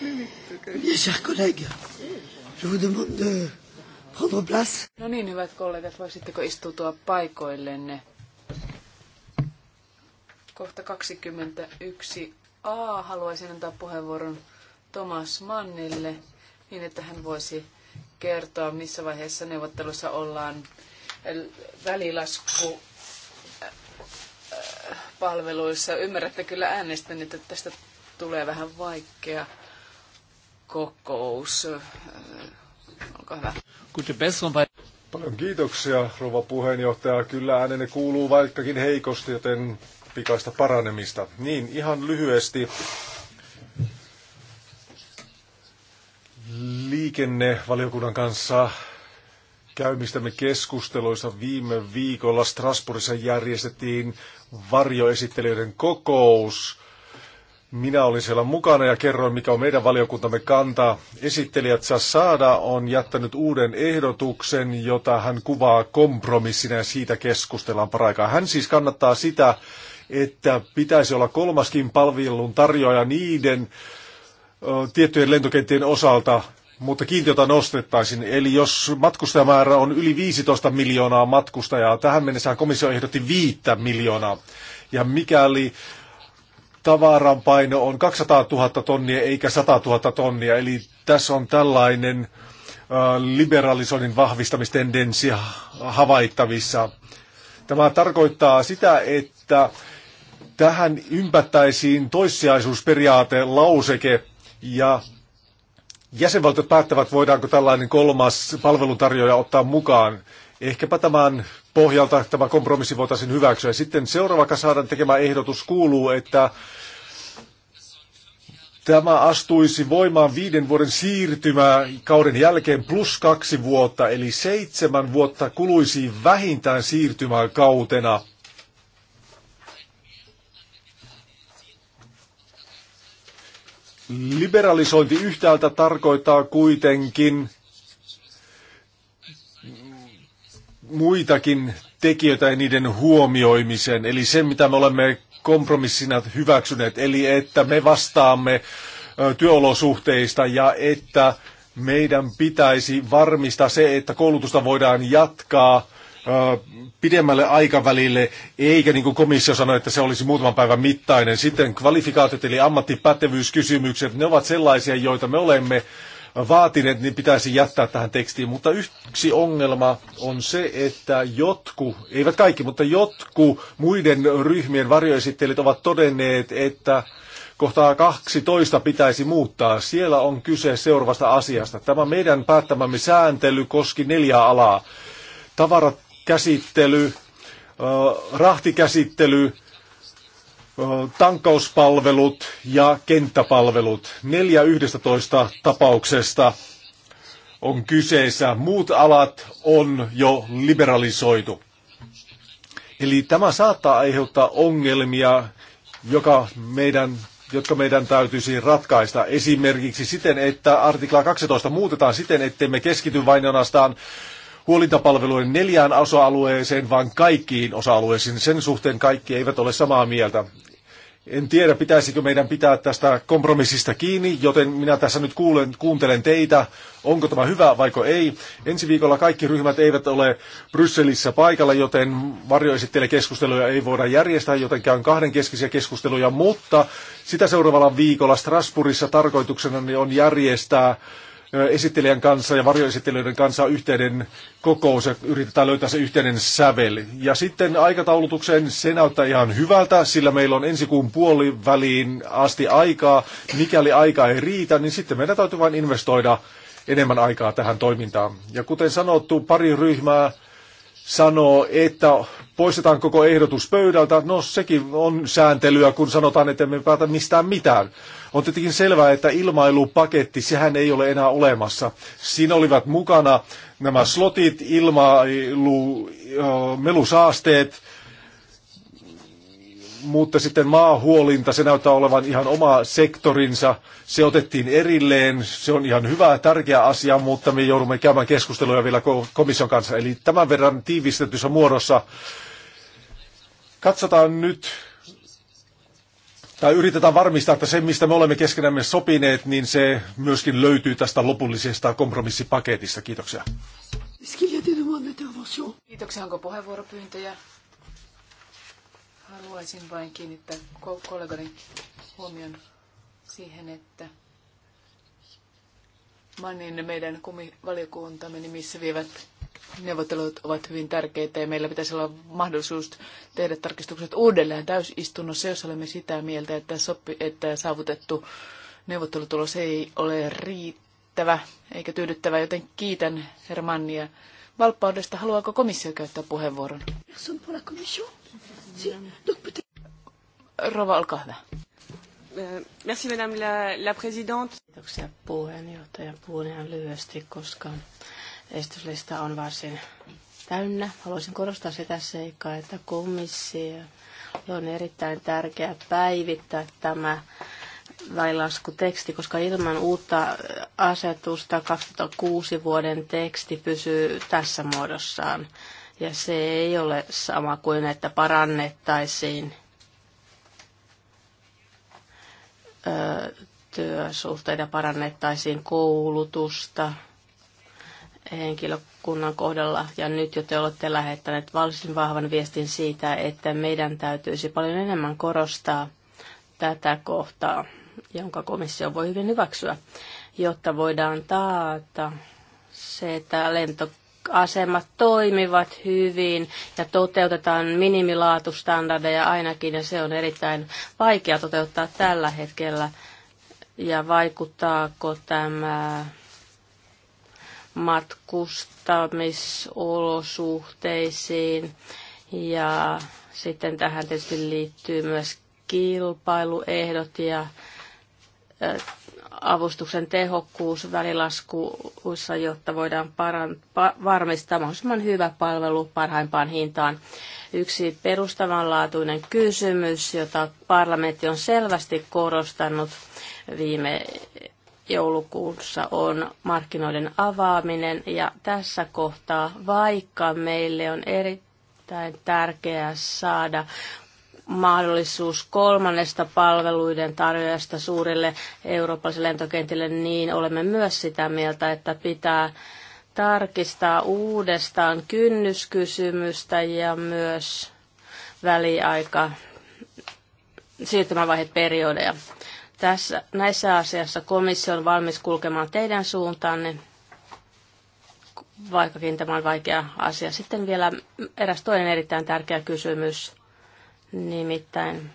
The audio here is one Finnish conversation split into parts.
Mes chers collègues, je vous demande de prendre place. No niin, hyvät kollegat, voisitteko istutua paikoillenne? Kohta 21a haluaisin antaa puheenvuoron Thomas Mannille niin, että hän voisi kertoa, missä vaiheessa neuvottelussa ollaan välilasku äh, äh, palveluissa. Ymmärrätte kyllä äänestänyt, että tästä tulee vähän vaikea kokous. Olkaa hyvä. Paljon kiitoksia, rouva puheenjohtaja. Kyllä äänenne kuuluu vaikkakin heikosti, joten pikaista paranemista. Niin, ihan lyhyesti. Liikennevaliokunnan kanssa käymistämme keskusteluissa viime viikolla Strasbourgissa järjestettiin varjoesittelijöiden kokous minä olin siellä mukana ja kerroin, mikä on meidän valiokuntamme kantaa. Esittelijät Saada on jättänyt uuden ehdotuksen, jota hän kuvaa kompromissina ja siitä keskustellaan paraikaa. Hän siis kannattaa sitä, että pitäisi olla kolmaskin palvelun tarjoaja niiden ö, tiettyjen lentokenttien osalta, mutta kiintiötä nostettaisiin. Eli jos matkustajamäärä on yli 15 miljoonaa matkustajaa, tähän mennessä komissio ehdotti 5 miljoonaa. Ja mikäli tavaran paino on 200 000 tonnia eikä 100 000 tonnia, eli tässä on tällainen äh, liberalisoinnin vahvistamistendenssi havaittavissa. Tämä tarkoittaa sitä, että tähän ympättäisiin toissijaisuusperiaate lauseke ja jäsenvaltiot päättävät, voidaanko tällainen kolmas palveluntarjoaja ottaa mukaan. Ehkäpä tämän pohjalta tämä kompromissi voitaisiin hyväksyä. Sitten seuraava kasaadan tekemä ehdotus kuuluu, että Tämä astuisi voimaan viiden vuoden siirtymää kauden jälkeen plus kaksi vuotta, eli seitsemän vuotta kuluisi vähintään siirtymään kautena. Liberalisointi yhtäältä tarkoittaa kuitenkin muitakin tekijöitä ja niiden huomioimisen. Eli se, mitä me olemme kompromissina hyväksyneet, eli että me vastaamme työolosuhteista ja että meidän pitäisi varmistaa se, että koulutusta voidaan jatkaa pidemmälle aikavälille, eikä niin kuin komissio sanoi, että se olisi muutaman päivän mittainen. Sitten kvalifikaatiot eli ammattipätevyyskysymykset, ne ovat sellaisia, joita me olemme vaatineet, niin pitäisi jättää tähän tekstiin. Mutta yksi ongelma on se, että jotkut, eivät kaikki, mutta jotkut muiden ryhmien varjoesittelijät ovat todenneet, että kohtaa 12 pitäisi muuttaa. Siellä on kyse seuraavasta asiasta. Tämä meidän päättämämme sääntely koski neljää alaa. Tavarakäsittely, rahtikäsittely, tankkauspalvelut ja kenttäpalvelut. Neljä 11 tapauksesta on kyseessä. Muut alat on jo liberalisoitu. Eli tämä saattaa aiheuttaa ongelmia, joka meidän, jotka meidän täytyisi ratkaista. Esimerkiksi siten, että artikla 12 muutetaan siten, ettei me keskity vain huolintapalveluiden neljään osa-alueeseen, vaan kaikkiin osa-alueisiin. Sen suhteen kaikki eivät ole samaa mieltä. En tiedä, pitäisikö meidän pitää tästä kompromissista kiinni, joten minä tässä nyt kuulen, kuuntelen teitä, onko tämä hyvä vaiko ei. Ensi viikolla kaikki ryhmät eivät ole Brysselissä paikalla, joten varjoesittele keskusteluja ei voida järjestää, joten käyn kahdenkeskisiä keskusteluja, mutta sitä seuraavalla viikolla Strasbourgissa tarkoituksena on järjestää esittelijän kanssa ja varjoesittelijöiden kanssa yhteinen kokous ja yritetään löytää se yhteinen sävel. Ja sitten aikataulutukseen se näyttää ihan hyvältä, sillä meillä on ensi kuun puoliväliin asti aikaa. Mikäli aika ei riitä, niin sitten meidän täytyy vain investoida enemmän aikaa tähän toimintaan. Ja kuten sanottu, pari ryhmää sanoo, että poistetaan koko ehdotus pöydältä. No sekin on sääntelyä, kun sanotaan, että me päätä mistään mitään. On tietenkin selvää, että ilmailupaketti, sehän ei ole enää olemassa. Siinä olivat mukana nämä slotit, ilmailu, melusaasteet, mutta sitten maahuolinta, se näyttää olevan ihan oma sektorinsa. Se otettiin erilleen, se on ihan hyvä, tärkeä asia, mutta me joudumme käymään keskusteluja vielä komission kanssa. Eli tämän verran tiivistetyssä muodossa katsotaan nyt tai yritetään varmistaa, että se, mistä me olemme keskenämme sopineet, niin se myöskin löytyy tästä lopullisesta kompromissipaketista. Kiitoksia. Kiitoksia. Onko puheenvuoropyyntöjä? Haluaisin vain kiinnittää kollegani huomion siihen, että Mannin meidän kumivaliokuntamme nimissä vievät Neuvottelut ovat hyvin tärkeitä ja meillä pitäisi olla mahdollisuus tehdä tarkistukset uudelleen täysistunnossa, jos olemme sitä mieltä, että, sopi, että saavutettu neuvottelutulos ei ole riittävä eikä tyydyttävä, joten kiitän Hermannia valppaudesta. Haluaako komissio käyttää puheenvuoron? Rova, olkaa hyvä. Merci madame la, la présidente. Kiitoksia puheenjohtaja. Puhun ihan lyhyesti, koska Esityslista on varsin täynnä. Haluaisin korostaa sitä seikkaa, että komissio on erittäin tärkeää päivittää tämä välilaskuteksti, koska ilman uutta asetusta 2006 vuoden teksti pysyy tässä muodossaan. Ja se ei ole sama kuin, että parannettaisiin työsuhteita, parannettaisiin koulutusta, henkilökunnan kohdalla. Ja nyt jo te olette lähettäneet varsin vahvan viestin siitä, että meidän täytyisi paljon enemmän korostaa tätä kohtaa, jonka komissio voi hyvin hyväksyä, jotta voidaan taata se, että lentoasemat toimivat hyvin ja toteutetaan minimilaatustandardeja ainakin, ja se on erittäin vaikea toteuttaa tällä hetkellä. Ja vaikuttaako tämä matkustamisolosuhteisiin ja sitten tähän tietysti liittyy myös kilpailuehdot ja avustuksen tehokkuus välilaskuissa, jotta voidaan parant- varmistaa mahdollisimman hyvä palvelu parhaimpaan hintaan. Yksi perustavanlaatuinen kysymys, jota parlamentti on selvästi korostanut viime joulukuussa on markkinoiden avaaminen ja tässä kohtaa, vaikka meille on erittäin tärkeää saada mahdollisuus kolmannesta palveluiden tarjoajasta suurille eurooppalaisille lentokentille, niin olemme myös sitä mieltä, että pitää tarkistaa uudestaan kynnyskysymystä ja myös väliaika siirtymävaiheperiodeja. Tässä, näissä asiassa komissio on valmis kulkemaan teidän suuntaanne, vaikkakin tämä on vaikea asia. Sitten vielä eräs toinen erittäin tärkeä kysymys, nimittäin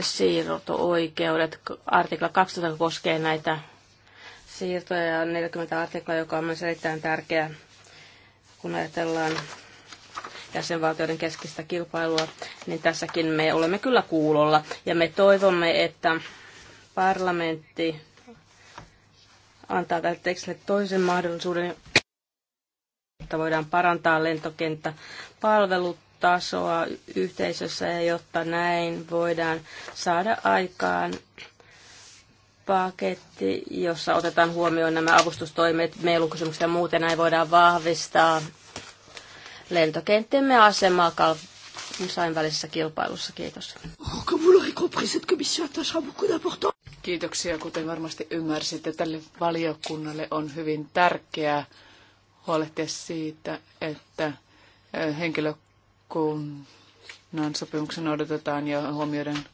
siirto-oikeudet. Artikla 12 koskee näitä siirtoja ja 40 artikla, joka on myös erittäin tärkeä, kun ajatellaan jäsenvaltioiden keskistä kilpailua, niin tässäkin me olemme kyllä kuulolla. Ja me toivomme, että parlamentti antaa tälle tekstille toisen mahdollisuuden, että voidaan parantaa lentokenttä palvelutasoa yhteisössä ja jotta näin voidaan saada aikaan paketti, jossa otetaan huomioon nämä avustustoimet, meilukysymykset ja muuten näin voidaan vahvistaa lentokenttiemme asemaa kansainvälisessä kilpailussa. Kiitos. Oh, Kiitoksia, kuten varmasti ymmärsitte. Tälle valiokunnalle on hyvin tärkeää huolehtia siitä, että henkilökunnan sopimuksen odotetaan ja huomioiden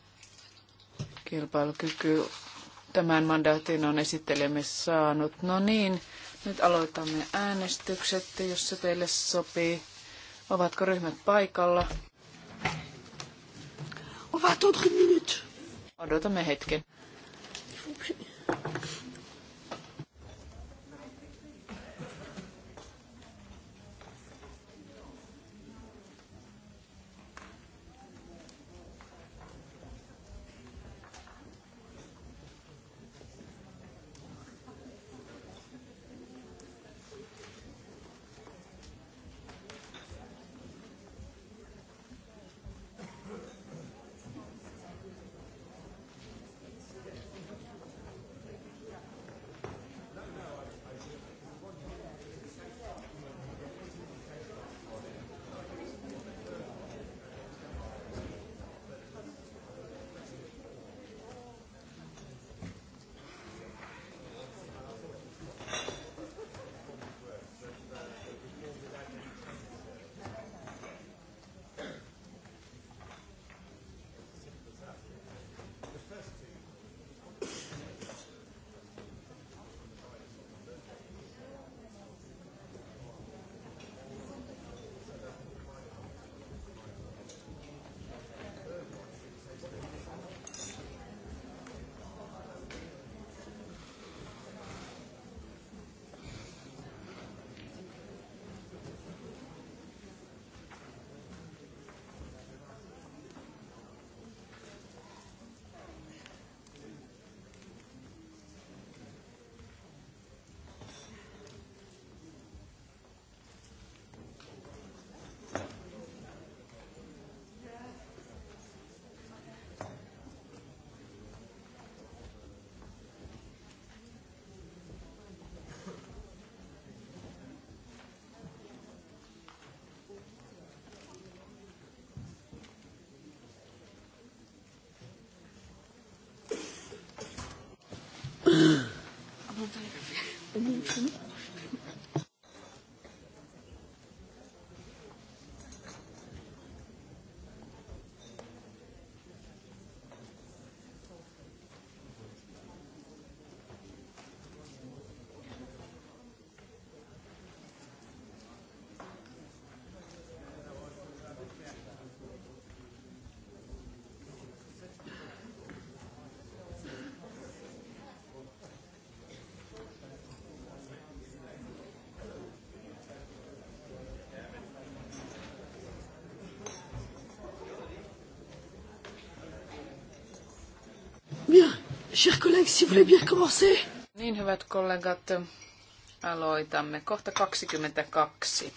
kilpailukyky. Tämän mandaatin on esittelemme saanut. No niin, nyt aloitamme äänestykset, jos se teille sopii. Ovatko ryhmät paikalla? Odotamme hetken. Aber weil wir. Chers collègues, si vous voulez bien commencer. Niin hyvät kollegat, aloitamme kohta 22.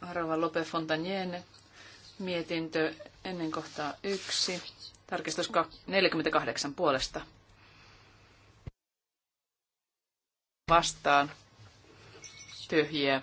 Arava Lope Fontanien mietintö ennen kohtaa yksi. Tarkistus 48 puolesta. Vastaan. Tyhjiä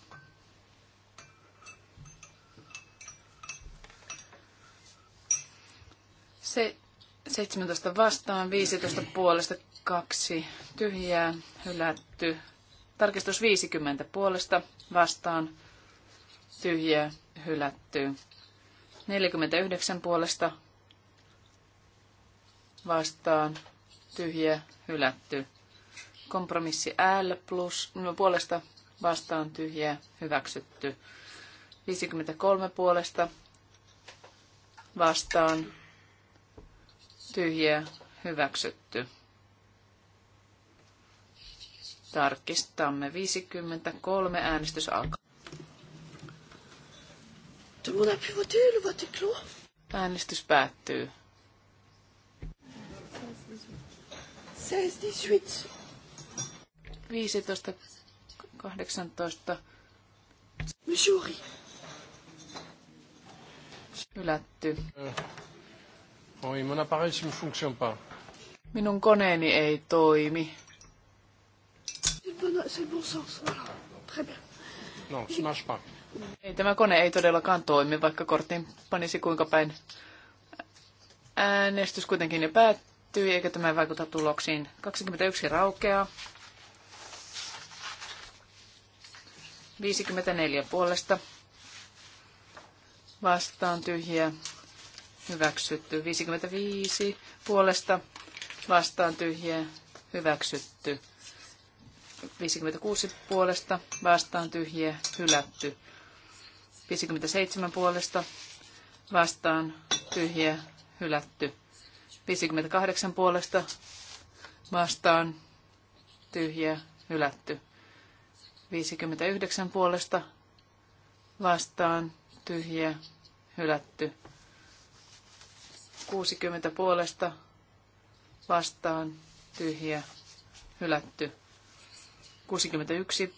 17 vastaan, 15 puolesta, kaksi tyhjää, hylätty. Tarkistus 50 puolesta, vastaan, tyhjää, hylätty. 49 puolesta, vastaan, tyhjä, hylätty. Kompromissi L plus, no, puolesta, vastaan, tyhjä, hyväksytty. 53 puolesta, vastaan, tyhjiä hyväksytty. Tarkistamme 53 äänestys alkaa. Äänestys päättyy. 16, 18. 18. Hylätty. Mm. Oi, mon appareil ne fonctionne pas. Minun koneeni ei toimi. No, smash pas. Ei, tämä kone ei todellakaan toimi, vaikka kortin panisi kuinka päin. Äänestys kuitenkin jo päättyi, eikä tämä vaikuta tuloksiin. 21 raukeaa. 54 puolesta. Vastaan tyhjiä hyväksytty. 55 puolesta vastaan tyhjä, hyväksytty. 56 puolesta vastaan tyhjää, hylätty. 57 puolesta vastaan tyhjää, hylätty. 58 puolesta vastaan tyhjää, hylätty. 59 puolesta vastaan tyhjä, hylätty. 60 puolesta vastaan tyhjä hylätty. 61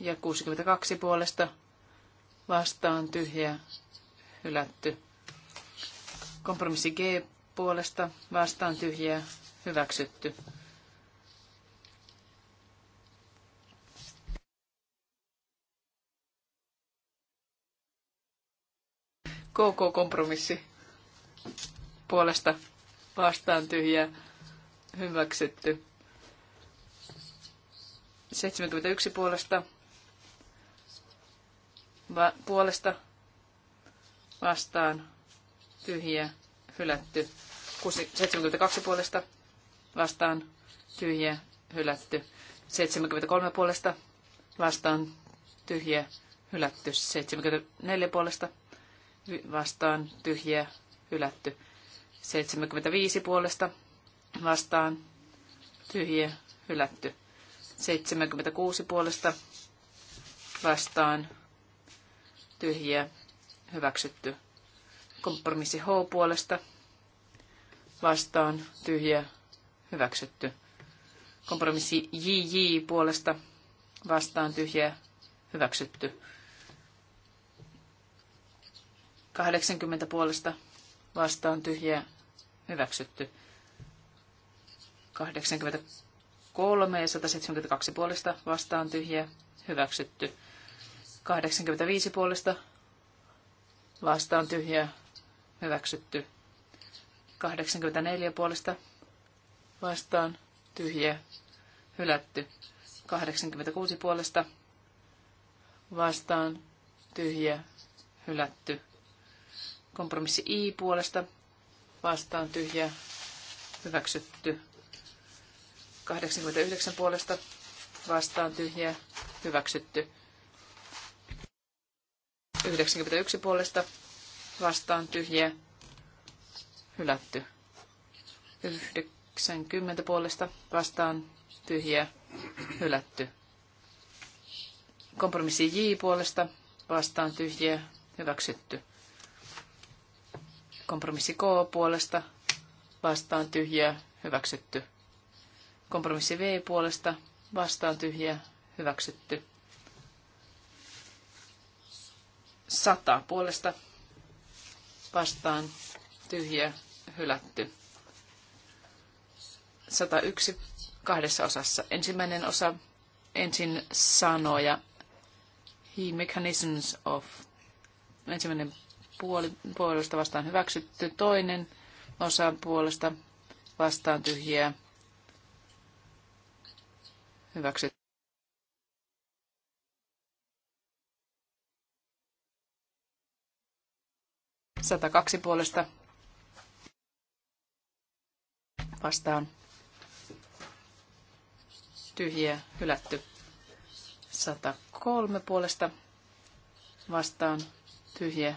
ja 62 puolesta vastaan tyhjä hylätty. Kompromissi G puolesta vastaan tyhjä, hyväksytty. KK-kompromissi puolesta vastaan tyhjä hyväksytty. 71 puolesta, va, puolesta vastaan tyhjä hylätty. 72 puolesta vastaan tyhjä hylätty. 73 puolesta vastaan tyhjä hylätty. 74 puolesta vastaan tyhjä hylätty. 75 puolesta vastaan tyhjiä hylätty. 76 puolesta vastaan tyhjiä hyväksytty. Kompromissi H puolesta vastaan tyhjiä hyväksytty. Kompromissi JJ puolesta vastaan tyhjiä hyväksytty. 80 puolesta vastaan tyhjä hyväksytty. 83 ja 172 puolesta vastaan tyhjä hyväksytty. 85 puolesta vastaan tyhjä hyväksytty. 84 puolesta vastaan tyhjä hylätty. 86 puolesta vastaan tyhjä, hylätty. Kompromissi I puolesta vastaan tyhjä hyväksytty. 89 puolesta vastaan tyhjä hyväksytty. 91 puolesta vastaan tyhjä hylätty. 90 puolesta vastaan tyhjä, hylätty. Kompromissi J puolesta vastaan tyhjä, hyväksytty. Kompromissi K puolesta vastaan tyhjä hyväksytty. Kompromissi V puolesta vastaan tyhjä hyväksytty. 100 puolesta vastaan tyhjä hylätty. 101 kahdessa osassa. Ensimmäinen osa ensin sanoja He mechanisms of ensimmäinen puoli, puolesta vastaan hyväksytty, toinen osa puolesta vastaan tyhjiä hyväksytty. Sata kaksi puolesta vastaan tyhjiä hylätty. kolme puolesta vastaan tyhjä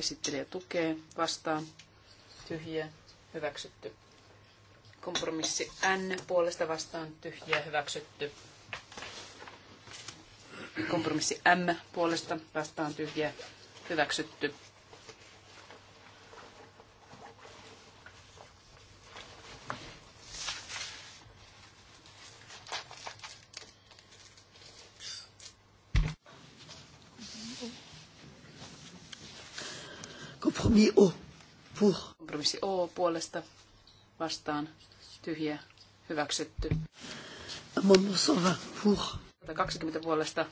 Esittelijä tukee. Vastaan. Tyhjiä. Hyväksytty. Kompromissi N. Puolesta vastaan. Tyhjiä. Hyväksytty. Kompromissi M. Puolesta vastaan. Tyhjiä. Hyväksytty. 5O puolesta vastaan tyhjä hyväksytty. 120 puolesta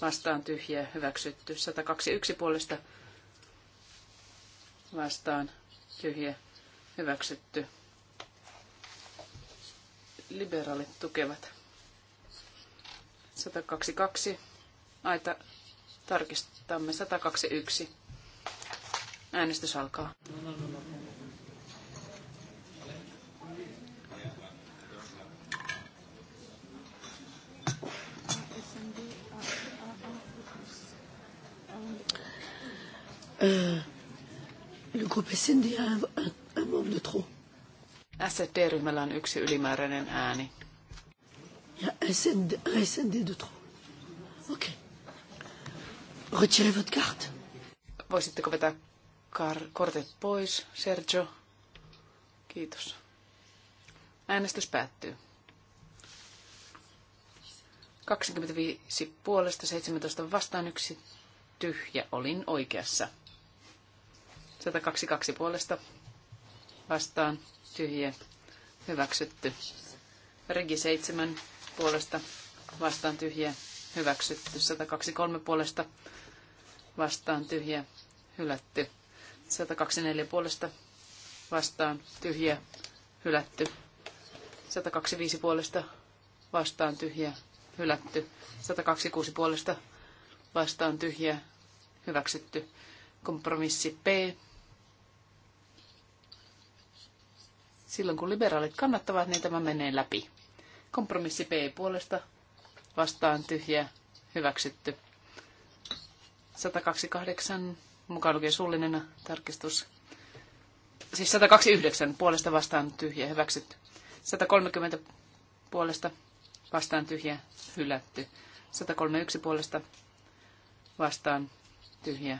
vastaan tyhjä hyväksytty. 121 puolesta vastaan tyhjä hyväksytty. Liberaalit tukevat. 122. Aita tarkistamme 121. Äänestys alkaa. No, no, no. Cindy, ryhmällä on yksi ylimääräinen ääni. Ja SND, SND de Okei. Okay. Retirez votre carte. Voisitteko vetää kar- kortit pois, Sergio? Kiitos. Äänestys päättyy. 25 puolesta, 17 vastaan yksi tyhjä. Olin oikeassa. 122 puolesta vastaan tyhjä hyväksytty. Regi 7 puolesta vastaan tyhjä hyväksytty. 123 puolesta vastaan tyhjä hylätty. 124 puolesta vastaan tyhjä hylätty. 125 puolesta vastaan tyhjä hylätty. 126 puolesta vastaan tyhjä hyväksytty. Kompromissi P Silloin kun liberaalit kannattavat, niin tämä menee läpi. Kompromissi B puolesta vastaan tyhjä hyväksytty. 128 mukaan lukien suullinen tarkistus. Siis 129 puolesta vastaan tyhjä hyväksytty. 130 puolesta vastaan tyhjä hylätty. 131 puolesta vastaan tyhjä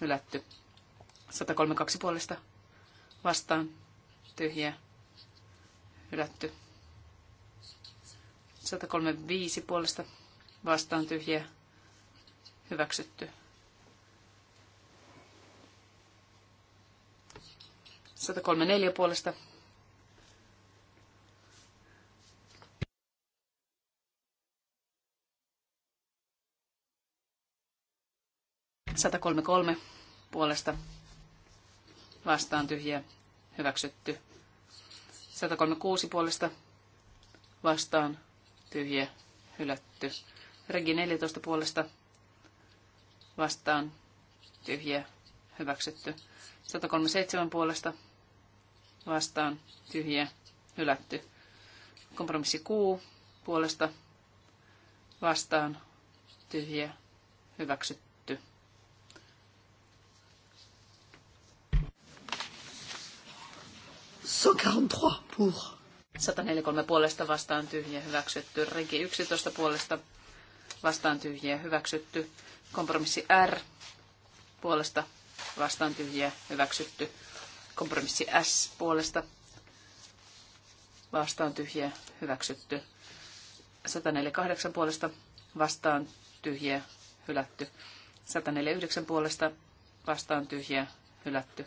hylätty. 132 puolesta vastaan tyhjä, hylätty. 135 puolesta vastaan tyhjä, hyväksytty. 134 puolesta Satakolme kolme puolesta vastaan tyhjä hyväksytty. 136 puolesta vastaan tyhjä hylätty. Regi 14 puolesta vastaan tyhjä hyväksytty. 137 puolesta vastaan tyhjä hylätty. Kompromissi Q puolesta vastaan tyhjä hyväksytty. 143 pour. 143 puolesta vastaan tyhjä hyväksytty. Regi 11 puolesta vastaan tyhjä hyväksytty. Kompromissi R puolesta vastaan tyhjä hyväksytty. Kompromissi S puolesta vastaan tyhjä hyväksytty. 148 puolesta vastaan tyhjä hylätty. 149 puolesta vastaan tyhjä hylätty.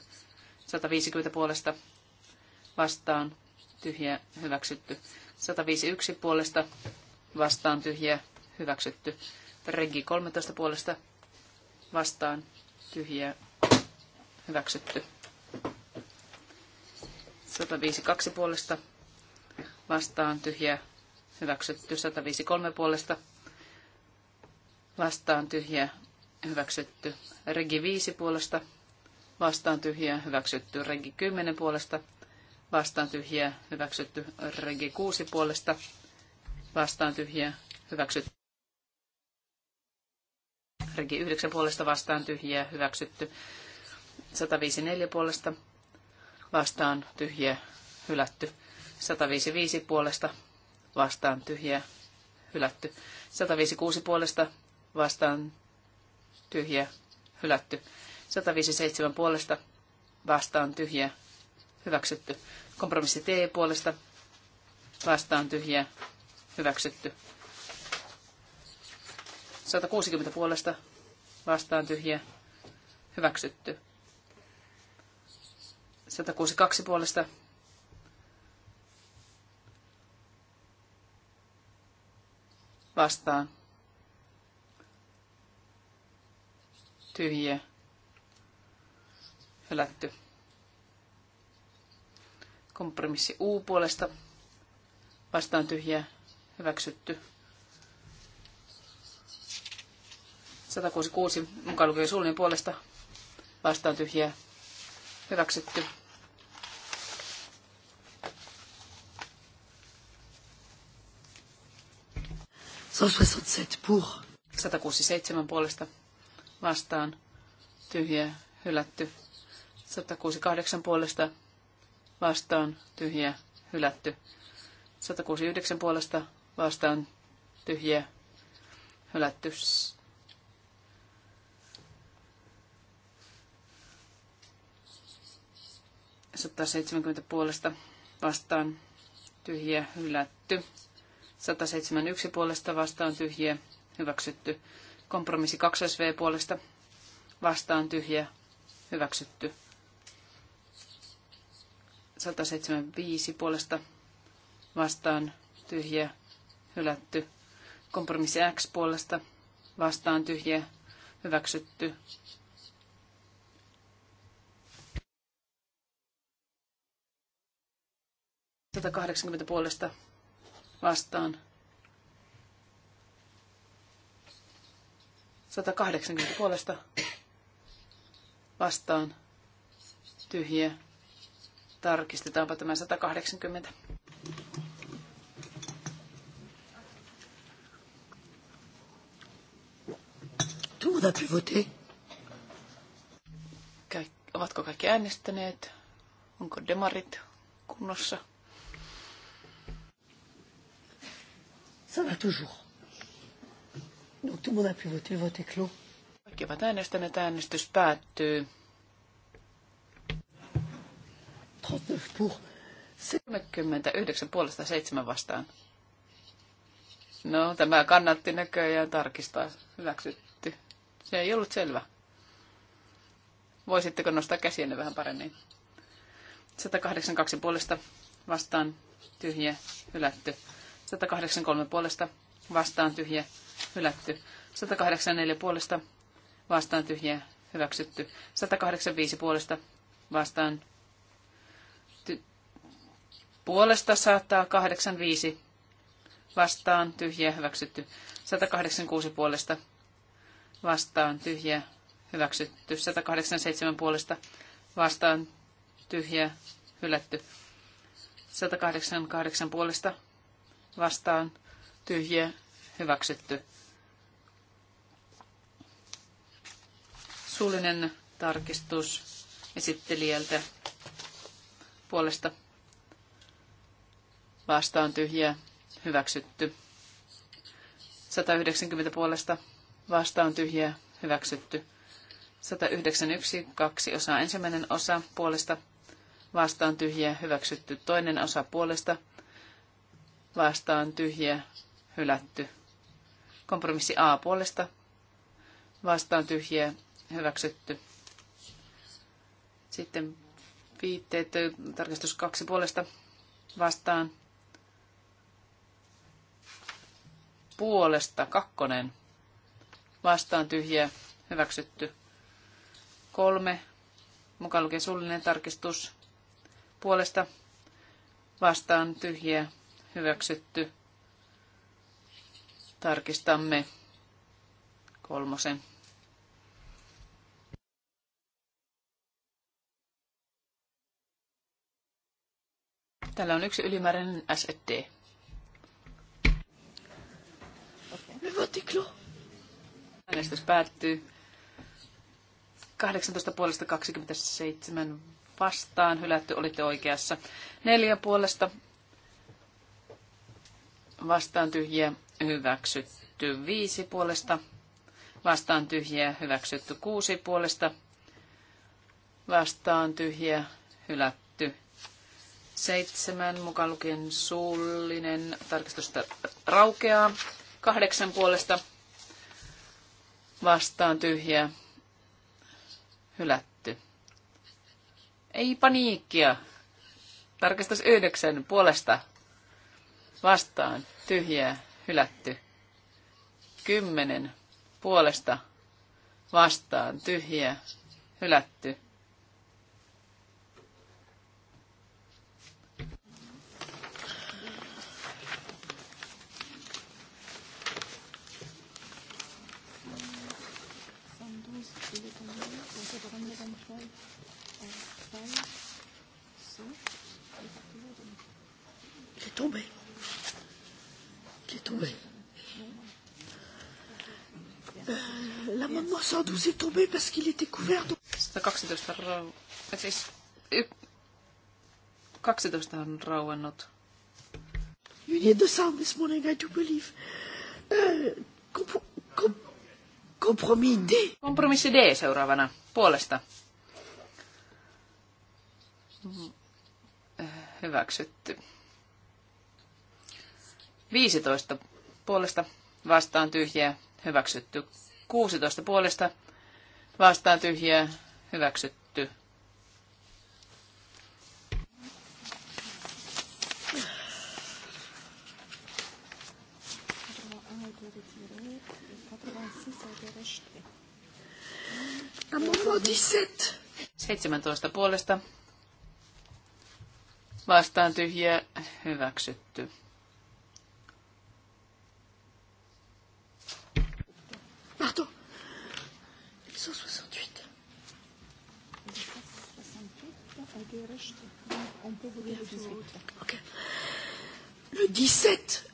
150 puolesta vastaan tyhjä hyväksytty. 151 puolesta vastaan tyhjä hyväksytty. Regi 13 puolesta vastaan tyhjä hyväksytty. 152 puolesta vastaan tyhjä hyväksytty. 153 puolesta vastaan tyhjä hyväksytty. Regi 5 puolesta vastaan tyhjä hyväksytty. Regi 10 puolesta vastaan tyhjiä hyväksytty regi 6 puolesta vastaan tyhjiä hyväksytty. Regi 9 puolesta vastaan tyhjiä hyväksytty. 154 puolesta vastaan tyhjiä hylätty. 155 puolesta vastaan tyhjiä hylätty. 156 puolesta vastaan tyhjiä hylätty. 157 puolesta vastaan tyhjiä hyväksytty. Kompromissi T puolesta vastaan tyhjä, hyväksytty. 160 puolesta vastaan tyhjä. hyväksytty. 162 puolesta vastaan tyhjä, hylätty. Kompromissi U puolesta vastaan tyhjää hyväksytty. 166 mukaan lukien suullinen puolesta vastaan tyhjää hyväksytty. pour. 167 puolesta vastaan tyhjää hylätty. 168 puolesta vastaan tyhjiä hylätty. 169 puolesta vastaan tyhjiä hylätty. seitsemänkymmentä puolesta vastaan tyhjiä hylätty. 171 puolesta vastaan tyhjiä hyväksytty. Kompromissi 2 sv puolesta vastaan tyhjiä hyväksytty. 175 puolesta vastaan tyhjä hylätty. Kompromissi X puolesta vastaan tyhjä hyväksytty. Tätä 80 puolesta vastaan. 180 puolesta vastaan tyhjä Tarkistetaanpa tämä 180. Tout a pu voter. Ovatko kaikki äänestäneet? Onko demarit kunnossa? Ça va toujours. Donc tout le monde a pu voter, le vote est clos. Kaikki ovat äänestäneet, äänestys päättyy. pour. 39 puolesta 7 vastaan. No, tämä kannatti näköjään tarkistaa. Hyväksytty. Se ei ollut selvä. Voisitteko nostaa käsiänne vähän paremmin? 182 puolesta vastaan tyhjä, hylätty. 183 puolesta vastaan tyhjä, hylätty. 184 puolesta vastaan tyhjä, hyväksytty. 185 puolesta vastaan puolesta saattaa 85 vastaan tyhjä hyväksytty. 186 puolesta vastaan tyhjä hyväksytty. 187 puolesta vastaan tyhjä hylätty. 188 puolesta vastaan tyhjä hyväksytty. Suullinen tarkistus esittelijältä puolesta vastaan tyhjiä hyväksytty. 190 puolesta vastaan tyhjiä hyväksytty. 191 kaksi osaa ensimmäinen osa puolesta vastaan tyhjiä hyväksytty. Toinen osa puolesta vastaan tyhjiä hylätty. Kompromissi A puolesta vastaan tyhjiä hyväksytty. Sitten viitteet, tarkistus kaksi puolesta vastaan puolesta, kakkonen, vastaan tyhjä, hyväksytty. Kolme, mukaan lukee suullinen tarkistus, puolesta, vastaan tyhjä, hyväksytty. Tarkistamme kolmosen. Täällä on yksi ylimääräinen SD. Kotiklo. Äänestys päättyy 18 puolesta vastaan. Hylätty olitte oikeassa. Neljä puolesta vastaan tyhjiä hyväksytty. Viisi puolesta vastaan tyhjiä hyväksytty. Kuusi puolesta vastaan tyhjiä hylätty. Seitsemän mukaan lukien suullinen tarkistusta raukeaa kahdeksan puolesta vastaan tyhjää. Hylätty. Ei paniikkia. Tarkistus yhdeksän puolesta vastaan tyhjää. Hylätty. Kymmenen puolesta vastaan tyhjää. Hylätty. Qui est tombé Qui est tombé 112 euh, est parce qu'il était couvert de... 112 rau... Siis 12 on rauennut. You need the sound this morning, I do believe. Uh, komp- komp- kompromissi D. Kompromissi D seuraavana. Puolesta hyväksytty. 15 puolesta vastaan tyhjää hyväksytty. 16 puolesta vastaan tyhjää hyväksytty. Amendement 17. 17 puolesta vastaan tyhjä hyväksytty. Pardon. 168. Okay. Le 17,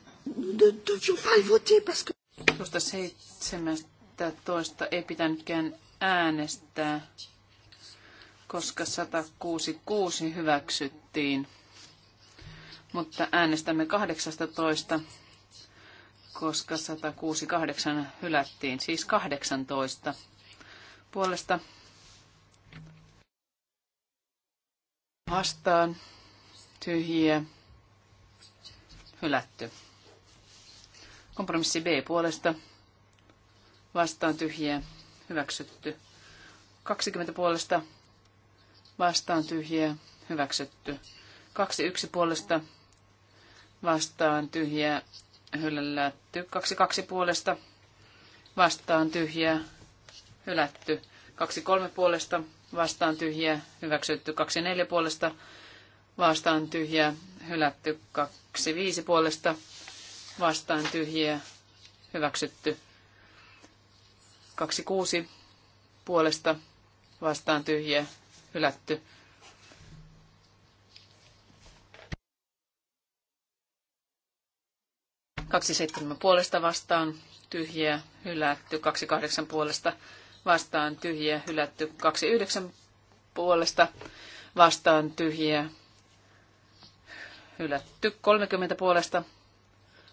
17 ei pitänytkään äänestää, koska 166 hyväksyttiin mutta äänestämme 18, koska 168 hylättiin, siis 18 puolesta vastaan tyhjiä hylätty. Kompromissi B puolesta vastaan tyhjiä hyväksytty. 20 puolesta vastaan tyhjiä hyväksytty. 21 puolesta vastaan tyhjää hylätty. kaksi puolesta vastaan tyhjää hylätty. kaksi kolme puolesta vastaan tyhjää hyväksytty. kaksi neljä puolesta vastaan tyhjää hylätty. kaksi viisi puolesta vastaan tyhjää hyväksytty. kaksi kuusi puolesta vastaan tyhjää hylätty. 2,7 puolesta vastaan tyhjiä hylätty, 2,8 puolesta vastaan tyhjiä hylätty, 2,9 puolesta vastaan tyhjiä hylätty, 30 puolesta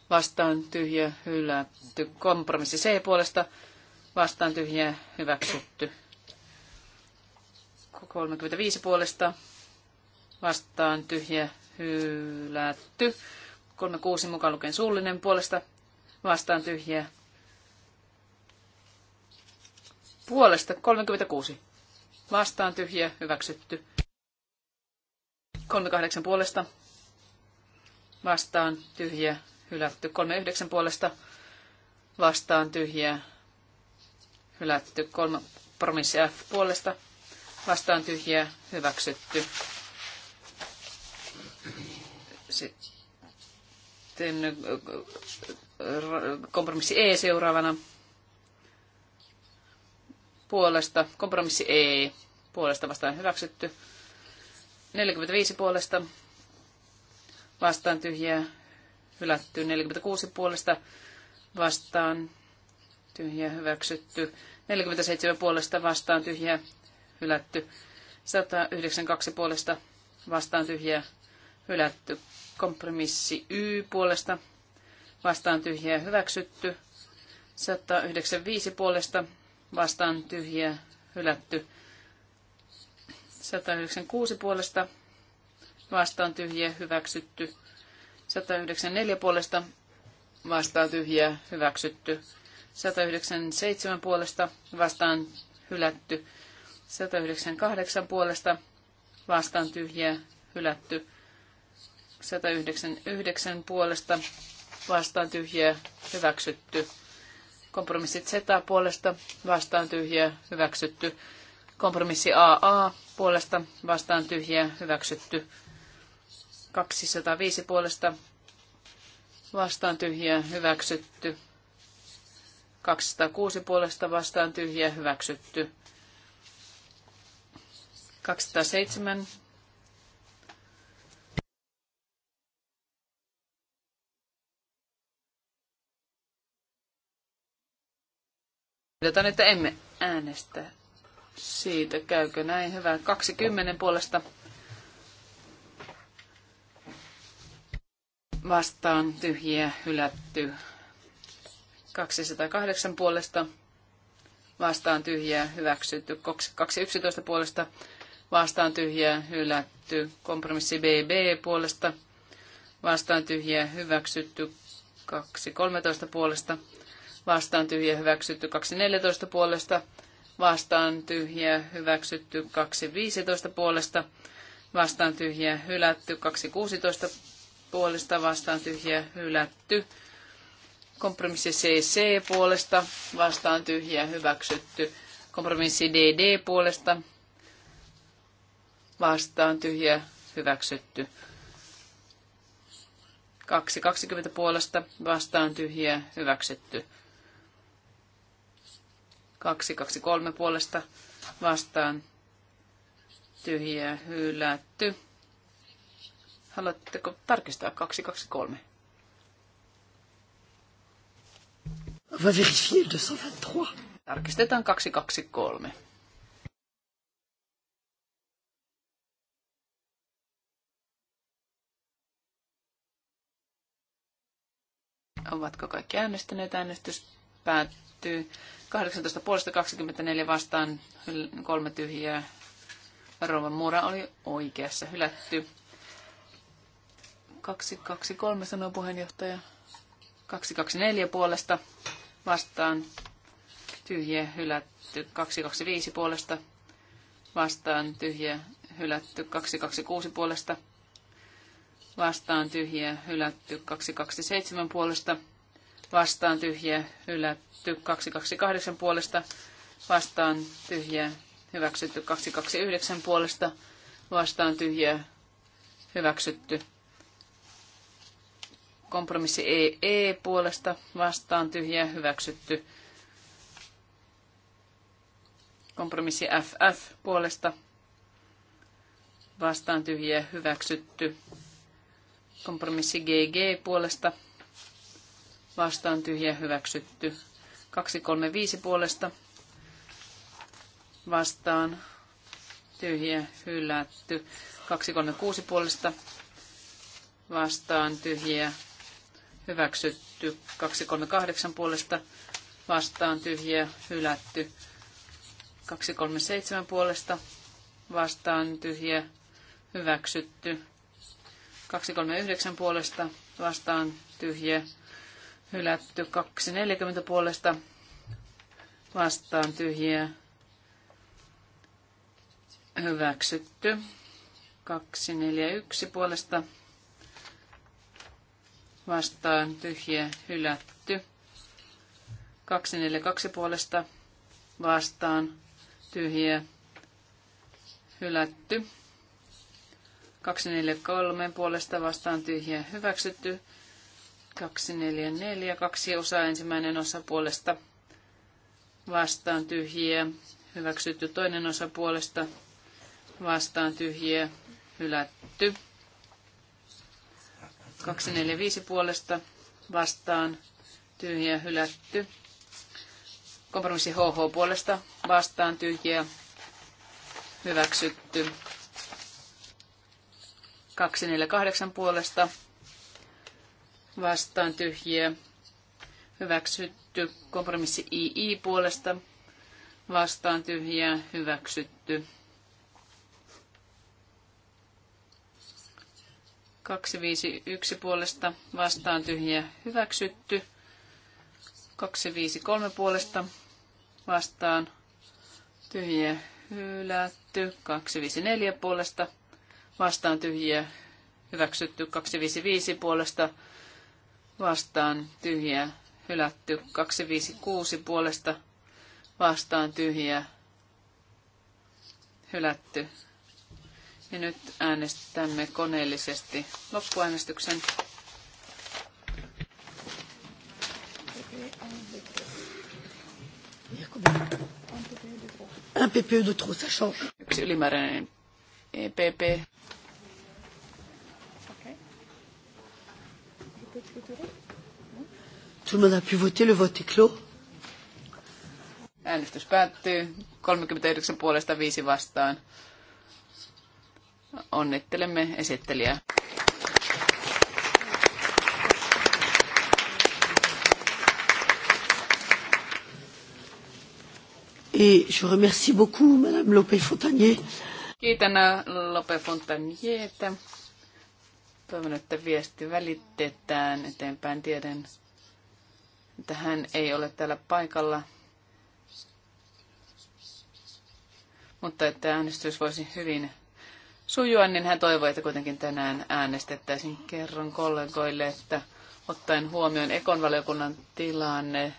vastaan tyhjiä hylätty, kompromissi C puolesta vastaan tyhjiä hyväksytty, 35 puolesta vastaan tyhjiä hylätty, 36 mukaan lukien suullinen puolesta vastaan tyhjää. Puolesta 36. Vastaan tyhjä, hyväksytty. 38 puolesta. Vastaan tyhjä, hylätty. 39 puolesta. Vastaan tyhjä, hylätty. 3 promissi F puolesta. Vastaan tyhjä, hyväksytty. Sitten sitten äh, kompromissi E seuraavana puolesta, kompromissi E puolesta vastaan hyväksytty. 45 puolesta vastaan tyhjää hylätty. 46 puolesta vastaan tyhjää hyväksytty. 47 puolesta vastaan tyhjää hylätty. 192 puolesta vastaan tyhjää hylätty. Kompromissi Y puolesta vastaan tyhjää hyväksytty. 195 puolesta vastaan tyhjää hylätty. 196 puolesta vastaan tyhjää hyväksytty. 194 puolesta vastaan tyhjää hyväksytty. 197 puolesta vastaan hylätty. 198 puolesta vastaan tyhjää hylätty. 199 puolesta vastaan tyhjiä hyväksytty. Kompromissit Z puolesta vastaan tyhjiä hyväksytty. Kompromissi AA puolesta vastaan tyhjiä hyväksytty. 205 puolesta vastaan tyhjiä hyväksytty. 206 puolesta vastaan tyhjiä hyväksytty. 207 Ehdotan, että emme äänestä siitä, käykö näin. Hyvä. 20 puolesta vastaan tyhjiä hylätty. 208 puolesta vastaan tyhjiä, hyväksytty. 211 puolesta vastaan tyhjiä, hylätty. Kompromissi BB puolesta vastaan tyhjiä, hyväksytty. 213 puolesta vastaan tyhjä hyväksytty 2.14 puolesta, vastaan tyhjä hyväksytty 2.15 puolesta, vastaan tyhjä hylätty 2.16 puolesta, vastaan tyhjä hylätty. Kompromissi CC puolesta, vastaan tyhjä hyväksytty. Kompromissi DD puolesta, vastaan tyhjä hyväksytty. 2.20 puolesta vastaan tyhjä hyväksytty. 223 puolesta vastaan tyhjää hylätty. Haluatteko tarkistaa 223? On va vérifier 223. Tarkistetaan 223. Ovatko kaikki äänestäneet? Äänestys päättyy 18 puolesta 24 vastaan, kolme tyhjää. Roman Muura oli oikeassa, hylätty. 223 sanoo puheenjohtaja. 224 puolesta vastaan, tyhjä hylätty. 225 puolesta vastaan, tyhjä hylätty. 226 puolesta vastaan, tyhjä hylätty. 227 puolesta vastaan tyhjä hylätty 228 puolesta vastaan tyhjä hyväksytty 229 puolesta vastaan tyhjä hyväksytty kompromissi EE e puolesta vastaan tyhjä hyväksytty kompromissi FF puolesta vastaan tyhjä hyväksytty kompromissi GG puolesta vastaan tyhjä hyväksytty. 235 puolesta vastaan tyhjä hylätty. 236 puolesta vastaan tyhjä hyväksytty. 238 puolesta vastaan tyhjä hylätty. 237 puolesta vastaan tyhjä hyväksytty. 239 puolesta vastaan tyhjä Hylätty 240 puolesta vastaan tyhjiä. Hyväksytty. 241 puolesta vastaan tyhjiä hylätty. 242 puolesta vastaan tyhjiä hylätty. 243 puolesta vastaan tyhjiä hyväksytty. 244, kaksi osaa ensimmäinen osa puolesta vastaan tyhjiä, hyväksytty toinen osa puolesta vastaan tyhjiä, hylätty. 245 puolesta vastaan tyhjiä, hylätty. Kompromissi HH puolesta vastaan tyhjiä, hyväksytty. 248 puolesta vastaan tyhjiä. Hyväksytty. Kompromissi II puolesta vastaan tyhjiä. Hyväksytty. 251 puolesta vastaan tyhjiä. Hyväksytty. 253 puolesta vastaan tyhjiä. Hylätty. 254 puolesta vastaan tyhjiä. Hyväksytty. 255 puolesta vastaan tyhjä, hylätty. 256 puolesta vastaan tyhjä, hylätty. Ja nyt äänestämme koneellisesti loppuäänestyksen. Un PPE de trop, ça change. Yksi ylimääräinen EPP. Tout le monde a pu voter, le vote est clos. Äänestys päättyy 39 puolesta 5 vastaan. Onnittelemme esittelijää. Et je remercie beaucoup Madame Lope Fontanier. Kiitän äh, Lope että Toivon, että viesti välitetään eteenpäin. Tiedän, että hän ei ole täällä paikalla, mutta että äänestys voisi hyvin sujua, niin hän toivoi, että kuitenkin tänään äänestettäisiin. Kerron kollegoille, että ottaen huomioon ekonvaliokunnan tilanne,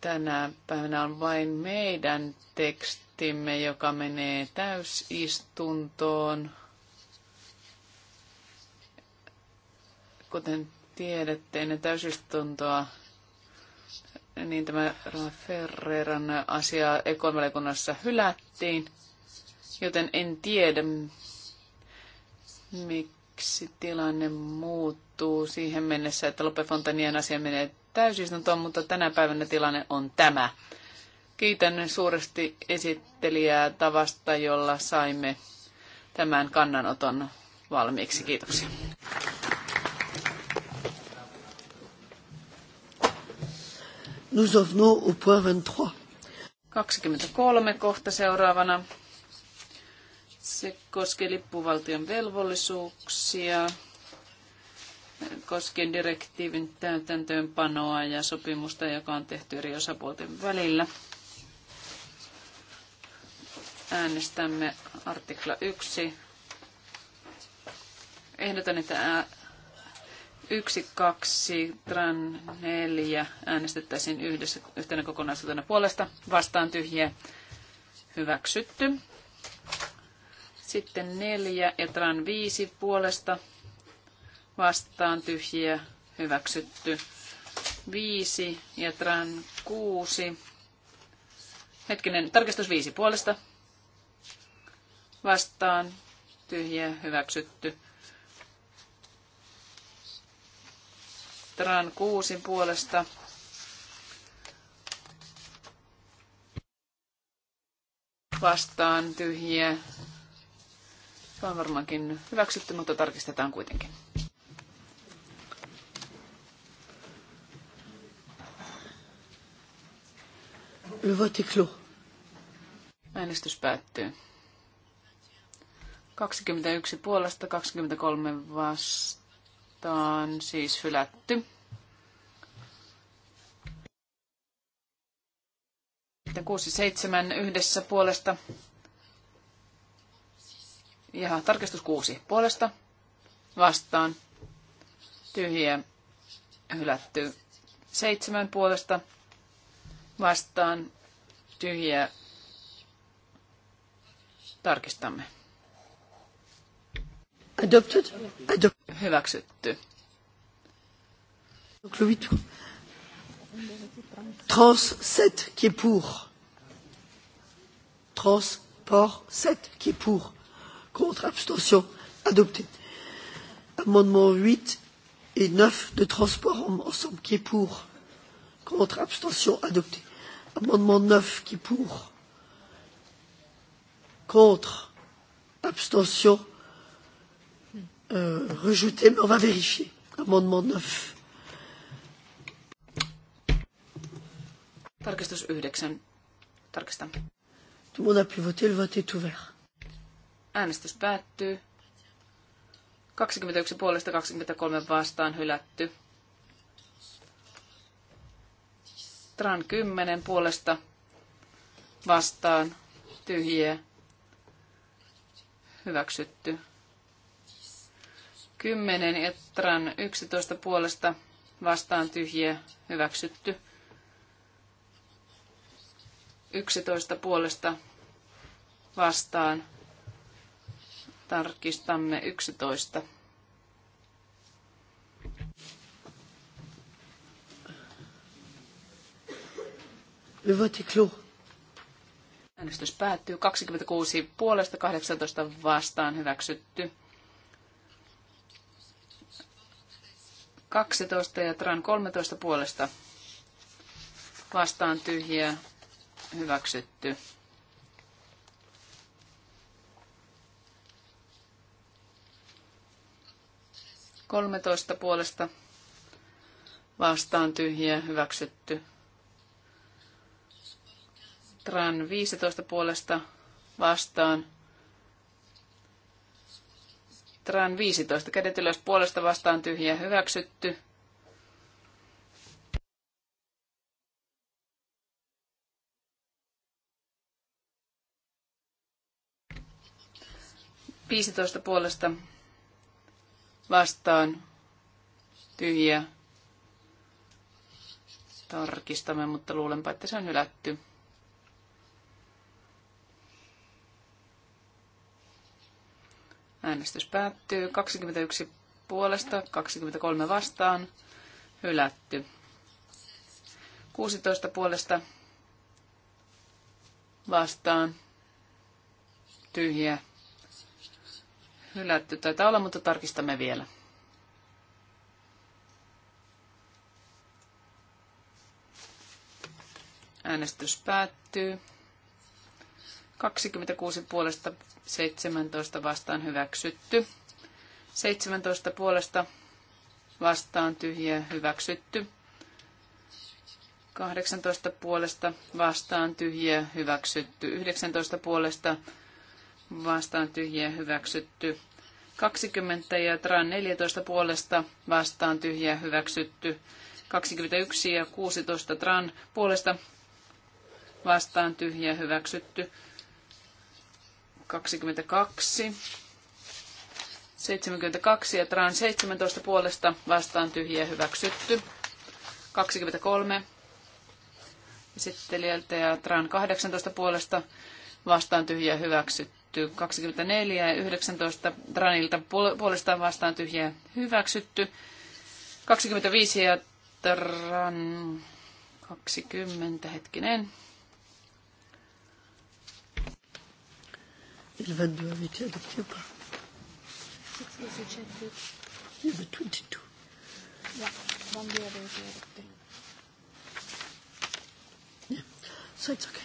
tänä päivänä on vain meidän tekstimme, joka menee täysistuntoon. Kuten tiedätte ennen täysistuntoa, niin tämä Ferreran asia ekonvaliokunnassa hylättiin, joten en tiedä, miksi tilanne muuttuu siihen mennessä, että Lope Fontanien asia menee täysistuntoon, mutta tänä päivänä tilanne on tämä. Kiitän suuresti esittelijää tavasta, jolla saimme tämän kannanoton valmiiksi. Kiitoksia. Nous en venons au point 23. 23 kohta seuraavana. Se koskee lippuvaltion velvollisuuksia koskien direktiivin täytäntöönpanoa ja sopimusta, joka on tehty eri osapuolten välillä. Äänestämme artikla 1. Ehdotan, että yksi kaksi, tran 4 äänestettäisiin yhdessä, yhtenä kokonaisuutena puolesta. Vastaan tyhjiä hyväksytty. Sitten 4 ja tran 5 puolesta. Vastaan tyhjiä hyväksytty. 5 ja tran 6. Hetkinen, tarkistus 5 puolesta. Vastaan tyhjiä hyväksytty. Tran kuusin puolesta. Vastaan tyhjiä. Se on varmaankin hyväksytty, mutta tarkistetaan kuitenkin. Äänestys päättyy. 21 puolesta, 23 vastaan on siis hylätty. Sitten 6 7 yhdessä puolesta. Ja tarkistus 6 puolesta vastaan. Tyhjiä hylätty. 7 puolesta vastaan. Tyhjiä tarkistamme. Adopted. Adopted hyväksytty. Trans 7 qui est pour. Transport 7 qui est pour. Contre abstention adopté. Amendement 8 et 9 de transport en ensemble qui est pour. Contre abstention adopté. Amendement 9 qui est pour. Contre abstention adopté Euh, rejeté, mais on va vérifier. Amendement 9. Tarkistus 9. Tarkistan. Tout le monde a pu voter, le vote est ouvert. Äänestys päättyy. 21 puolesta 23 vastaan hylätty. Tran 10 puolesta vastaan tyhjiä hyväksytty. 10 etran Tran 11 puolesta vastaan tyhjiä hyväksytty. 11 puolesta vastaan tarkistamme 11. Le vote est clos. Äänestys päättyy 26 puolesta 18 vastaan hyväksytty. 12 ja Tran 13 puolesta vastaan tyhjiä hyväksytty. Kolmetoista puolesta vastaan tyhjiä hyväksytty. Tran 15 puolesta vastaan Tran 15. Kädet ylös puolesta vastaan tyhjä hyväksytty. Viisitoista puolesta vastaan tyhjä. Tarkistamme, mutta luulenpa, että se on hylätty. Äänestys päättyy. 21 puolesta, 23 vastaan. Hylätty. 16 puolesta vastaan. Tyhjä. Hylätty taitaa olla, mutta tarkistamme vielä. Äänestys päättyy. 26 puolesta 17 vastaan hyväksytty. 17 puolesta vastaan tyhjä hyväksytty. 18 puolesta vastaan tyhjä hyväksytty. 19 puolesta vastaan tyhjä hyväksytty. 20 ja Tran 14 puolesta vastaan tyhjä hyväksytty. 21 ja 16 Tran puolesta vastaan tyhjä hyväksytty. 22. 72 ja Tran 17 puolesta vastaan tyhjiä hyväksytty. 23 esittelijältä ja Tran 18 puolesta vastaan tyhjiä hyväksytty. 24 ja 19 Tranilta puolestaan vastaan tyhjiä hyväksytty. 25 ja Tran 20 hetkinen Le 22 avait été adopté ou pas Il y avait tout dit tout. Yeah, So it's okay.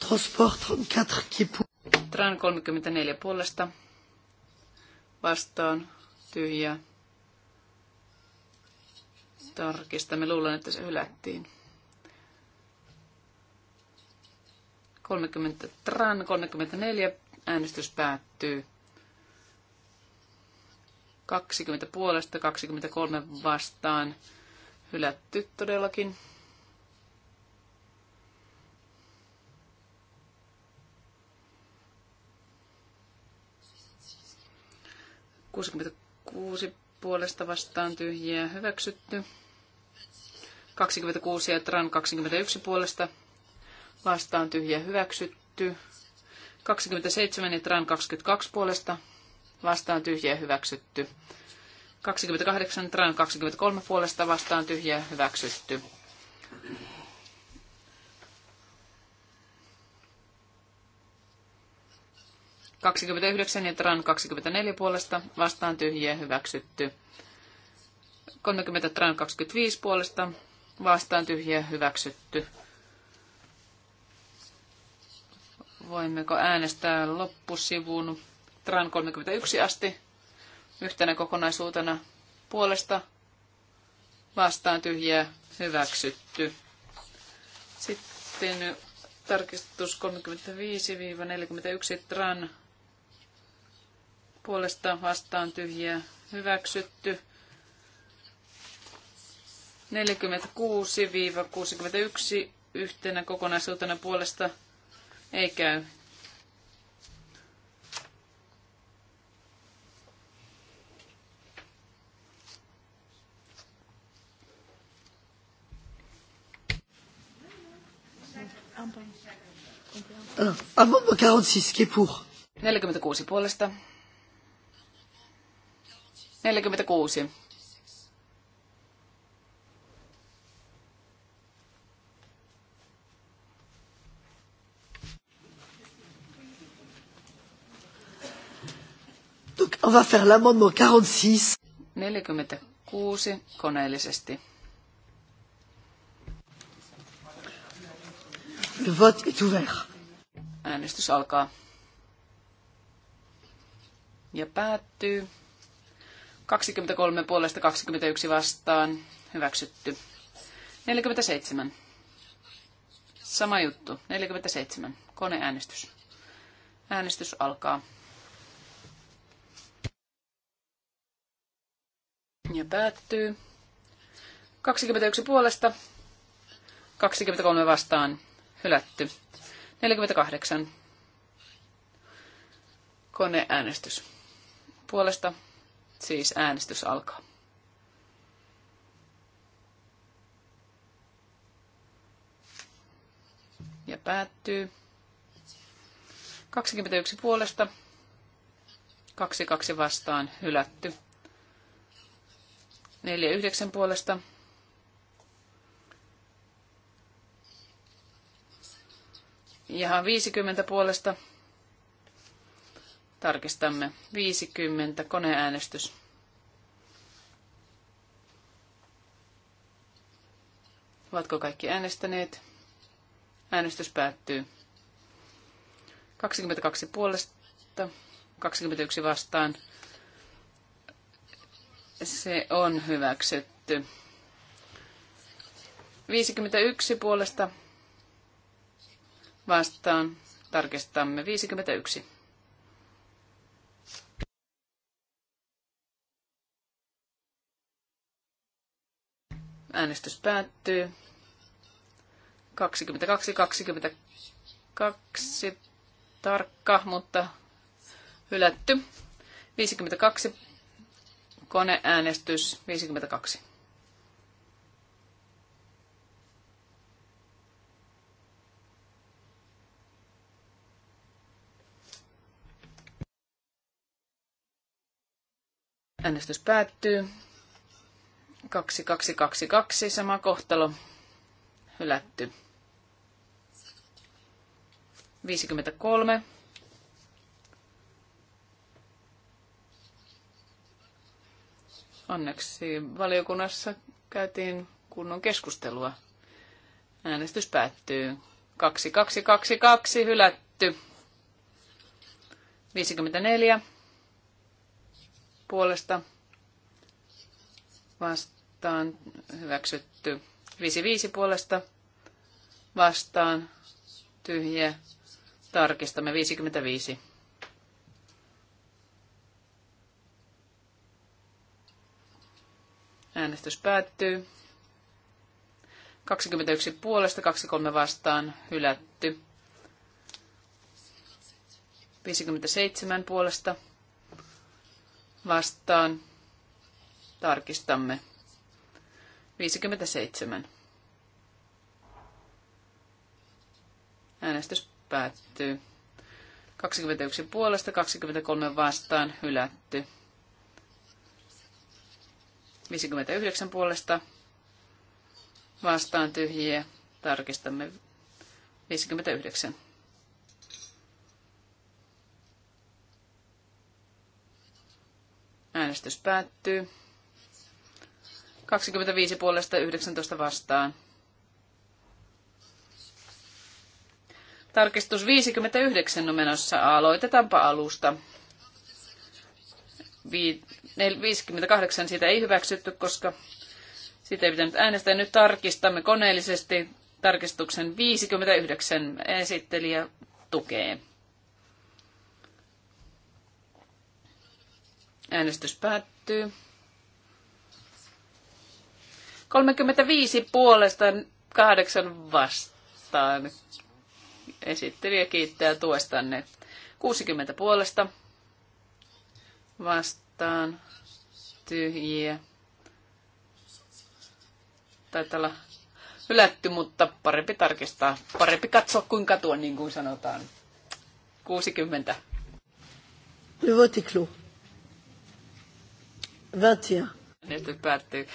Transport 34 qui est pour. Tran 34 puolesta vastaan tyhjää me Luulen, että se hylättiin. 30 tran, 34 äänestys päättyy. 20 puolesta, 23 vastaan. Hylätty todellakin. Kuusikymmentä kuusi puolesta vastaan tyhjiä hyväksytty. 26 ja Tran 21 puolesta vastaan tyhjä hyväksytty. 27 ja Tran 22 puolesta vastaan tyhjä hyväksytty. 28 Tran 23 puolesta vastaan tyhjä hyväksytty. Kaksikymmentäyhdeksän ja Tran 24 puolesta vastaan tyhjiä hyväksytty. 30 tran 25 puolesta vastaan tyhjä hyväksytty. Voimmeko äänestää loppusivun tran 31 asti yhtenä kokonaisuutena puolesta vastaan tyhjä hyväksytty. Sitten tarkistus 35-41 tran puolesta vastaan tyhjä hyväksytty. 46-61 yhtenä kokonaisuutena puolesta ei käy. Ah, amendement 46, qui est pour 46 puolesta. 46. On va faire l'amendement 46. 46 koneellisesti. Le vote est ouvert. Äänestys alkaa. Ja päättyy. 23 puolesta 21 vastaan. Hyväksytty. 47. Sama juttu. 47. Koneäänestys. Äänestys alkaa. ja päättyy. 21 puolesta, 23 vastaan, hylätty. 48. Koneäänestys. Puolesta siis äänestys alkaa. Ja päättyy. 21 puolesta, 22 vastaan, hylätty. 49 puolesta. Jahan 50 puolesta. Tarkistamme. 50 koneäänestys. Ovatko kaikki äänestäneet? Äänestys päättyy. 22 puolesta, 21 vastaan, se on hyväksytty. 51 puolesta vastaan. Tarkistamme 51. Äänestys päättyy. 22, 22 tarkka, mutta hylätty. 52 Koneäänestys 52. Äänestys päättyy. 2222, sama kohtalo. Hylätty. 53 Onneksi valiokunnassa käytiin kunnon keskustelua. Äänestys päättyy. 2222 hylätty. 54 puolesta vastaan hyväksytty. 55 puolesta vastaan tyhjä. Tarkistamme 55. Äänestys päättyy. 21 puolesta, 23 vastaan, hylätty. 57 puolesta vastaan. Tarkistamme. 57. Äänestys päättyy. 21 puolesta, 23 vastaan, hylätty. 59 puolesta vastaan tyhjiä. Tarkistamme 59. Äänestys päättyy. 25 puolesta 19 vastaan. Tarkistus 59 numenossa. Aloitetaanpa alusta. 58 sitä ei hyväksytty, koska sitä ei pitänyt äänestää. Nyt tarkistamme koneellisesti tarkistuksen 59 esittelijä tukee. Äänestys päättyy. 35 puolesta, 8 vastaan. Esittelijä kiittää tuestanne. 60 puolesta vastaan vastaan tyhjiä. Taitaa olla hylätty, mutta parempi tarkistaa. Parempi katsoa kuin katua, niin kuin sanotaan. 60. Le vote est clos. 21. Nyt päättyy.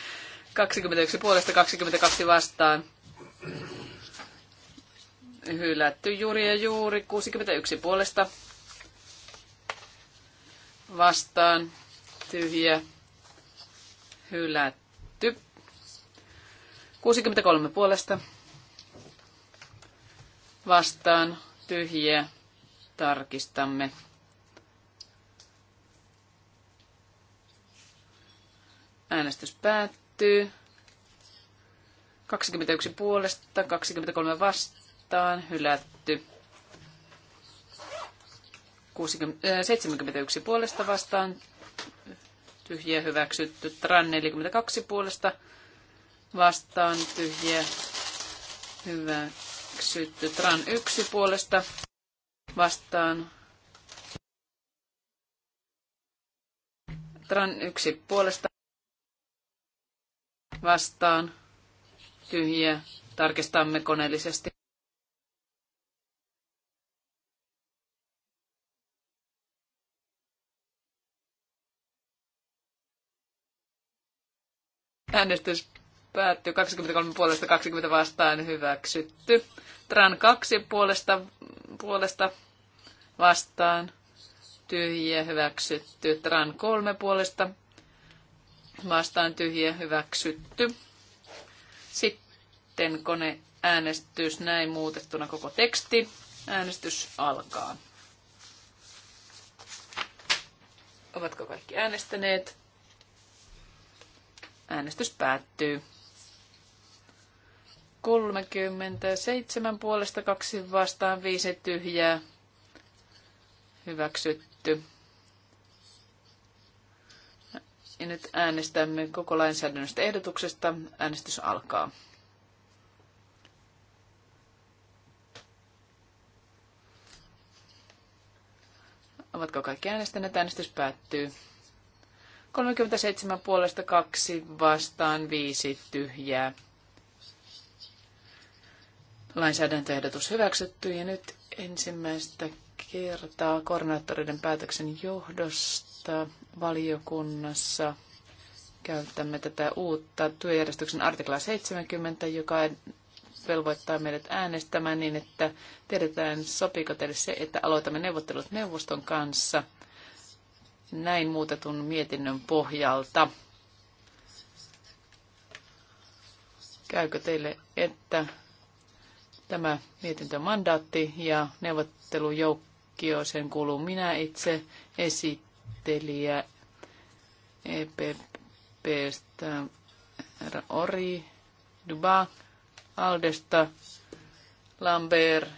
21 puolesta 22 vastaan. Hylätty juuri ja juuri. 61 puolesta vastaan tyhjä, hylätty. 63 puolesta vastaan tyhjiä, tarkistamme. Äänestys päättyy. 21 puolesta, 23 vastaan, hylätty. 60, 71 äh, puolesta vastaan, tyhjiä hyväksytty. Tran 42 puolesta vastaan tyhjiä hyväksytty. Tran 1 puolesta vastaan. Tran 1 puolesta vastaan tyhjiä. Tarkistamme koneellisesti. Äänestys päättyy 23 puolesta 20 vastaan hyväksytty. Tran 2 puolesta, puolesta vastaan tyhjiä hyväksytty. Tran 3 puolesta vastaan tyhjiä hyväksytty. Sitten kone äänestys näin muutettuna koko teksti. Äänestys alkaa. Ovatko kaikki äänestäneet? Äänestys päättyy. 37 puolesta kaksi vastaan viisi tyhjää. Hyväksytty. Ja nyt äänestämme koko lainsäädännöstä ehdotuksesta. Äänestys alkaa. Ovatko kaikki äänestäneet? Äänestys päättyy. 37 puolesta kaksi vastaan viisi tyhjää. Lainsäädäntöehdotus hyväksytty ja nyt ensimmäistä kertaa koordinaattoreiden päätöksen johdosta valiokunnassa käytämme tätä uutta työjärjestyksen artiklaa 70, joka velvoittaa meidät äänestämään niin, että tiedetään, sopiiko teille se, että aloitamme neuvottelut neuvoston kanssa – näin muutetun mietinnön pohjalta. Käykö teille, että tämä mietintömandaatti ja neuvottelujoukko, sen kuuluu minä itse, esittelijä EPPstä Ori Duba, Aldesta, Lambert,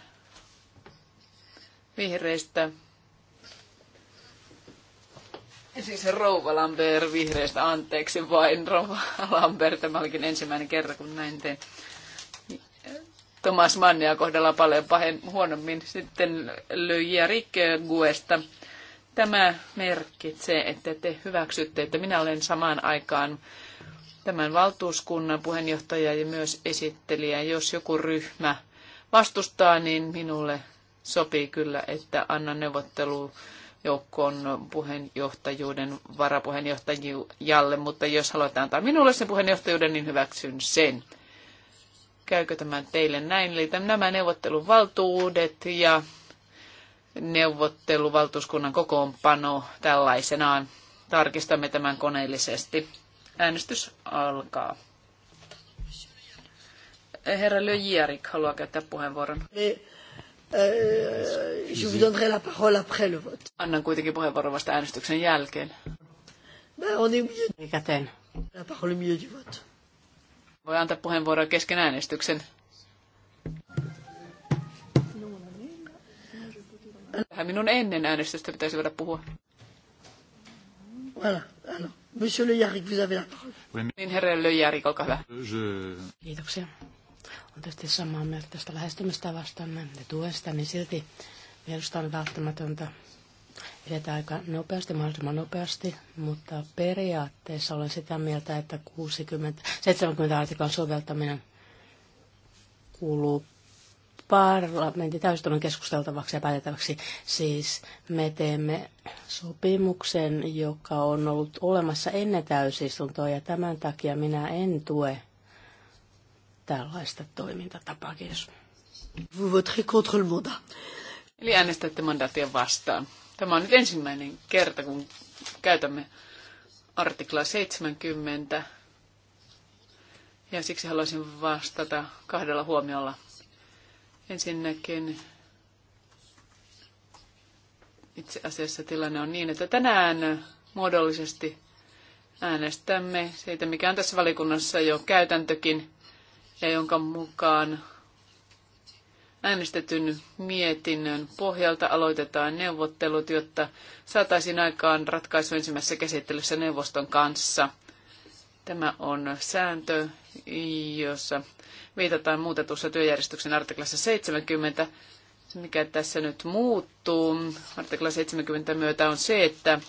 Vihreistä, Siis rouva Lambert vihreästä, anteeksi vain rouva Lambert, tämä olikin ensimmäinen kerran kun näin teen. Thomas Mannia kohdella paljon pahen, huonommin sitten löijä Rikkeguesta. Tämä merkitsee, että te hyväksytte, että minä olen samaan aikaan tämän valtuuskunnan puheenjohtaja ja myös esittelijä. Jos joku ryhmä vastustaa, niin minulle sopii kyllä, että annan neuvottelu joukkoon puheenjohtajuuden varapuheenjohtajalle, mutta jos haluat antaa minulle sen puheenjohtajuuden, niin hyväksyn sen. Käykö tämä teille näin? Eli nämä neuvotteluvaltuudet ja neuvotteluvaltuuskunnan kokoonpano tällaisenaan. Tarkistamme tämän koneellisesti. Äänestys alkaa. Herra Löjärik haluaa käyttää puheenvuoron. Niin Euh, je vous donnerai la parole après le vote. Annan kuitenkin puheenvuoron vasta äänestyksen jälkeen. Ben, on est mieux. Mikäten? La parole mieux du vote. Voi antaa puheenvuoroa kesken äänestyksen. Vähän minun ennen äänestystä pitäisi voida puhua. Voilà, alors. Monsieur Le Yarrick, vous avez la parole. Niin, herra Le Yarrick, olkaa hyvä. Kiitoksia on tietysti samaa mieltä tästä lähestymistavastamme ja tuesta, niin silti mielestä on välttämätöntä edetä aika nopeasti, mahdollisimman nopeasti, mutta periaatteessa olen sitä mieltä, että 60, 70 artiklan soveltaminen kuuluu parlamentin täysistunnon keskusteltavaksi ja päätettäväksi. Siis me teemme sopimuksen, joka on ollut olemassa ennen täysistuntoa ja tämän takia minä en tue tällaista toimintatapaa. Kiitos. Eli äänestätte mandaatien vastaan. Tämä on nyt ensimmäinen kerta, kun käytämme artiklaa 70. Ja siksi haluaisin vastata kahdella huomiolla. Ensinnäkin itse asiassa tilanne on niin, että tänään muodollisesti äänestämme siitä, mikä on tässä valikunnassa jo käytäntökin ja jonka mukaan äänestetyn mietinnön pohjalta aloitetaan neuvottelut, jotta saataisiin aikaan ratkaisu ensimmäisessä käsittelyssä neuvoston kanssa. Tämä on sääntö, jossa viitataan muutetussa työjärjestyksen artiklassa 70. Se, mikä tässä nyt muuttuu artikla 70 myötä on se, että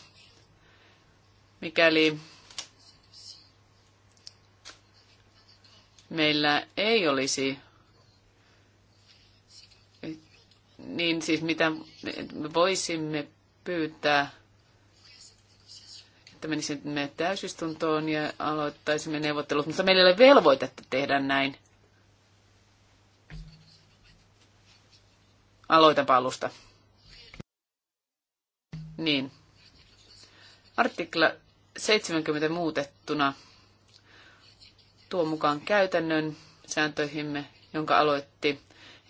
mikäli meillä ei olisi niin siis mitä voisimme pyytää, että menisimme täysistuntoon ja aloittaisimme neuvottelut, mutta meillä ei ole velvoitetta tehdä näin. Aloitan alusta. Niin. Artikla 70 muutettuna tuo mukaan käytännön sääntöihimme, jonka aloitti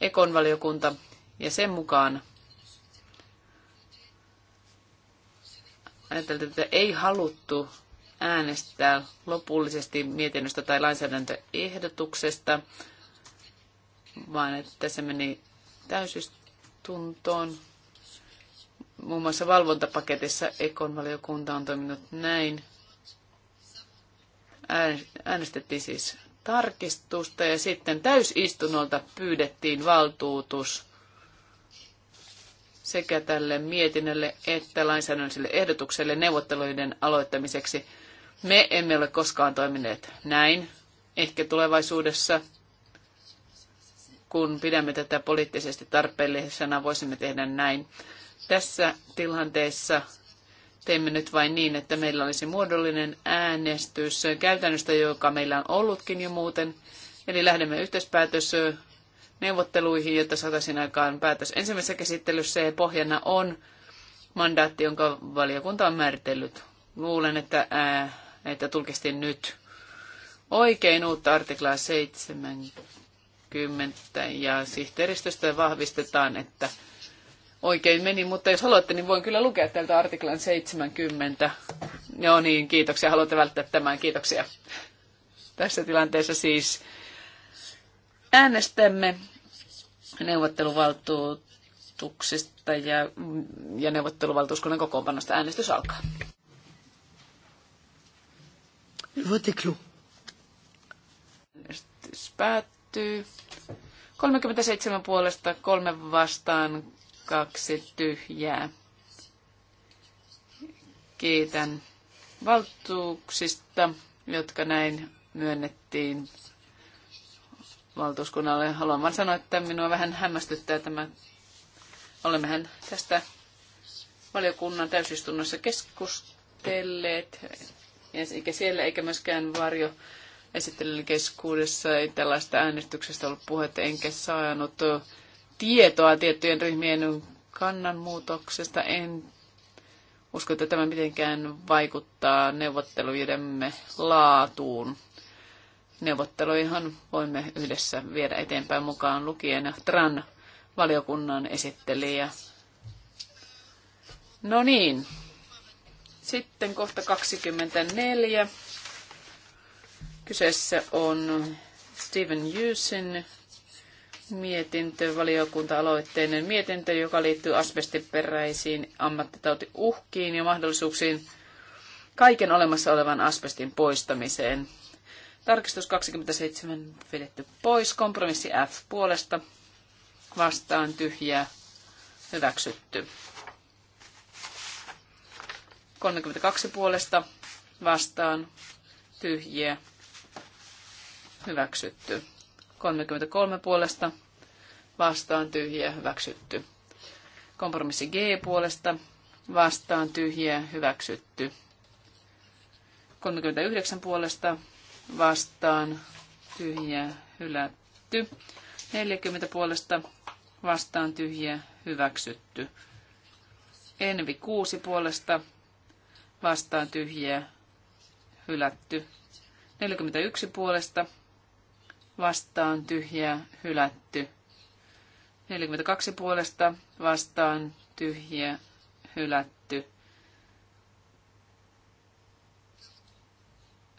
Ekon valiokunta, ja sen mukaan ajateltiin, että ei haluttu äänestää lopullisesti mietinnöstä tai lainsäädäntöehdotuksesta, vaan että se meni täysistuntoon. Muun muassa valvontapaketissa Ekon valiokunta on toiminut näin. Äänestettiin siis tarkistusta ja sitten täysistunnolta pyydettiin valtuutus sekä tälle mietinnölle että lainsäädännölliselle ehdotukselle neuvotteluiden aloittamiseksi. Me emme ole koskaan toimineet näin. Ehkä tulevaisuudessa, kun pidämme tätä poliittisesti tarpeellisena, voisimme tehdä näin. Tässä tilanteessa teimme nyt vain niin, että meillä olisi muodollinen äänestys käytännöstä, joka meillä on ollutkin jo muuten. Eli lähdemme yhteispäätös neuvotteluihin, jotta saataisiin aikaan päätös ensimmäisessä käsittelyssä ja pohjana on mandaatti, jonka valiokunta on määritellyt. Luulen, että, ää, että tulkistin nyt oikein uutta artiklaa 70 ja sihteeristöstä vahvistetaan, että oikein meni, mutta jos haluatte, niin voin kyllä lukea täältä artiklan 70. Joo niin, kiitoksia. Haluatte välttää tämän. Kiitoksia. Tässä tilanteessa siis äänestämme neuvotteluvaltuutuksesta ja, ja neuvotteluvaltuuskunnan kokoonpanosta. Äänestys alkaa. Äänestys päättyy. 37 puolesta, kolme vastaan, kaksi tyhjää. Kiitän valtuuksista, jotka näin myönnettiin valtuuskunnalle. Haluan vain sanoa, että minua vähän hämmästyttää tämä. Olemmehän tästä valiokunnan täysistunnossa keskustelleet, eikä siellä eikä myöskään varjo esittelyn keskuudessa ei tällaista äänestyksestä ollut puhetta, enkä saanut tietoa tiettyjen ryhmien kannanmuutoksesta. En usko, että tämä mitenkään vaikuttaa neuvotteluidemme laatuun. Neuvotteluihan voimme yhdessä viedä eteenpäin mukaan lukien TRAN valiokunnan esittelijä. No niin, sitten kohta 24. Kyseessä on Steven Hughesin mietintö, valiokunta-aloitteinen mietintö, joka liittyy asbestiperäisiin ammattitautiuhkiin ja mahdollisuuksiin kaiken olemassa olevan asbestin poistamiseen. Tarkistus 27 vedetty pois, kompromissi F puolesta, vastaan tyhjää, hyväksytty. 32 puolesta vastaan tyhjiä hyväksytty. 33 puolesta vastaan tyhjiä hyväksytty. Kompromissi G puolesta vastaan tyhjiä hyväksytty. 39 puolesta vastaan tyhjiä hylätty. 40 puolesta vastaan tyhjiä hyväksytty. Envi 6 puolesta vastaan tyhjiä hylätty. 41 puolesta vastaan tyhjä, hylätty. 42 puolesta vastaan tyhjä hylätty.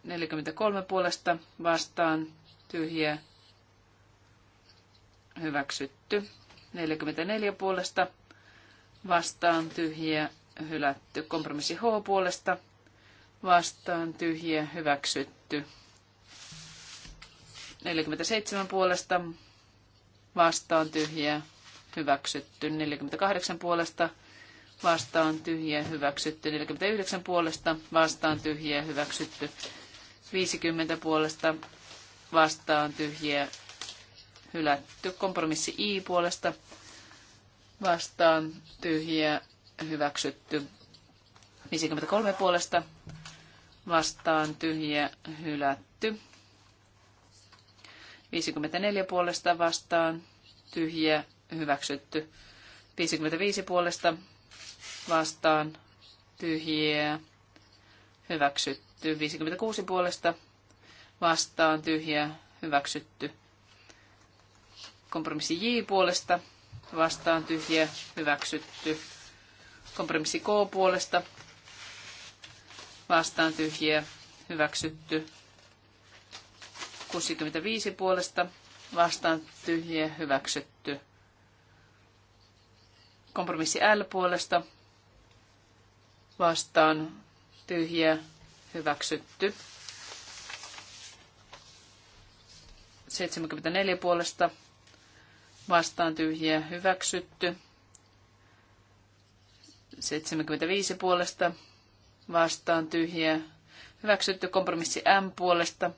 43 puolesta vastaan tyhjä hyväksytty. 44 puolesta vastaan tyhjä hylätty. Kompromissi H puolesta vastaan tyhjä hyväksytty. 47 puolesta vastaan tyhjä hyväksytty. 48 puolesta vastaan tyhjä hyväksytty. 49 puolesta vastaan tyhjä hyväksytty. 50 puolesta vastaan tyhjä hylätty. Kompromissi I puolesta vastaan tyhjä hyväksytty. 53 puolesta vastaan tyhjä hylätty. 54 puolesta vastaan, tyhjiä, hyväksytty. 55 puolesta vastaan, tyhjiä, hyväksytty. 56 puolesta vastaan, tyhjiä, hyväksytty. Kompromissi J puolesta vastaan, tyhjiä, hyväksytty. Kompromissi K puolesta vastaan, tyhjiä, hyväksytty 65 puolesta vastaan tyhjä hyväksytty. Kompromissi L puolesta vastaan tyhjä hyväksytty. 74 puolesta vastaan tyhjä hyväksytty. 75 puolesta vastaan tyhjä hyväksytty. Kompromissi M puolesta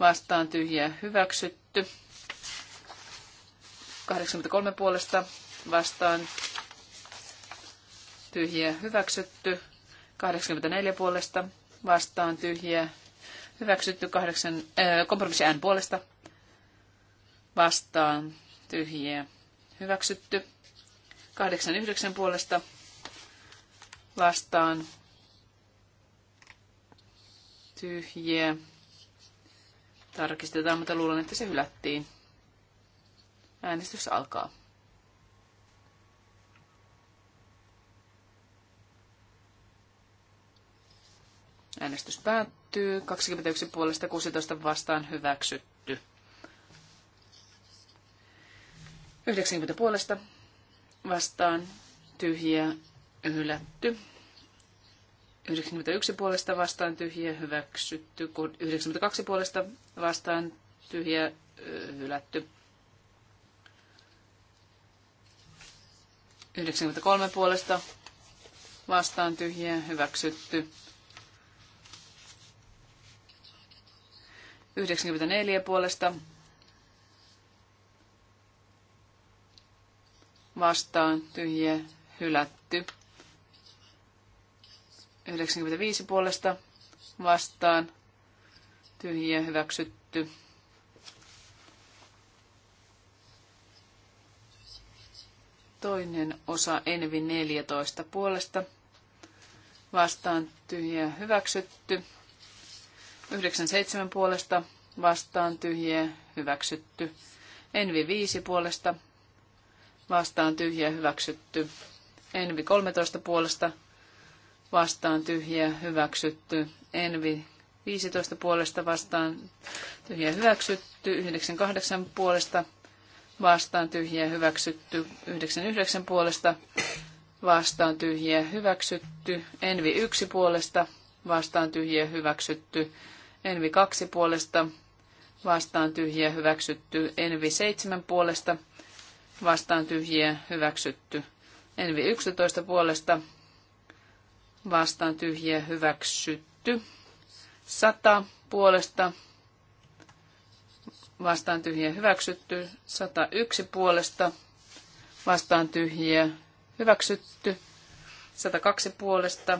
vastaan tyhjä hyväksytty. 83 puolesta vastaan tyhjä hyväksytty. 84 puolesta vastaan tyhjä hyväksytty. 8, äh, kompromissi N puolesta vastaan tyhjä hyväksytty. 89 puolesta vastaan tyhjä tarkistetaan, mutta luulen, että se hylättiin. Äänestys alkaa. Äänestys päättyy. 21 puolesta 16 vastaan hyväksytty. 90 puolesta vastaan tyhjä hylätty. 91 puolesta vastaan tyhjiä hyväksytty, 92 puolesta vastaan tyhjiä hylätty. 93 puolesta vastaan tyhjiä hyväksytty. 94 puolesta vastaan tyhjiä hylätty. 95 puolesta vastaan. Tyhjiä hyväksytty. Toinen osa Envi 14 puolesta vastaan tyhjiä hyväksytty. 97 puolesta vastaan tyhjiä hyväksytty. Envi 5 puolesta vastaan tyhjiä hyväksytty. Envi 13 puolesta vastaan tyhjä hyväksytty. Envi 15 puolesta vastaan tyhjä hyväksytty. 98 puolesta vastaan tyhjä hyväksytty. 99 puolesta vastaan tyhjä hyväksytty. Envi 1 puolesta vastaan tyhjä hyväksytty. Envi 2 puolesta vastaan tyhjä hyväksytty. Envi 7 puolesta vastaan tyhjä hyväksytty. Envi 11 puolesta vastaan tyhjiä hyväksytty. sata puolesta vastaan tyhjiä hyväksytty. yksi puolesta vastaan tyhjiä hyväksytty. kaksi puolesta.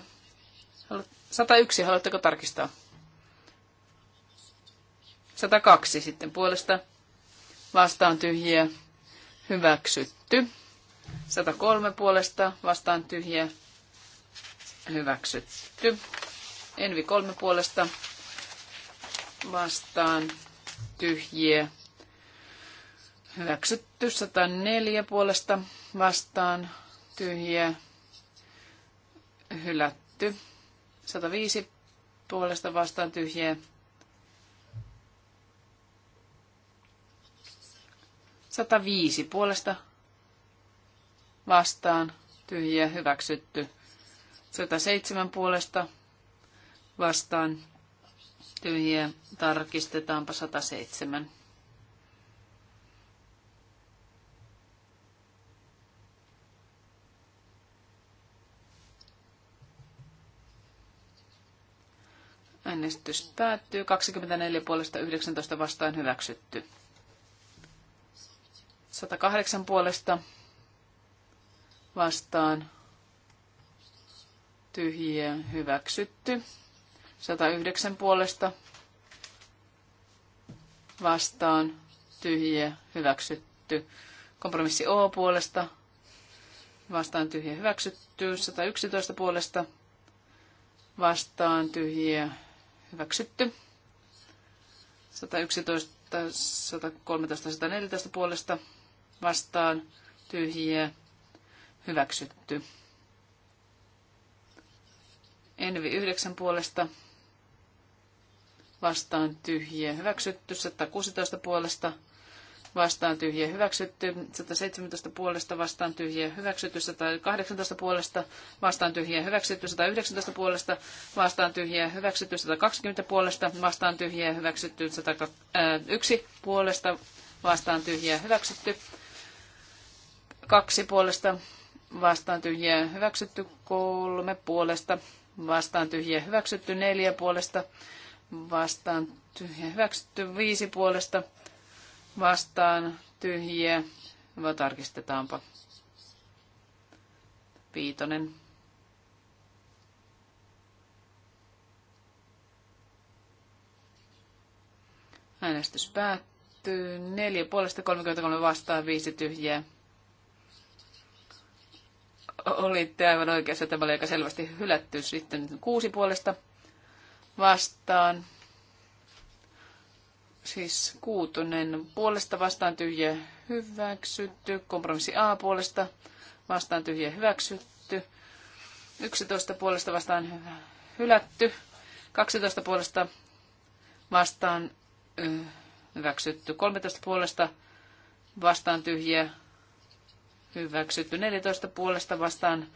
yksi haluatteko tarkistaa? 102 sitten puolesta vastaan tyhjiä hyväksytty. 103 puolesta vastaan tyhjiä hyväksytty. Envi kolme puolesta vastaan tyhjiä. Hyväksytty 104 puolesta vastaan tyhjiä. Hylätty 105 puolesta vastaan tyhjiä. viisi puolesta vastaan tyhjiä hyväksytty 107 puolesta vastaan tyhjiä. Tarkistetaanpa 107. Äänestys päättyy. 24 puolesta 19 vastaan hyväksytty. 108 puolesta vastaan tyhjiä hyväksytty. 109 puolesta vastaan tyhjiä hyväksytty. Kompromissi O puolesta vastaan tyhjiä hyväksytty. 111 puolesta vastaan tyhjiä hyväksytty. 111, 113, 114 puolesta vastaan tyhjiä hyväksytty. Envi 9 puolesta vastaan tyhjiä hyväksytty, 116 puolesta vastaan tyhjiä hyväksytty, 117 puolesta vastaan tyhjiä hyväksytty, 118 puolesta vastaan tyhjiä hyväksytty, 119 puolesta vastaan tyhjiä hyväksytty, 120 puolesta vastaan tyhjiä hyväksytty, 101 puolesta vastaan tyhjiä hyväksytty, 2 puolesta vastaan tyhjiä hyväksytty, 3 puolesta vastaan tyhjä hyväksytty, neljä puolesta vastaan tyhjä hyväksytty, viisi puolesta vastaan tyhjiä, Va, tarkistetaanpa. Viitonen. Äänestys päättyy. 4 puolesta 33 vastaan, 5 tyhjää olitte aivan oikeassa. Tämä oli aika selvästi hylätty sitten kuusi puolesta vastaan. Siis kuutonen puolesta vastaan tyhjä hyväksytty. Kompromissi A puolesta vastaan tyhjä hyväksytty. 11 puolesta vastaan hylätty. 12 puolesta vastaan hyväksytty. 13 puolesta vastaan tyhjä hyväksytty. 14 puolesta vastaan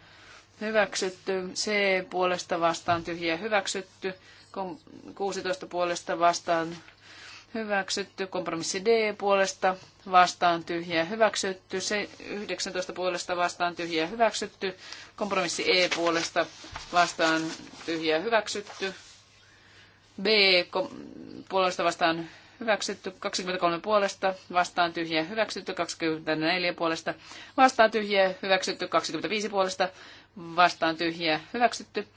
hyväksytty. C puolesta vastaan tyhjä hyväksytty. 16 puolesta vastaan hyväksytty. Kompromissi D puolesta vastaan tyhjä hyväksytty. Se 19 puolesta vastaan tyhjä hyväksytty. Kompromissi E puolesta vastaan tyhjä hyväksytty. B puolesta vastaan hyväksytty 23 puolesta, vastaan tyhjiä hyväksytty 24 puolesta, vastaan tyhjiä hyväksytty 25 puolesta, vastaan tyhjiä hyväksytty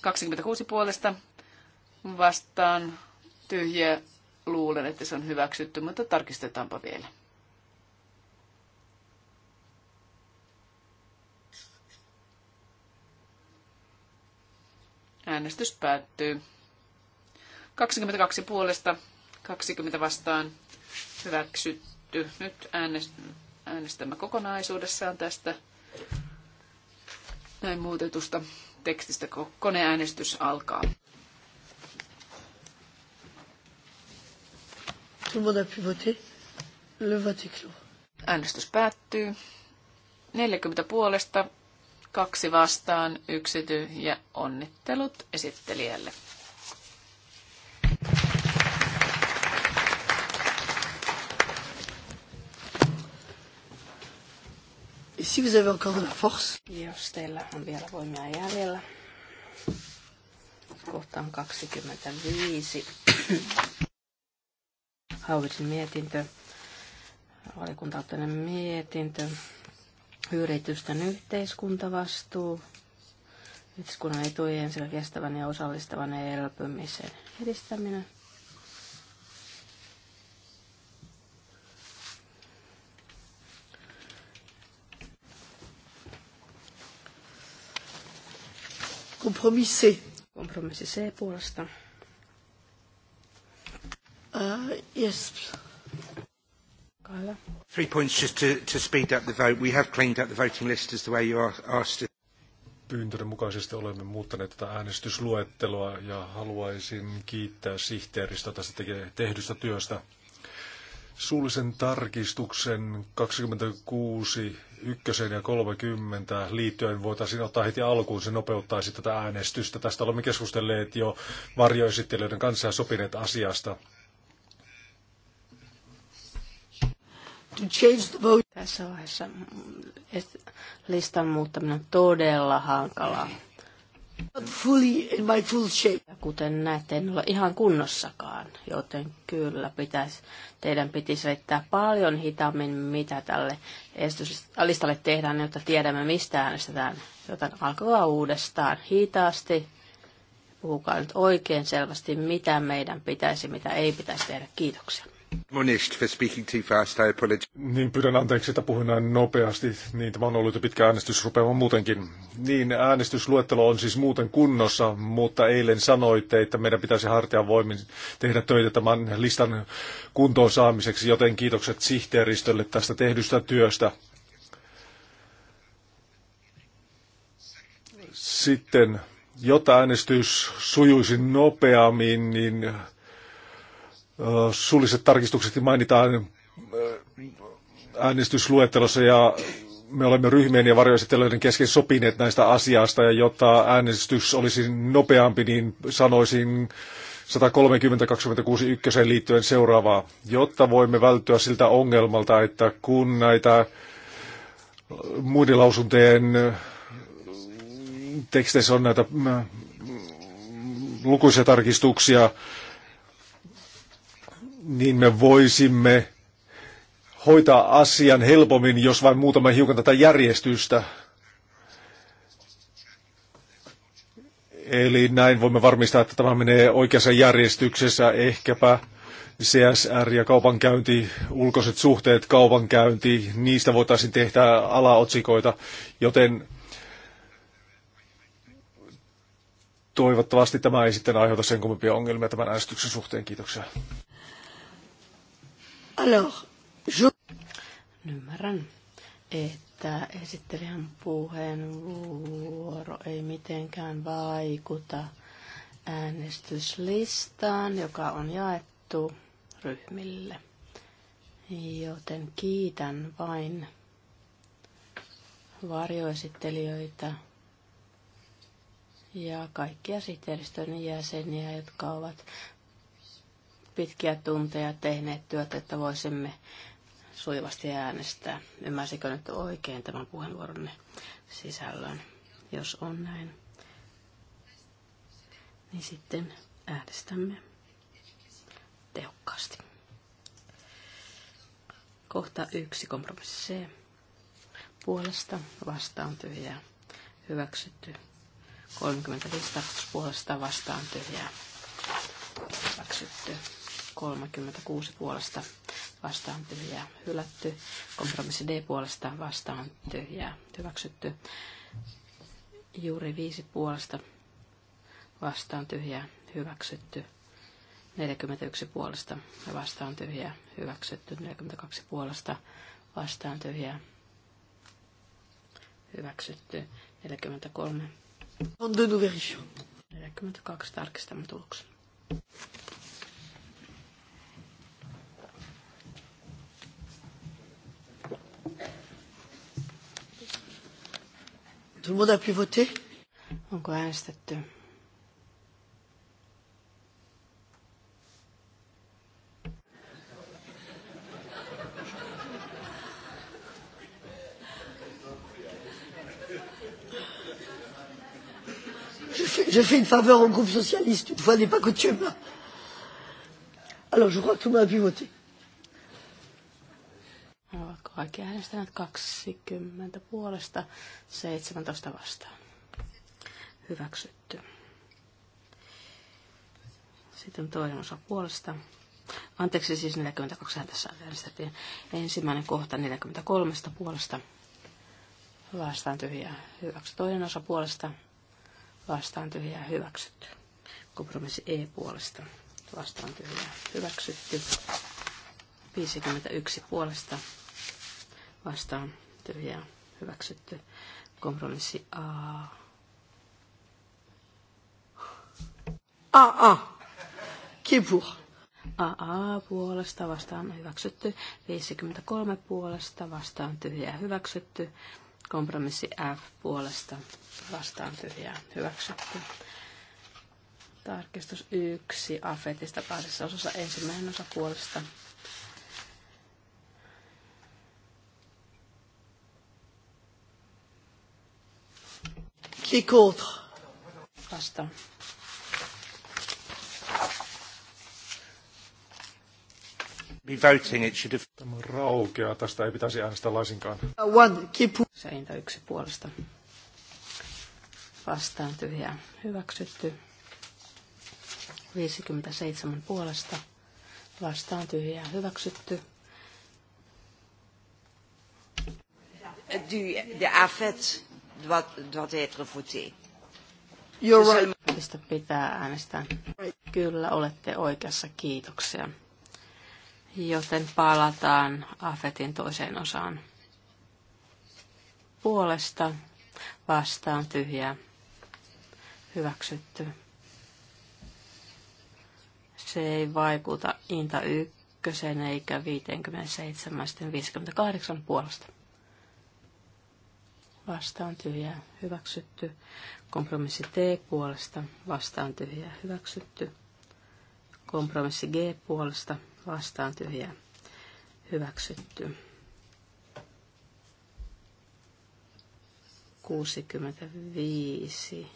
26 puolesta, vastaan tyhjiä luulen, että se on hyväksytty, mutta tarkistetaanpa vielä. Äänestys päättyy. 22 puolesta, 20 vastaan hyväksytty. Nyt äänestämme kokonaisuudessaan tästä näin muutetusta tekstistä, kun koneäänestys alkaa. Äänestys päättyy. 40 puolesta, kaksi vastaan, yksity ja Onnittelut esittelijälle. Si vous avez encore de la force. Jos teillä on vielä voimia jäljellä. on 25. Hauvitsin mietintö. Valikuntauttainen mietintö. Yritysten yhteiskuntavastuu. Yhteiskunnan etujen sekä kestävän ja osallistavan elpymisen edistäminen. Kompromissi. Kompromissi C puolesta. Uh, yes. Three points just to, to speed up the vote. We have cleaned up the voting list as the way you asked it. mukaisesti olemme muuttaneet tätä äänestysluetteloa ja haluaisin kiittää sihteeristä tästä tehdystä työstä suullisen tarkistuksen 26, 1 ja 30 liittyen voitaisiin ottaa heti alkuun. Se nopeuttaisi tätä äänestystä. Tästä olemme keskustelleet jo varjoesittelijöiden kanssa ja sopineet asiasta. Tässä vaiheessa mm, listan muuttaminen on todella hankalaa. Kuten näette, en ole ihan kunnossakaan, joten kyllä pitäisi, teidän pitäisi vetää paljon hitaammin, mitä tälle listalle tehdään, jotta tiedämme, mistä äänestetään. Joten alkaa uudestaan hitaasti. Puhukaa nyt oikein selvästi, mitä meidän pitäisi, mitä ei pitäisi tehdä. Kiitoksia. Niin pyydän anteeksi, että puhun näin nopeasti. Niin tämä on ollut jo pitkä äänestysrupeama muutenkin. Niin äänestysluettelo on siis muuten kunnossa, mutta eilen sanoitte, että meidän pitäisi hartia voimin tehdä töitä tämän listan kuntoon saamiseksi, joten kiitokset sihteeristölle tästä tehdystä työstä. Sitten, jotta äänestys sujuisi nopeammin, niin suulliset tarkistukset mainitaan äh, äänestysluettelossa ja me olemme ryhmien ja varjoesittelijöiden kesken sopineet näistä asiasta ja jotta äänestys olisi nopeampi, niin sanoisin 130.26 ykköseen liittyen seuraavaa, jotta voimme välttyä siltä ongelmalta, että kun näitä muiden lausuntojen teksteissä on näitä mm, lukuisia tarkistuksia, niin me voisimme hoitaa asian helpommin, jos vain muutama hiukan tätä järjestystä. Eli näin voimme varmistaa, että tämä menee oikeassa järjestyksessä. Ehkäpä CSR ja kaupankäynti, ulkoiset suhteet, kaupankäynti, niistä voitaisiin tehdä alaotsikoita, joten toivottavasti tämä ei sitten aiheuta sen kummempia ongelmia tämän äänestyksen suhteen. Kiitoksia. Alors, je... Ymmärrän, että esittelijän puheenvuoro ei mitenkään vaikuta äänestyslistaan, joka on jaettu ryhmille. Joten kiitän vain varjoesittelijöitä ja kaikkia sihteeristön jäseniä, jotka ovat pitkiä tunteja tehneet työtä, että voisimme sujuvasti äänestää. Ymmärsikö nyt oikein tämän puheenvuoronne sisällön? Jos on näin, niin sitten äänestämme tehokkaasti. Kohta yksi kompromissi C. Puolesta vastaan tyhjää. Hyväksytty. 35 puolesta vastaan tyhjää. Hyväksytty. 36 puolesta vastaan tyhjää hylätty. Kompromissi D puolesta vastaan tyhjää hyväksytty. Juuri 5 puolesta vastaan tyhjää hyväksytty. 41 puolesta ja vastaan tyhjää hyväksytty. 42 puolesta vastaan tyhjää hyväksytty. 43. On 42 tarkistamme tuloksen. Tout le monde a pu voter? Onko äänestetty? je fais une faveur au groupe socialiste, une fois n'est pas coutume. Alors je crois que tout le monde a pu voter. Kaikki äänestäneet 20 puolesta, 17 vastaan. Hyväksytty. Sitten toinen osa puolesta. Anteeksi, siis 42 tässä äänestettiin. Ensimmäinen kohta 43 puolesta. Vastaan tyhjää Hyväksy. Toinen osa puolesta. Vastaan tyhjää hyväksytty. Kompromissi E puolesta. Vastaan tyhjää hyväksytty. 51 puolesta vastaan tyhjä hyväksytty. Kompromissi A. a A. Kipur. AA puolesta vastaan hyväksytty. 53 puolesta vastaan tyhjää hyväksytty. Kompromissi F puolesta vastaan tyhjää hyväksytty. Tarkistus 1 afetista kahdessa osassa ensimmäinen osa puolesta Qui contre Vastaan. Be voting, it should have... Tämä on raukeaa, tästä ei pitäisi äänestää laisinkaan. Uh, one, keep... Seintä yksi puolesta. Vastaan tyhjää. Hyväksytty. 57 puolesta. Vastaan tyhjää. Hyväksytty. Du, de affet doit, doit être right. pitää äänestää. Kyllä olette oikeassa, kiitoksia. Joten palataan Afetin toiseen osaan. Puolesta vastaan tyhjää. Hyväksytty. Se ei vaikuta Inta ykkösen eikä 57-58 puolesta vastaan tyhjää hyväksytty. Kompromissi T puolesta vastaan tyhjää hyväksytty. Kompromissi G puolesta vastaan tyhjää hyväksytty. 65.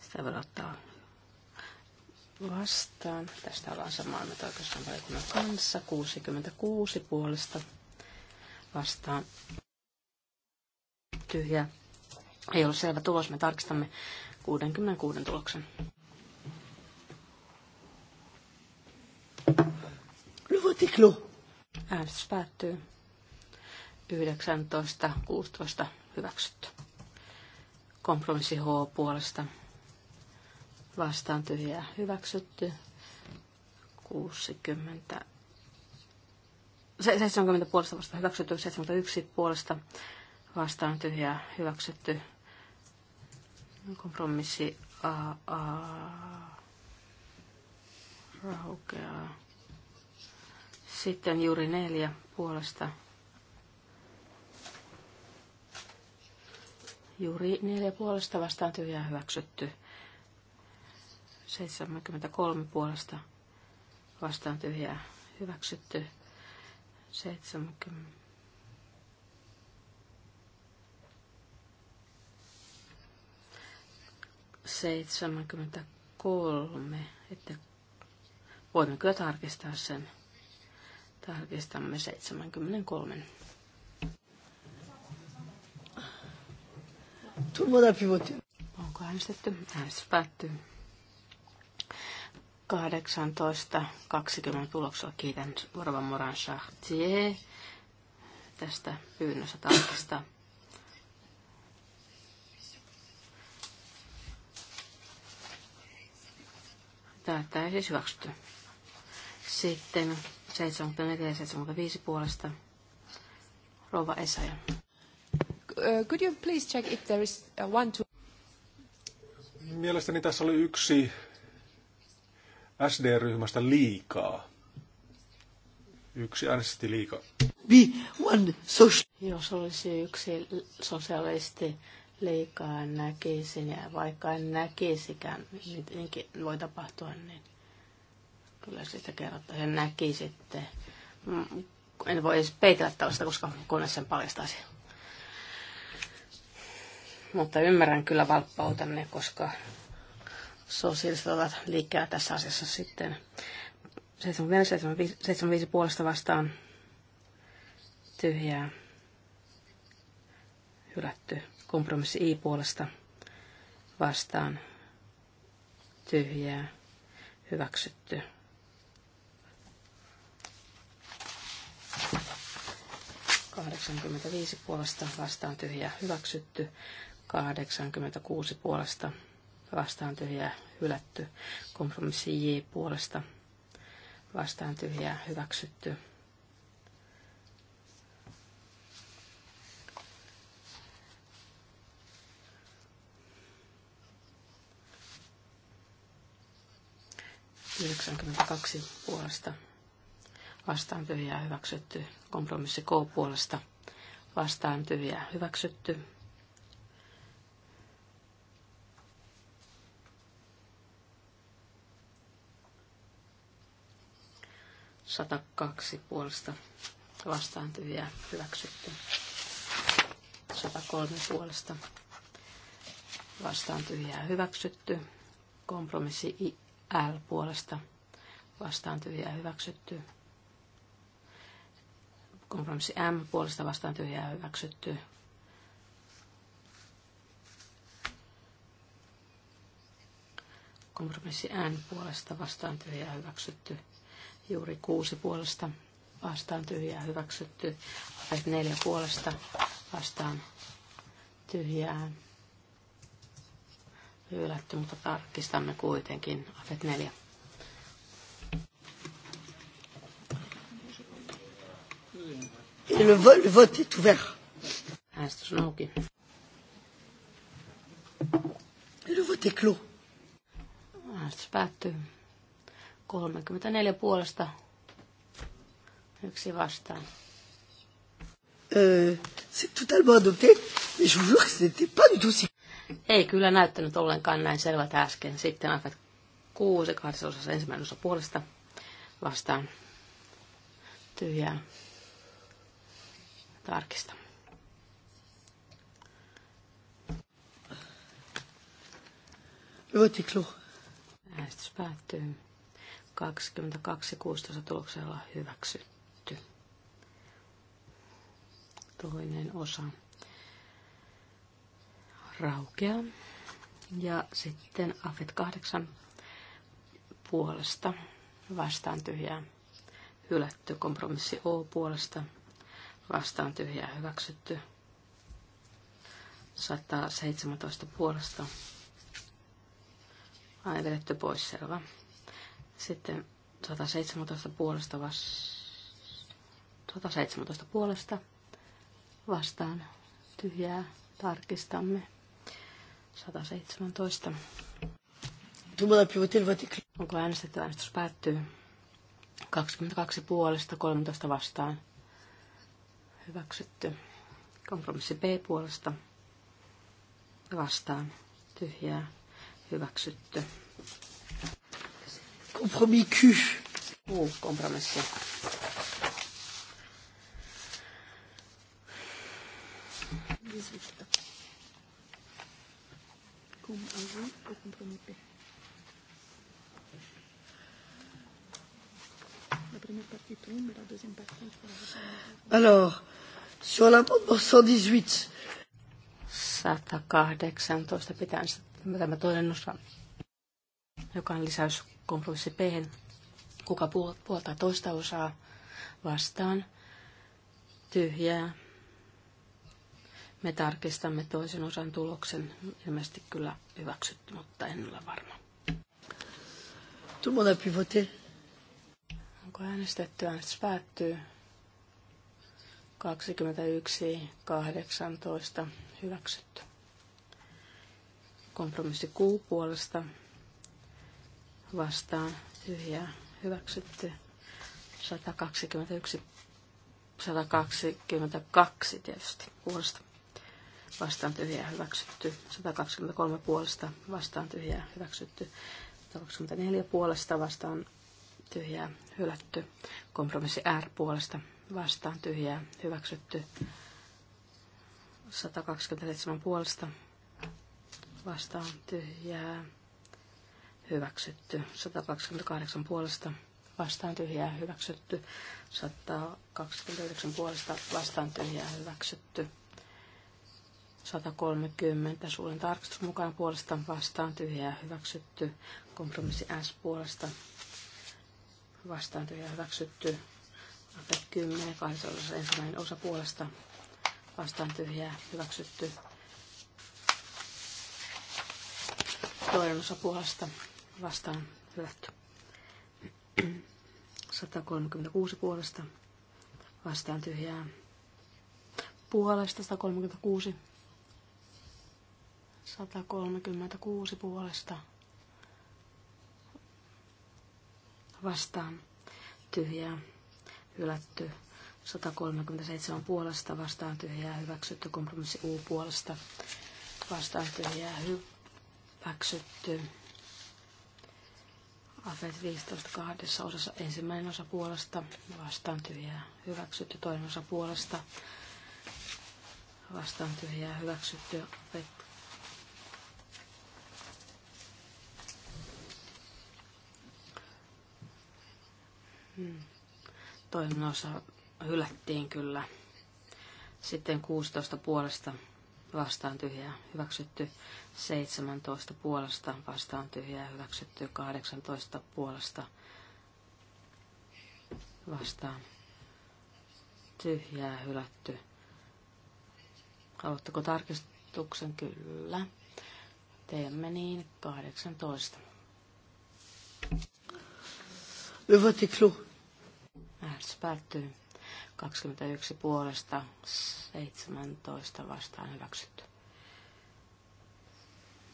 Sitä voi ottaa vastaan. Tästä ollaan samaa mieltä oikeastaan valiokunnan kanssa. 66 puolesta vastaan tyhjää. Ei ole selvä tulos, me tarkistamme 66 tuloksen. Luvotiklu. Äänestys päättyy. 19.16 hyväksytty. Kompromissi H puolesta vastaan tyhjää hyväksytty. 60 70 puolesta vasta hyväksytty, 71 puolesta vastaan tyhjää hyväksytty. Kompromissi AA raukeaa. Sitten juuri neljä puolesta. Juuri neljä puolesta vastaan tyhjää hyväksytty. 73 puolesta vastaan tyhjää hyväksytty. 70 73, että voimme kyllä tarkistaa sen. Tarkistamme 73. Onko äänestetty? Äänestys päättyy. 18.20 tuloksella kiitän Vorvan Moran Chartier tästä pyynnöstä tarkistaa. ei siis hyväksytty. Sitten 74 ja 75 puolesta. Rova Esaja. Could you please check if there is one to... Mielestäni tässä oli yksi SD-ryhmästä liikaa. Yksi äänesti liikaa. Be one social... Jos olisi yksi sosialisti liikaa näkisin ja vaikka en näkisikään, mitenkin niin voi tapahtua, niin kyllä sitä kerrottaisiin sitten. Mm, en voi edes peitellä tällaista, koska kone sen paljastaisi. Mutta ymmärrän kyllä valppautanne, koska sosiaaliset ovat liikkeellä tässä asiassa sitten 75, puolesta vastaan tyhjää hylätty. Kompromissi I puolesta vastaan tyhjää hyväksytty. Kahdeksankymmentäviisi puolesta vastaan tyhjää hyväksytty. 86 puolesta vastaan tyhjää hylätty. Kompromissi J puolesta vastaan tyhjää hyväksytty. 92 puolesta vastaan tyhjää hyväksytty. Kompromissi K puolesta vastaan tyhjää hyväksytty. kaksi puolesta vastaan tyhjää hyväksytty. kolme puolesta vastaan tyhjää hyväksytty. Kompromissi I L puolesta vastaan tyhjää hyväksytty. Kompromissi M puolesta vastaan tyhjää hyväksytty. Kompromissi N puolesta vastaan tyhjää hyväksytty. Juuri kuusi puolesta vastaan tyhjää hyväksytty. Neljä puolesta vastaan tyhjää hylätty, mutta tarkistamme kuitenkin AFET 4. Le vote est ouvert. Äänestys on auki. Le vote est clos. Äänestys päättyy. 34 puolesta, yksi vastaan. Euh, c'est totalement adopté, mais je vous jure que c'était pas du tout si... Ei kyllä näyttänyt ollenkaan näin selvältä äsken. Sitten aika kuusi, kahdessa ensimmäinen osa puolesta vastaan tyhjää. Tarkista. Luotiklu. Äänestys päättyy. 22.16 tuloksella hyväksytty. Toinen osa raukea Ja sitten Afet 8 puolesta vastaan tyhjää hylätty. Kompromissi O puolesta vastaan tyhjää hyväksytty. 117 puolesta. Aina vedetty pois, selvä. Sitten 117 puolesta vas... 117 puolesta vastaan tyhjää tarkistamme. 117. Onko äänestetty? Äänestys päättyy. 22 puolesta, 13 vastaan. Hyväksytty. Kompromissi B puolesta. Vastaan. Tyhjää. Hyväksytty. Kompromissi Q. Uu, Kompromissi. Viisi comme à vous au compromis P. La première partie tombe, la deuxième partie. Alors, sur l'amendement 118. 118 pitää tämä toinen osa, joka on lisäys kompromissi P. Kuka puoltaa toista osaa vastaan? Tyhjää me tarkistamme toisen osan tuloksen. Ilmeisesti kyllä hyväksytty, mutta en ole varma. Tout le monde Onko äänestetty? Äänestys päättyy. 21, 18 hyväksytty. Kompromissi Q puolesta vastaan tyhjää hyväksytty. 121, 122 tietysti puolesta vastaan tyhjää hyväksytty. 123 puolesta vastaan tyhjää hyväksytty. 124 puolesta vastaan tyhjää hylätty. Kompromissi R puolesta vastaan tyhjää hyväksytty. 127 puolesta vastaan tyhjää hyväksytty. 128 puolesta vastaan tyhjää hyväksytty. 129 puolesta vastaan tyhjää hyväksytty. 130 suuren tarkistus mukaan puolestaan vastaan tyhjää hyväksytty. Kompromissi S puolesta vastaan tyhjää hyväksytty. Ape 10, kahdessa ensimmäinen osa puolesta vastaan tyhjää hyväksytty. Toinen osa puolesta vastaan hylätty. 136 puolesta vastaan tyhjää puolesta 136 136 puolesta vastaan tyhjää hylätty. 137 puolesta vastaan tyhjää hyväksytty. Kompromissi U puolesta vastaan tyhjää hyväksytty. Afet 15 kahdessa osassa ensimmäinen osa puolesta vastaan tyhjää hyväksytty. Toinen osa puolesta vastaan tyhjää hyväksytty. Afet Hmm. Toinen osa hylättiin kyllä. Sitten 16 puolesta vastaan tyhjää hyväksytty, 17 puolesta vastaan tyhjää hyväksytty, 18 puolesta vastaan tyhjää hylätty. Haluatteko tarkistuksen? Kyllä. Teemme niin 18. Le vote est clos. Äänestys päättyy. 21 puolesta, 17 vastaan hyväksytty.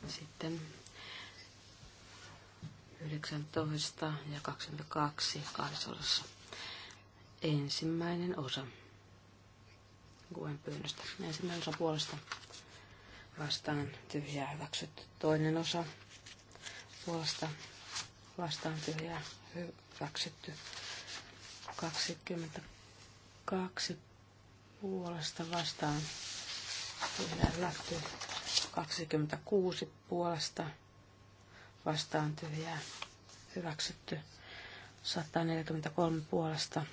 Sitten 19 ja 22 kahdessa Ensimmäinen osa. Kuen pyynnöstä. Ensimmäinen osa puolesta vastaan tyhjää hyväksytty. Toinen osa puolesta vastaan tyhjää hyväksytty. 22 puolesta vastaan tyhjää hylätty. 26 puolesta vastaan tyhjää hyväksytty. 143 puolesta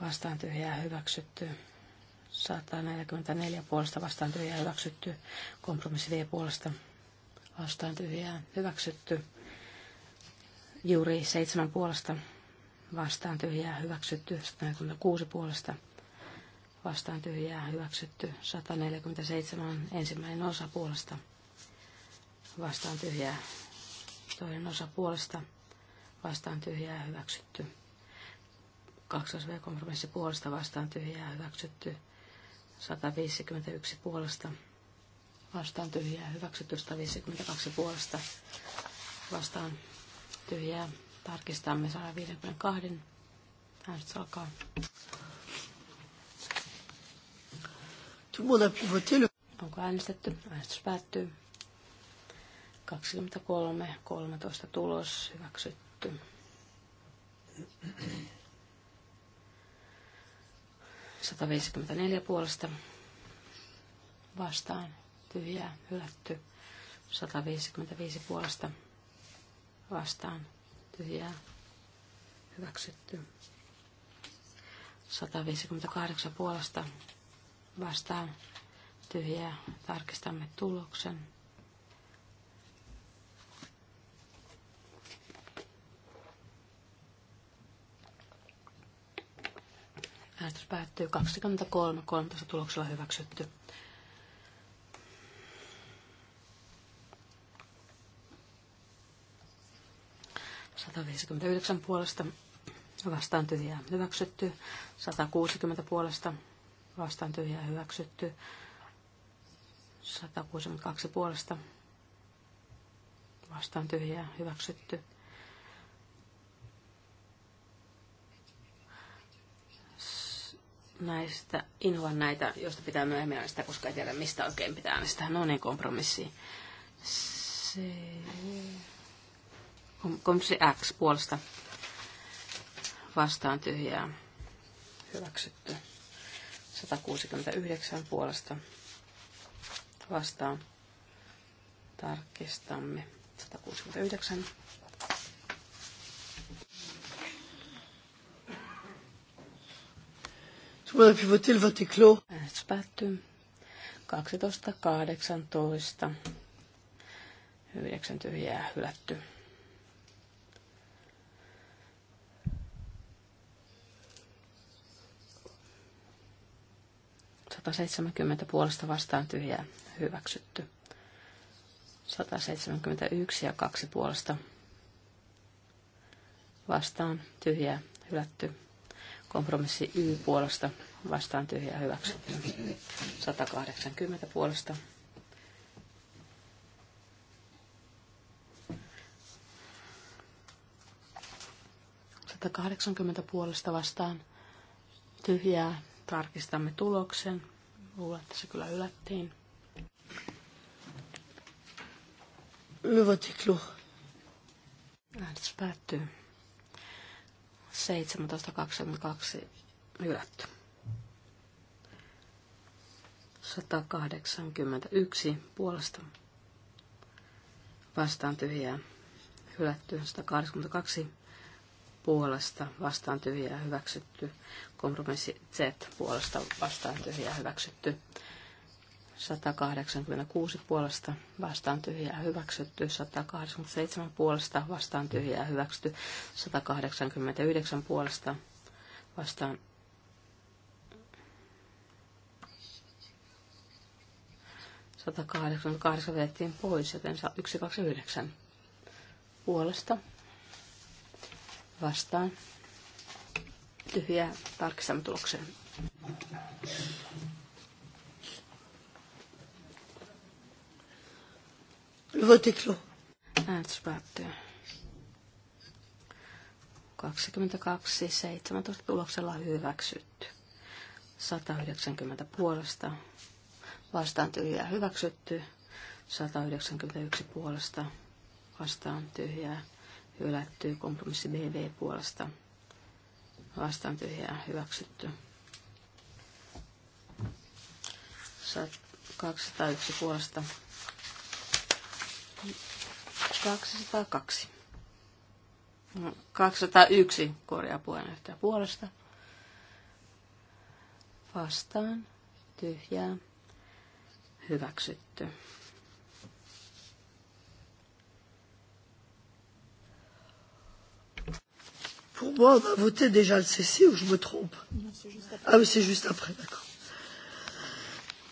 vastaan tyhjää hyväksytty. 144 puolesta vastaan tyhjää hyväksytty. Kompromissi vie puolesta vastaan tyhjää hyväksytty. Juuri seitsemän puolesta vastaan tyhjää hyväksytty 146 puolesta vastaan tyhjää hyväksytty 147 ensimmäinen osa puolesta vastaan tyhjää toinen osa puolesta vastaan tyhjää hyväksytty 2 kompromissi puolesta vastaan tyhjää hyväksytty 151 puolesta vastaan tyhjää hyväksytty 152 puolesta vastaan tyhjää Tarkistamme 152. Äänestys alkaa. Onko äänestetty? Äänestys päättyy. 23, 13 tulos hyväksytty. Sataviisikymmentäneljä puolesta vastaan tyhjää hylätty. 155 puolesta vastaan tyhjää hyväksytty. 158 puolesta vastaan tyhjää. Tarkistamme tuloksen. Äänestys päättyy 23.13 tuloksella hyväksytty. 159 puolesta vastaan tyhjää hyväksytty. 160 puolesta vastaan tyhjää hyväksytty. 162 puolesta vastaan tyhjää hyväksytty. näistä, inhoan näitä, joista pitää myöhemmin äänestää, koska ei tiedä mistä oikein pitää äänestää. No niin, kompromissi. Se se X puolesta vastaan tyhjää hyväksytty. 169 puolesta vastaan tarkistamme 169. Sulla pivotil vatiklo. Äänestys päättyy 12.18. 9 tyhjää hylätty. 170 puolesta vastaan tyhjää hyväksytty. 171 ja 2 puolesta vastaan tyhjää hylätty. Kompromissi Y puolesta vastaan tyhjää hyväksytty. 180 puolesta 80 puolesta vastaan tyhjää. Tarkistamme tuloksen. Luulen, että se kyllä ylättiin. Lyvotiklu. Äänestys päättyy. 17.22 hylätty. 181 puolesta vastaan tyhjää hylätty. 182 puolesta vastaan ja hyväksytty. Kompromissi Z puolesta vastaan ja hyväksytty. 186 puolesta vastaan tyhjää hyväksytty, 187 puolesta vastaan tyhjää hyväksytty, 189 puolesta vastaan Satakahdeksan vedettiin pois, joten 129 puolesta vastaan. Tyhjä tarkistamme tulokseen. Votiklo. Äänestys päättyy. 22, 17 tuloksella hyväksytty. 190 puolesta. Vastaan tyhjää hyväksytty. 191 puolesta. Vastaan tyhjää hylätty, kompromissi BB puolesta vastaan tyhjää hyväksytty. 201 puolesta 202. 201 no, korjaa puheenjohtaja puolesta. Vastaan tyhjää hyväksytty. Pour moi, on va voter déjà le CC ou je me trompe non, juste Ah oui, c'est juste après,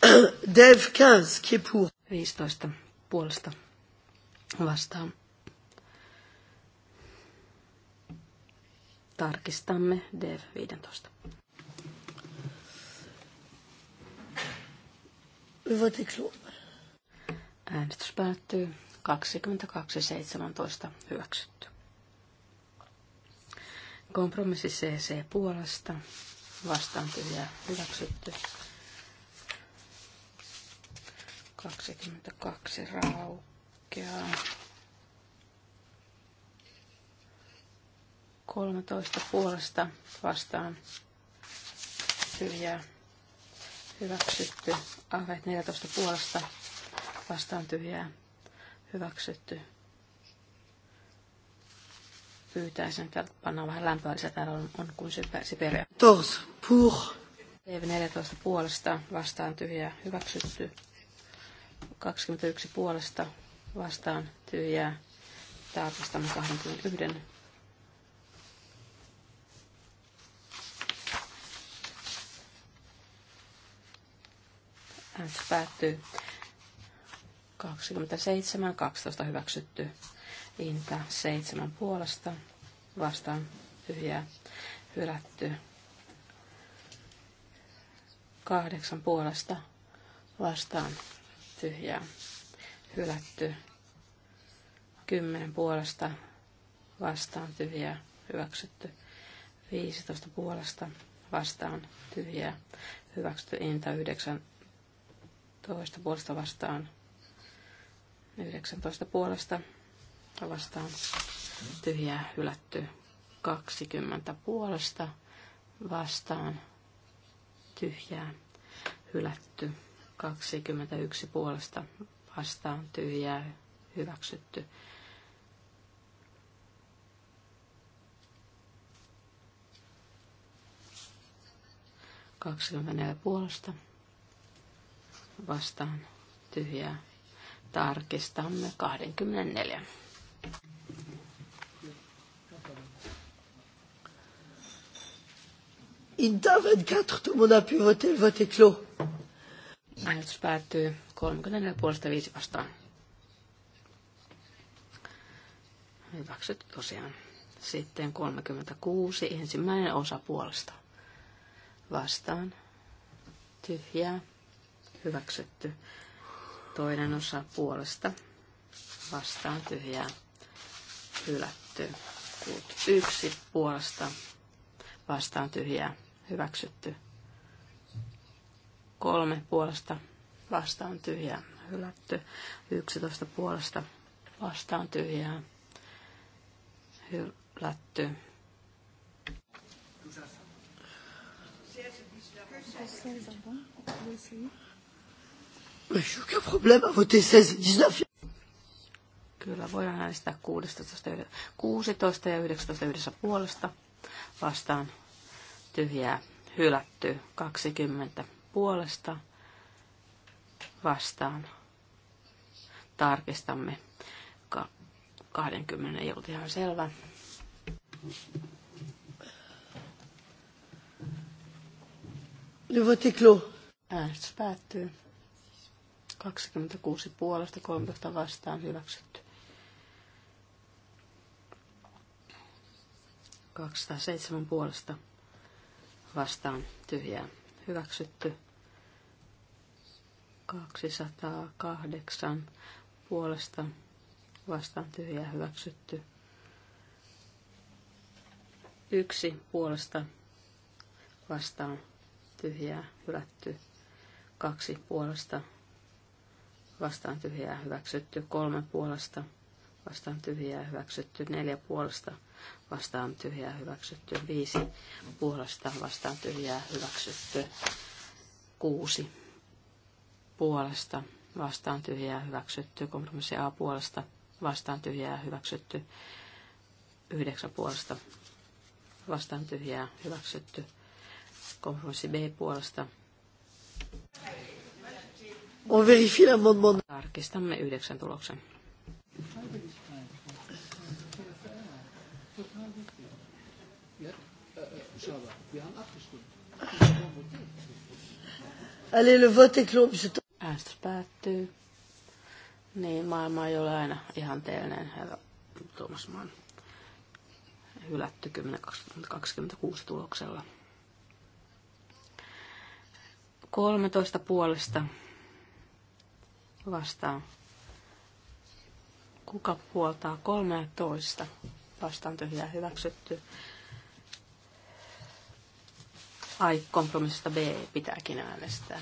d'accord. Dev 15, qui est pour 15 puolesta vastaan. Tarkistamme Dev 15. Le Vote est clos. Äänestys päättyy 22.17. Hyväksytty. Kompromissi CC puolesta. Vastaan ja hyväksytty. 22 raukeaa. 13 puolesta vastaan tyhjää hyväksytty. Ahvet 14 puolesta vastaan tyhjää hyväksytty pyytäisin, että pannaan vähän lämpöä lisää. Niin täällä on, on kuin Siberia. Tos, puh. TV14 puolesta vastaan tyhjää hyväksytty. 21 puolesta vastaan tyhjää. Tarkistamme 21. Äänestys päättyy. 27, 12 hyväksytty. Inta seitsemän puolesta vastaan tyhjää hylätty. kahdeksan puolesta vastaan tyhjää hylätty. kymmenen puolesta vastaan tyhjää hyväksytty. 15 puolesta vastaan tyhjää hyväksytty. Inta 19 puolesta vastaan 19 puolesta vastaan tyhjää hylätty 20 puolesta vastaan tyhjää hylätty 21 puolesta vastaan tyhjää hyväksytty. Kaksikymmentä puolesta vastaan tyhjää. Tarkistamme 24. Inta 24, tout le monde a pu voter, vote klo. Äänestys päättyy 34 puolesta 5 vastaan. Hyväksytty tosiaan. Sitten 36, ensimmäinen osa puolesta. Vastaan. Tyhjää. Hyväksytty. Toinen osa puolesta. Vastaan tyhjää hylätty. Kult yksi puolesta vastaan tyhjää hyväksytty. Kolme puolesta vastaan tyhjää hylätty. Yksitoista puolesta vastaan tyhjää hylätty. Il n'y a aucun problème à voter 16 et 19, Kyllä, voidaan äänestää 16, 16 ja 19 yhdessä puolesta. Vastaan tyhjää hylätty 20 puolesta. Vastaan tarkistamme 20, ei ollut ihan selvä. Le vote Äänestys päättyy. 26 puolesta, 13 vastaan hyväksytty. 207 puolesta vastaan tyhjää hyväksytty. 208 puolesta vastaan tyhjää hyväksytty. Yksi puolesta vastaan tyhjää hylätty. Kaksi puolesta vastaan tyhjää hyväksytty. Kolme puolesta vastaan, vastaan tyhjää hyväksytty, neljä puolesta vastaan tyhjää hyväksytty, viisi puolesta vastaan tyhjää hyväksytty, kuusi puolesta vastaan tyhjää hyväksytty, kompromissi A puolesta vastaan tyhjää hyväksytty, yhdeksän puolesta vastaan tyhjää hyväksytty, kompromissi B puolesta On vérifie l'amendement. Tarkistamme yhdeksän tuloksen. Allez, le vote est clos. Äänestys päättyy. Niin, maailma ei ole aina ihan teellinen, herra Thomas Mann. Hylätty 10.26 tuloksella. 13 puolesta vastaan. Kuka puoltaa 13? Vastaan tyhjää hyväksytty. Ai, kompromissista B pitääkin äänestää.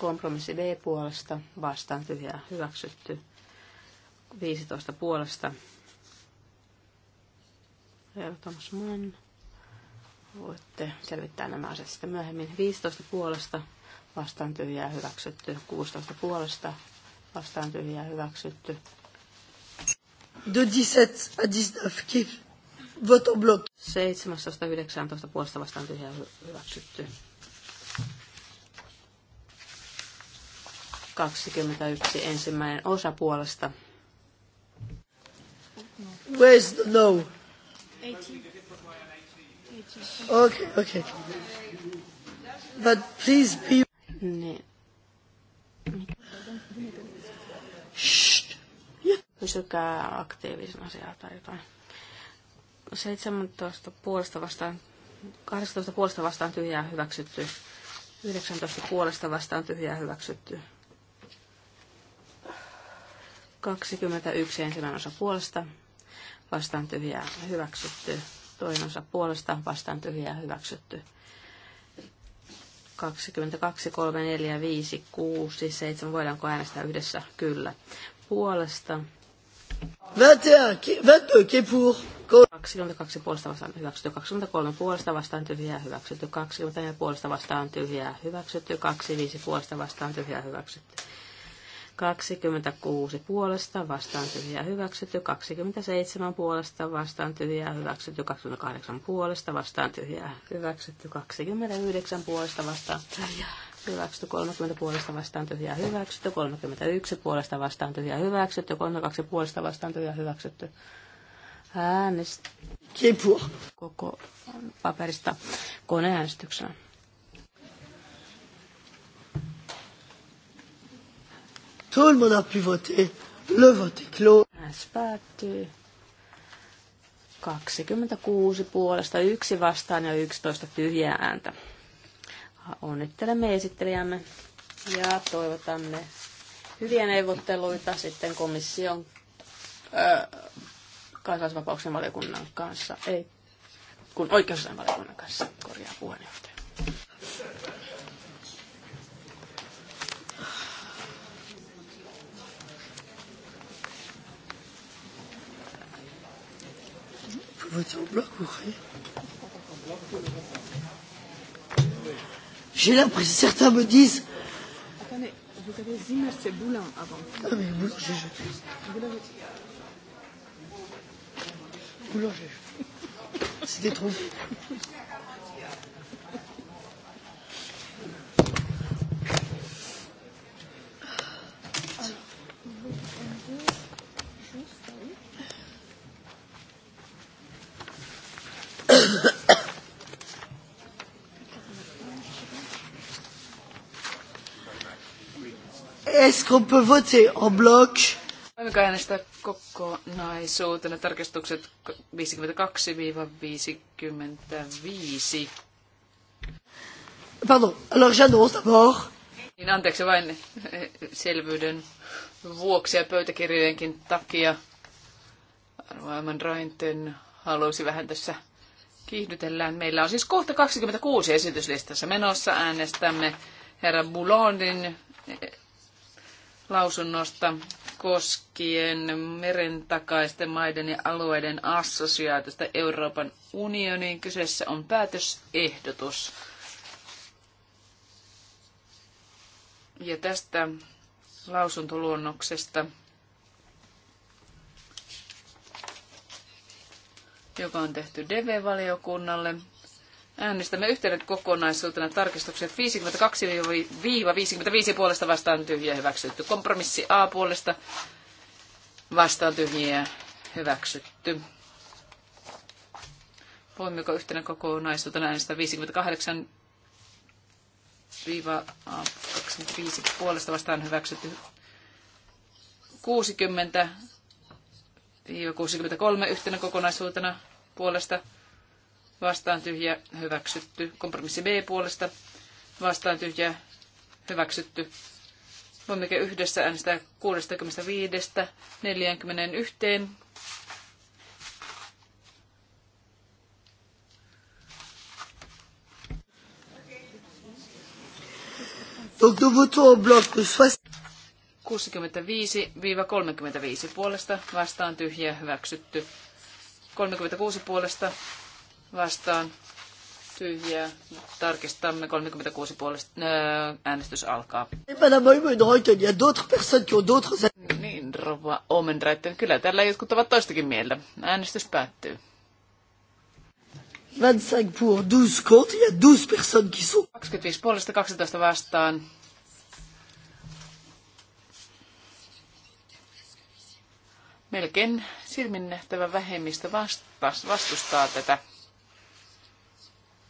Kompromissi B puolesta vastaan tyhjää hyväksytty. 15 puolesta. Thomas mun. Voitte selvittää nämä asiat sitten myöhemmin. 15 puolesta vastaan tyhjää hyväksytty. 16 puolesta vastaan tyhjää hyväksytty. De 17 à 19. Vote en bloc. 17.19 puolesta vastaan tyhjä hyväksytty. 21 ensimmäinen osa puolesta. Where's the no? 18. Okay, okay. But please be... Niin. Shh. Pysykää aktiivisena sieltä tai jotain. 17 puolesta vastaan, 18 puolesta vastaan tyhjää hyväksytty. 19 puolesta vastaan tyhjää hyväksytty. 21 ensimmäinen osa puolesta vastaan tyhjää hyväksytty. Toinen osa puolesta vastaan tyhjää hyväksytty. 22, 3, 4, 5, 6, 7. Voidaanko äänestää yhdessä? Kyllä. Puolesta. 21, 22, qui est pour? 22 puolesta vastaan hyväksytty, 23 puolesta vastaan tyhjää hyväksytty, 24 puolesta vastaan tyhjää hyväksytty, 25 puolesta vastaan tyhjää hyväksytty. 26 puolesta vastaan tyhjää hyväksytty, 27 puolesta vastaan tyhjää hyväksytty, 28 puolesta vastaan tyhjää hyväksytty, 29 puolesta vastaan tyhjää hyväksytty, 30 puolesta vastaan tyhjää hyväksytty, 31 puolesta vastaan tyhjää hyväksytty, 32 puolesta vastaan tyhjää hyväksytty. Äänest... Kipua. Koko paperista koneäänestyksenä. Tout le monde a pu voter. Le vote est clos. Äänestys päättyy. 26 puolesta, yksi vastaan ja 11 tyhjää ääntä. Onnittelemme esittelijämme ja toivotamme hyviä neuvotteluita sitten komission ö, kansalaisvapauksien valiokunnan kanssa, ei kun oikeusasian valiokunnan kanssa, korjaa puheenjohtaja. J'ai l'impression, certains me disent. Attendez, vous avez Zimmer, c'est Boulin avant. Ah, mais Boulin, j'ai jeté. Vous l'avez couleur j'ai C'était trop. Est-ce qu'on peut voter en bloc Voimmeko äänestää kokonaisuutena tarkistukset 52-55? Pardon, alors j'annonce d'abord. Niin anteeksi vain selvyyden vuoksi ja pöytäkirjojenkin takia. Arvoiman Rainten halusi vähän tässä kiihdytellään. Meillä on siis kohta 26 esityslistassa menossa. Äänestämme herra Boulondin eh, lausunnosta koskien merentakaisten maiden ja alueiden assosiaatiosta Euroopan unioniin. Kyseessä on päätösehdotus. Ja tästä lausuntoluonnoksesta, joka on tehty DV-valiokunnalle, Äänestämme yhtenä kokonaisuutena tarkistuksen 52-55 puolesta vastaan tyhjiä hyväksytty. Kompromissi A puolesta vastaan tyhjiä hyväksytty. Voimmeko yhtenä kokonaisuutena äänestää 58 25 puolesta vastaan hyväksytty 60 63 yhtenä kokonaisuutena puolesta vastaan tyhjä hyväksytty. Kompromissi B puolesta vastaan tyhjä hyväksytty. Voimmeko yhdessä äänestää 65 41 Donc nous votons en bloc 65-35 puolesta vastaan tyhjä hyväksytty. 36 puolesta vastaan tyhjiä. Tarkistamme 36 puolesta. Öö, äänestys alkaa. Niin, rova Omenreitten. Kyllä täällä jotkut ovat toistakin mieltä. Äänestys päättyy. 25 pour 12 contre, il y a 12 personnes qui sont. 25 puolesta 12 vastaan. Melkein silminnähtävä vähemmistö vastustaa tätä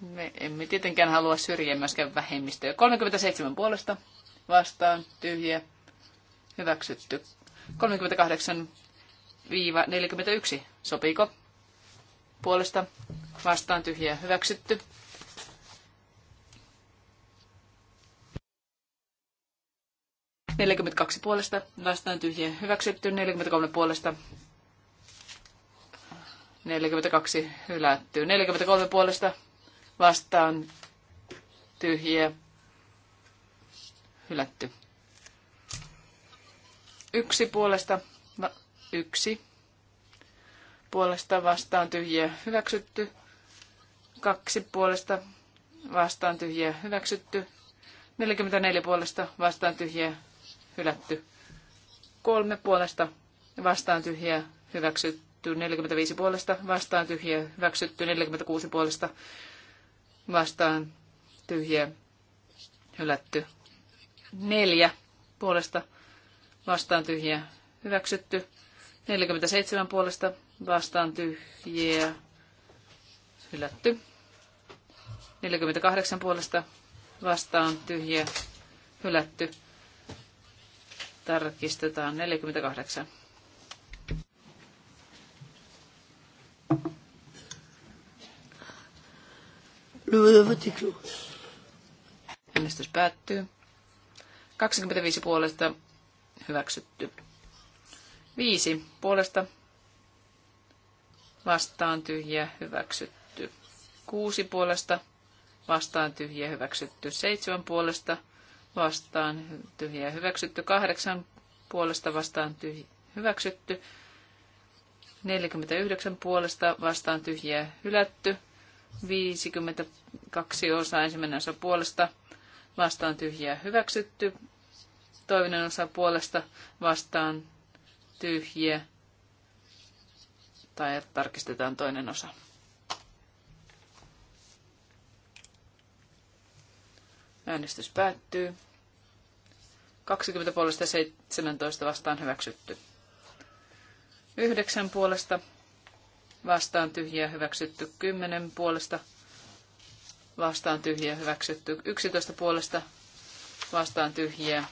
me emme tietenkään halua syrjiä myöskään vähemmistöä. 37 puolesta vastaan tyhjä hyväksytty. 38-41 sopiiko? Puolesta vastaan tyhjä hyväksytty. Neljäkymmentäkaksi puolesta, vastaan tyhjä hyväksytty, 43 puolesta, 42 hylätty, 43 puolesta, vastaan tyhjiä hylätty. Yksi puolesta, va, yksi puolesta vastaan tyhjiä hyväksytty. Kaksi puolesta vastaan tyhjiä hyväksytty. 44 puolesta vastaan tyhjiä hylätty. Kolme puolesta vastaan tyhjiä hyväksytty. 45 puolesta vastaan tyhjiä hyväksytty. 46 puolesta vastaan tyhjä hylätty. Neljä puolesta vastaan tyhjä hyväksytty. 47 puolesta vastaan tyhjiä hylätty. 48 puolesta vastaan tyhjiä hylätty. Tarkistetaan 48. Er Äänestys päättyy. 25 puolesta hyväksytty. 5 puolesta vastaan tyhjä hyväksytty. 6 puolesta vastaan tyhjä hyväksytty. 7 puolesta vastaan tyhjä hyväksytty. 8 puolesta vastaan tyhjä hyväksytty. 49 puolesta vastaan tyhjä hylätty. 52 osa ensimmäinen osa puolesta vastaan tyhjää hyväksytty. Toinen osa puolesta vastaan tyhjä. Tai tarkistetaan toinen osa. Äänestys päättyy. 20 puolesta 17 vastaan hyväksytty. 9 puolesta vastaan tyhjiä hyväksytty 10 puolesta, vastaan tyhjiä hyväksytty 11 puolesta, vastaan tyhjiä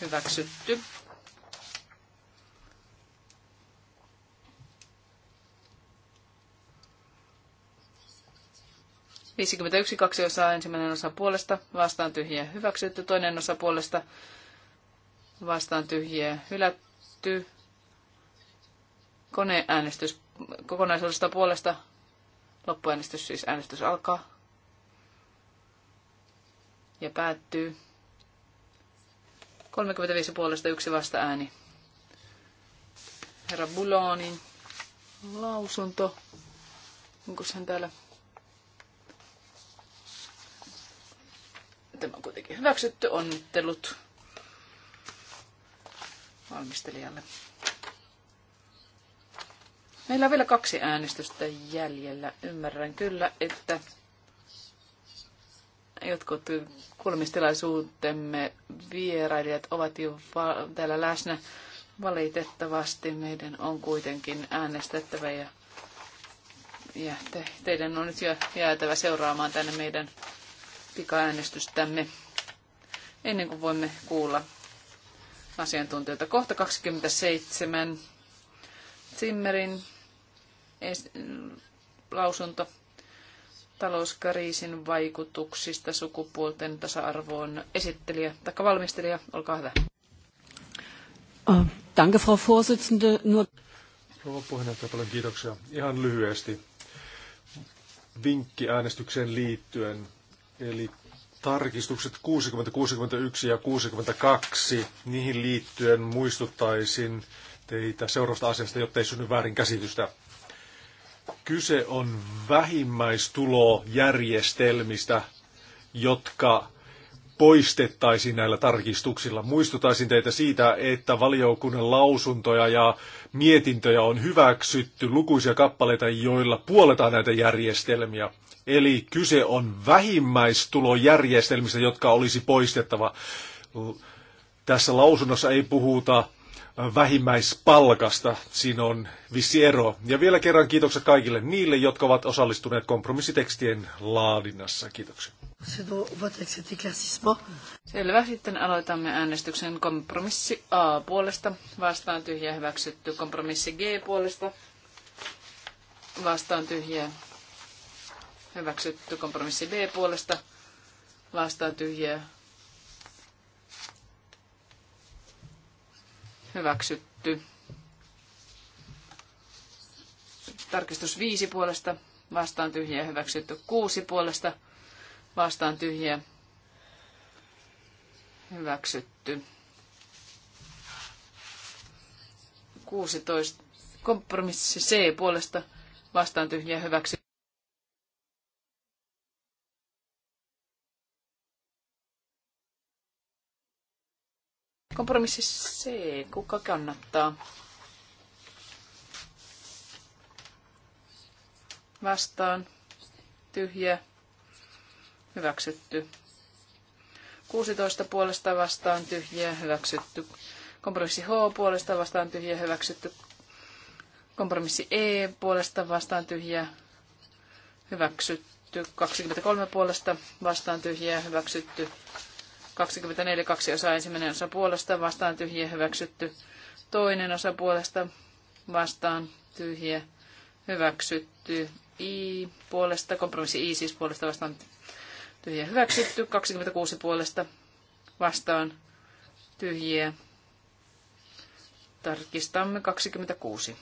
hyväksytty. Viisikymmentäyksi kaksi osaa ensimmäinen osa puolesta, vastaan tyhjiä hyväksytty, toinen osa puolesta, vastaan tyhjiä hylätty, koneäänestys kokonaisuudesta puolesta. Loppuäänestys siis äänestys alkaa ja päättyy. 35 puolesta yksi vasta ääni. Herra Bulonin lausunto. Onko sen täällä? Tämä on kuitenkin hyväksytty. Onnittelut valmistelijalle. Meillä on vielä kaksi äänestystä jäljellä. Ymmärrän kyllä, että jotkut kuulemistilaisuutemme vierailijat ovat jo täällä läsnä. Valitettavasti meidän on kuitenkin äänestettävä ja, ja te, teidän on nyt jo jäätävä seuraamaan tänne meidän pikaäänestystämme ennen kuin voimme kuulla asiantuntijoita. Kohta 27. Zimmerin lausunto talouskriisin vaikutuksista sukupuolten tasa-arvoon. Esittelijä tai valmistelija, olkaa hyvä. Äh, danke, Frau Vorsitzende. Nur... Rouva puheenjohtaja, paljon kiitoksia. Ihan lyhyesti vinkki äänestykseen liittyen, eli tarkistukset 60, 61 ja 62, niihin liittyen muistuttaisin teitä seuraavasta asiasta, jotta ei synny väärinkäsitystä. Kyse on vähimmäistulojärjestelmistä, jotka poistettaisiin näillä tarkistuksilla. Muistutaisin teitä siitä, että valiokunnan lausuntoja ja mietintöjä on hyväksytty lukuisia kappaleita, joilla puoletaan näitä järjestelmiä. Eli kyse on vähimmäistulojärjestelmistä, jotka olisi poistettava. Tässä lausunnossa ei puhuta vähimmäispalkasta. Siinä on vissi ero. Ja vielä kerran kiitokset kaikille niille, jotka ovat osallistuneet kompromissitekstien laadinnassa. Kiitoksia. Selvä. Sitten aloitamme äänestyksen kompromissi A puolesta. Vastaan tyhjä hyväksytty. Kompromissi G puolesta. Vastaan tyhjä hyväksytty. Kompromissi B puolesta. Vastaan tyhjä hyväksytty. Tarkistus viisi puolesta vastaan tyhjiä hyväksytty. kuusi puolesta vastaan tyhjiä hyväksytty. 16. Kompromissi C puolesta vastaan tyhjiä hyväksytty. Kompromissi C. Kuka kannattaa? Vastaan. Tyhjä. Hyväksytty. 16 puolesta vastaan tyhjä hyväksytty. Kompromissi H puolesta vastaan tyhjä hyväksytty. Kompromissi E puolesta vastaan tyhjä hyväksytty. 23 puolesta vastaan tyhjä hyväksytty. 24 kaksi osa ensimmäinen osa puolesta vastaan tyhjä hyväksytty. Toinen osa puolesta vastaan tyhjä hyväksytty. I puolesta, kompromissi I siis puolesta vastaan tyhjä hyväksytty. 26 puolesta vastaan tyhjiä. Tarkistamme 26.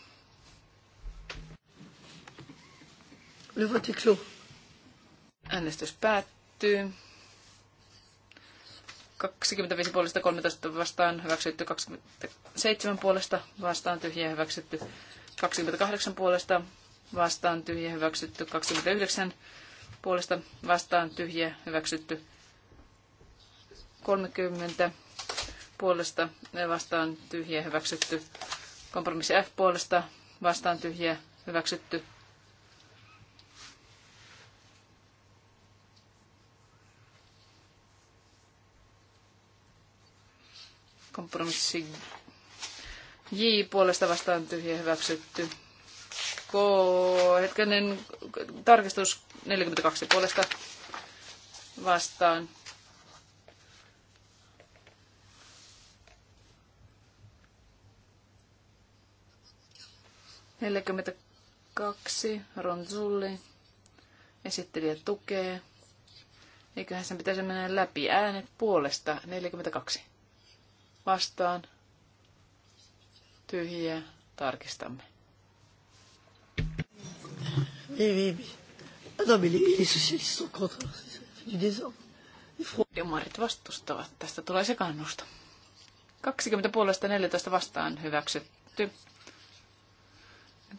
Äänestys päättyy. 25 puolesta 13 vastaan hyväksytty, 27 puolesta vastaan tyhjä hyväksytty, 28 puolesta vastaan tyhjä hyväksytty, 29 puolesta vastaan tyhjä hyväksytty, 30 puolesta vastaan tyhjä hyväksytty, kompromissi F puolesta vastaan tyhjä hyväksytty, Kompromissi J puolesta vastaan tyhjä hyväksytty. K, hetkinen, tarkistus 42 puolesta vastaan. Neljäkymmentä kaksi, Ronzulli, esittelijä tukee. Eiköhän sen pitäisi mennä läpi äänet puolesta 42 vastaan tyhjiä tarkistamme. Ah Demarit vastustavat. Tästä tulee se kannusta. 20 puolesta 14 vastaan hyväksytty.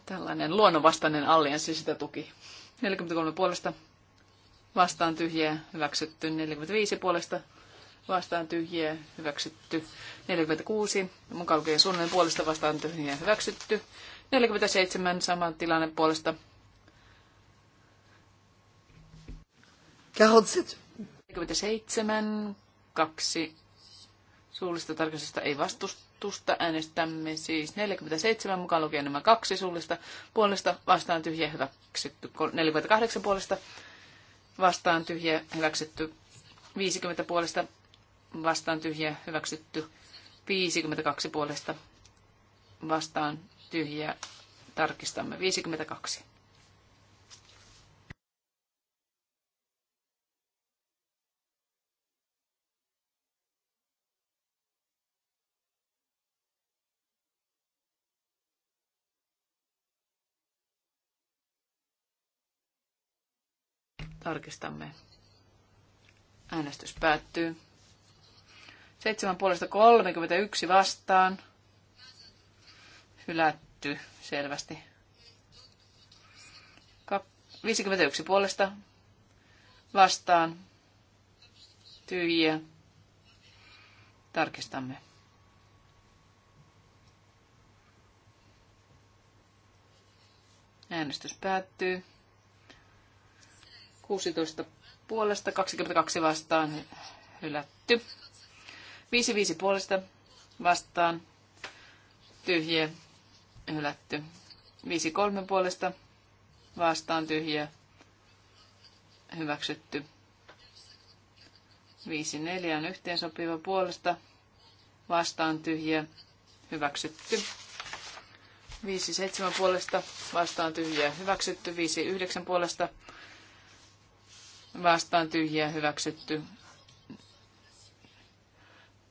Tällainen luonnonvastainen allianssi sitä tuki. 43 puolesta vastaan tyhjää hyväksytty. 45 puolesta vastaan tyhjiä hyväksytty. 46 mukaan lukien suunnilleen puolesta vastaan tyhjiä hyväksytty. 47 sama tilanne puolesta. 47, kaksi suullista tarkastusta ei vastustusta. Äänestämme siis 47 mukaan lukien nämä kaksi suullista puolesta vastaan tyhjä hyväksytty. 48 puolesta vastaan tyhjä hyväksytty. 50 puolesta vastaan tyhjä hyväksytty 52 puolesta vastaan tyhjä tarkistamme 52. Tarkistamme. Äänestys päättyy. Seitsemän puolesta 31 vastaan. Hylätty selvästi. 51 puolesta vastaan. Tyhjiä. Tarkistamme. Äänestys päättyy. 16 puolesta 22 vastaan hylätty. 5 5 puolesta vastaan Tyhjä. hylätty. 5 3 puolesta vastaan Tyhjä. hyväksytty. 5 4 on yhteensopiva puolesta vastaan Tyhjä. hyväksytty. 5 7 puolesta vastaan tyhjiä hyväksytty. 5 9 puolesta vastaan tyhjiä hyväksytty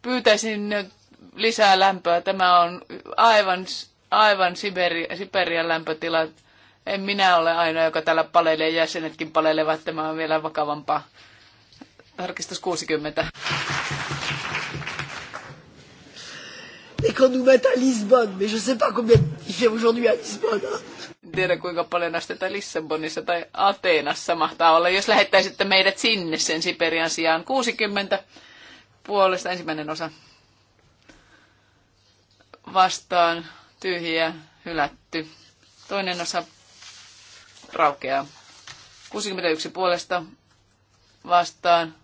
pyytäisin lisää lämpöä. Tämä on aivan, aivan Siberia, Siberian lämpötila. En minä ole aina, joka täällä palelee. Jäsenetkin palelevat. Tämä on vielä vakavampaa. Tarkistus 60. Et quand nous mettent à Lisbonne, mais je sais pas combien il fait aujourd'hui à Lisbonne. En tiedä kuinka paljon astetta Lissabonissa tai Ateenassa mahtaa olla, jos lähettäisitte meidät sinne sen Siperian sijaan 60 puolesta ensimmäinen osa vastaan tyhjiä hylätty. Toinen osa raukeaa. 61 puolesta vastaan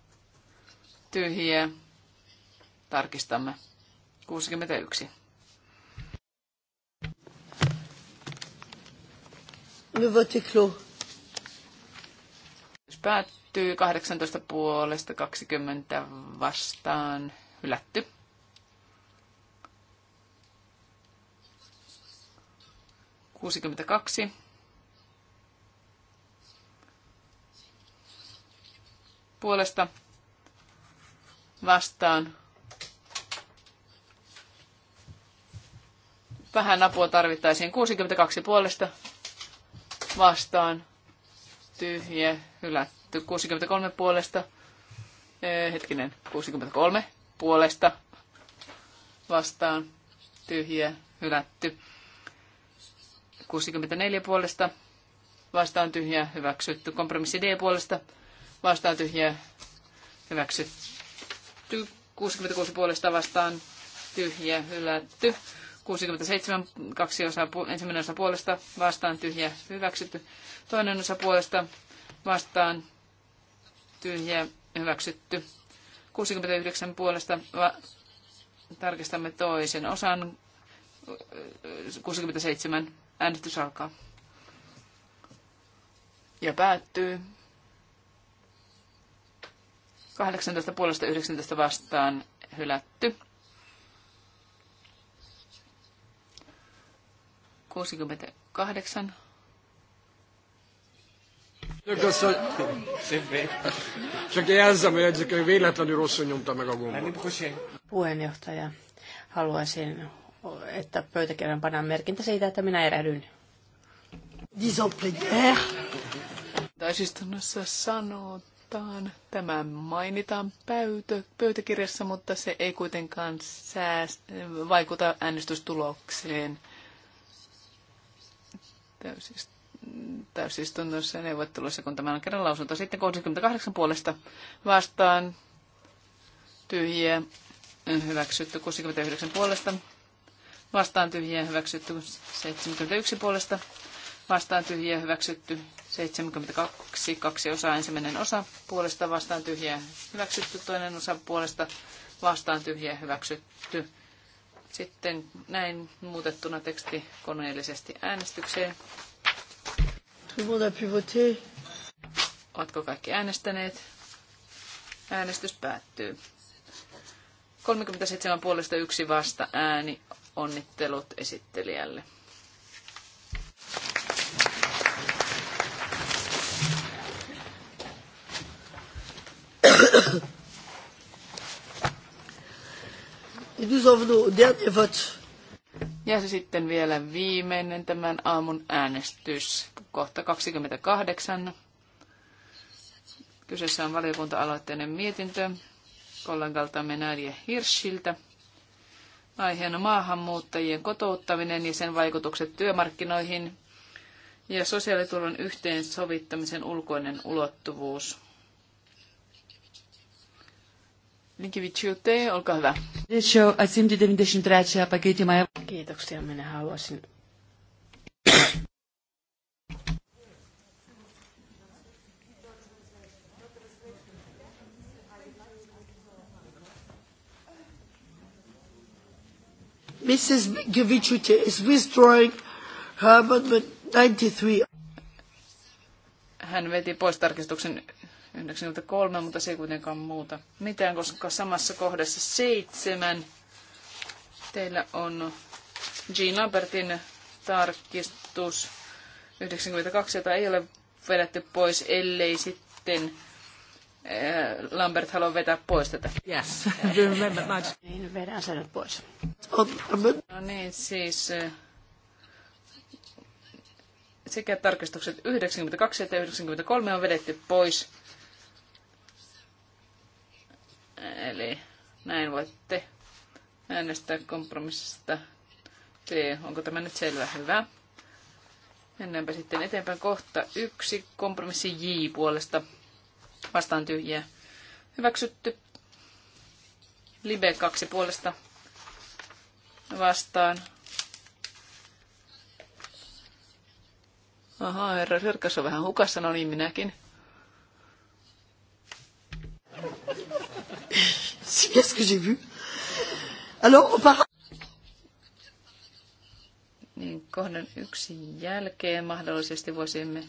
tyhjiä. Tarkistamme. 61. Le vote est clos päättyy 18 puolesta vastaan. Hylätty. kaksi. Puolesta vastaan. Vähän apua tarvittaisiin. kaksi puolesta vastaan tyhjä, hylätty. 63 puolesta, ee, hetkinen, 63 puolesta vastaan, tyhjä, hylätty. 64 puolesta, vastaan tyhjä, hyväksytty. Kompromissi D puolesta, vastaan tyhjä, hyväksytty. 66 puolesta vastaan tyhjä, hylätty. 67, kaksi osaa, ensimmäinen osa puolesta vastaan tyhjä hyväksytty. Toinen osa puolesta vastaan tyhjä hyväksytty. 69 puolesta va- tarkistamme toisen osan. 67 äänestys alkaa. Ja päättyy. 18 puolesta 19 vastaan hylätty. 68. Puheenjohtaja, haluaisin, että pöytäkirjan panan merkintä siitä, että minä erähdyn. Täysistunnossa sanotaan, tämä mainitaan pöytö, pöytäkirjassa, mutta se ei kuitenkaan sääst, vaikuta äänestystulokseen täysistä täysistunnossa ja neuvotteluissa, kun tämä on kerran lausunto. Sitten 68 puolesta vastaan tyhjiä hyväksytty 69 puolesta, vastaan tyhjiä hyväksytty 71 puolesta, vastaan tyhjiä hyväksytty 72, kaksi osaa ensimmäinen osa puolesta, vastaan tyhjiä hyväksytty toinen osa puolesta, vastaan tyhjiä hyväksytty sitten näin muutettuna teksti koneellisesti äänestykseen. Oletko kaikki äänestäneet? Äänestys päättyy. 37 puolesta yksi vasta ääni. Onnittelut esittelijälle. Et Ja se sitten vielä viimeinen tämän aamun äänestys, kohta 28. Kyseessä on valiokunta-aloitteinen mietintö kollegaltamme Nadia Hirschiltä. Aiheena maahanmuuttajien kotouttaminen ja sen vaikutukset työmarkkinoihin ja sosiaaliturvan yhteensovittamisen ulkoinen ulottuvuus. Linkivichiute, olkaa hyvä. Kiitoksia, minä haluaisin Mrs. Givichute is withdrawing her amendment 93. Hän veti pois tarkistuksen 93, mutta se ei kuitenkaan muuta mitään, koska samassa kohdassa seitsemän teillä on Jean Lambertin tarkistus 92, jota ei ole vedetty pois, ellei sitten eh, Lambert haluaa vetää pois tätä. Yes, remember that. Niin, vedän sen nyt pois. No niin, siis eh, sekä tarkistukset 92 että 93 on vedetty pois. Eli näin voitte äänestää kompromissista T. Onko tämä nyt selvä? Hyvä. Mennäänpä sitten eteenpäin kohta yksi. Kompromissi J puolesta. Vastaan tyhjiä. Hyväksytty. Libe 2 puolesta. Vastaan. Aha, herra Sirkas on vähän hukassa, no niin minäkin. Qu'est-ce que j'ai vu Alors, auparavant niin kohdan yksi jälkeen mahdollisesti voisimme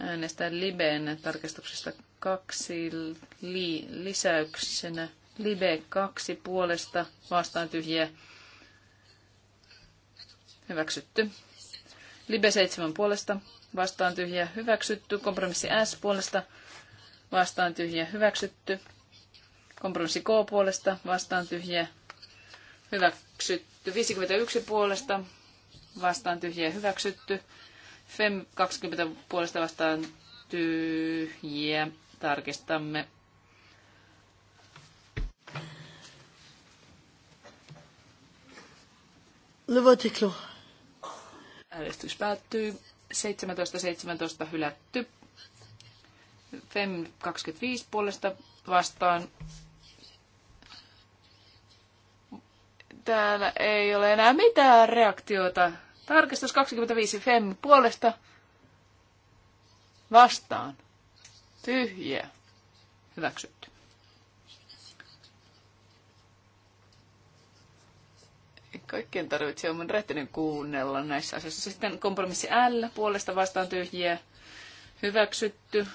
äänestää Libeen tarkistuksesta kaksi li, lisäyksenä. Libe kaksi puolesta vastaan tyhjiä. Hyväksytty. Libe seitsemän puolesta vastaan tyhjiä. Hyväksytty. Kompromissi S puolesta vastaan tyhjiä. Hyväksytty. Kompromissi K puolesta vastaan tyhjiä hyväksytty. 51 puolesta vastaan tyhjiä hyväksytty. FEM 20 puolesta vastaan tyhjiä. Tarkistamme. Le vote Äänestys päättyy. 17.17 17 hylätty. FEM 25 puolesta vastaan Täällä ei ole enää mitään reaktiota. Tarkistus 25 Fem puolesta vastaan. Tyhjiä. Hyväksytty. Kaikkien tarvitsee oman rehtinen kuunnella näissä asioissa. Sitten kompromissi L puolesta vastaan tyhjiä. Hyväksytty.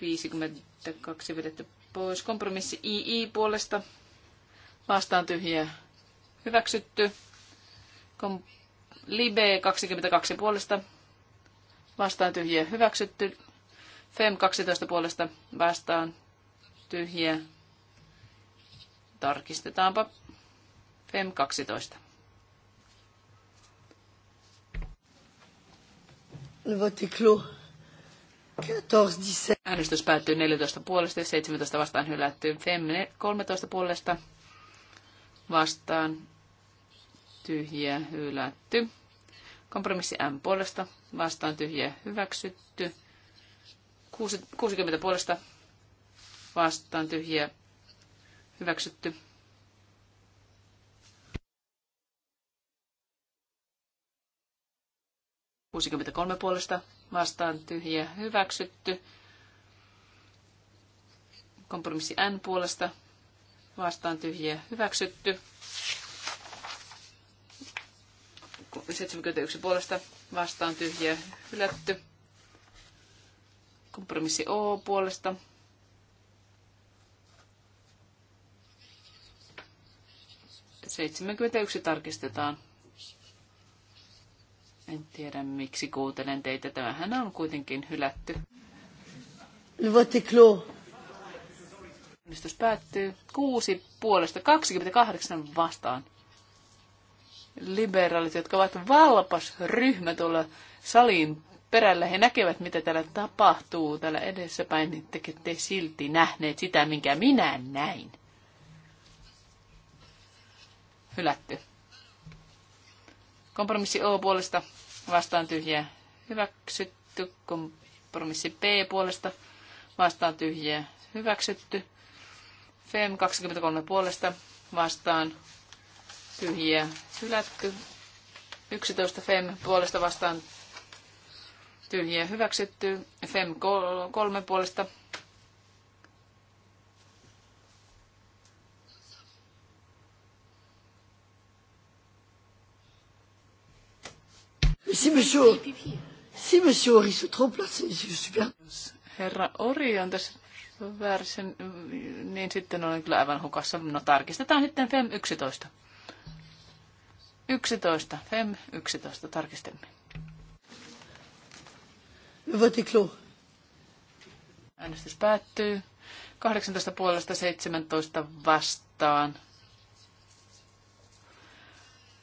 52 vedetty pois. Kompromissi II puolesta vastaan tyhjiä hyväksytty. Kom- Libe 22 puolesta vastaan tyhjiä hyväksytty. Fem 12 puolesta vastaan tyhjiä. Tarkistetaanpa. Fem 12. Äänestys päättyy 14 puolesta ja 17 vastaan hylätty. Fem 13 puolesta vastaan tyhjiä hylätty. Kompromissi M puolesta vastaan tyhjiä hyväksytty. 60 puolesta vastaan tyhjiä hyväksytty. kolme puolesta vastaan tyhjiä hyväksytty. Kompromissi N puolesta vastaan tyhjiä hyväksytty. 71 puolesta vastaan tyhjä hylätty. Kompromissi O puolesta 71 tarkistetaan. En tiedä miksi kuuntelen teitä. Tämähän on kuitenkin hylätty. mistä Äänestys päättyy. Kuusi puolesta 28 vastaan liberaalit, jotka ovat valpas ryhmä tuolla salin perällä. He näkevät, mitä täällä tapahtuu täällä edessäpäin, niin te, te silti nähneet sitä, minkä minä näin. Hylätty. Kompromissi O puolesta vastaan tyhjää. Hyväksytty. Kompromissi P puolesta vastaan tyhjää. Hyväksytty. FEM 23 puolesta vastaan tyhjiä hylätty. 11 Fem puolesta vastaan tyhjiä hyväksytty. Fem 3 puolesta Si monsieur, si monsieur Ori se trompe là, c'est super. herra Ori on tässä väärässä, niin sitten olen kyllä aivan hukassa. No tarkistetaan sitten FEM 11. 11. FEM 11. Tarkistamme. Äänestys päättyy. 18 puolesta 17 vastaan.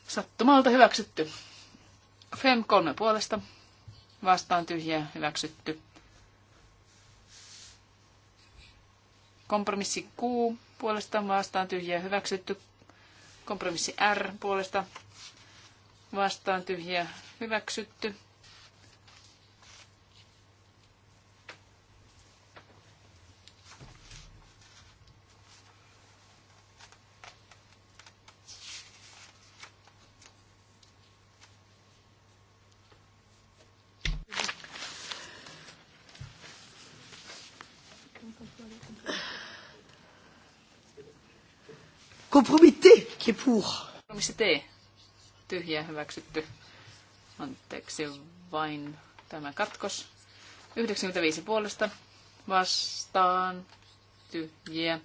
Sattumalta hyväksytty. FEM 3 puolesta. Vastaan tyhjää hyväksytty. Kompromissi Q puolestaan vastaan tyhjää hyväksytty. Kompromissi R puolesta vastaan tyhjä hyväksytty. Kompromissi Qui est pour? Tyhjä hyväksytty. Anteeksi vain tämä katkos. 95 puolesta vastaan tyhjiä.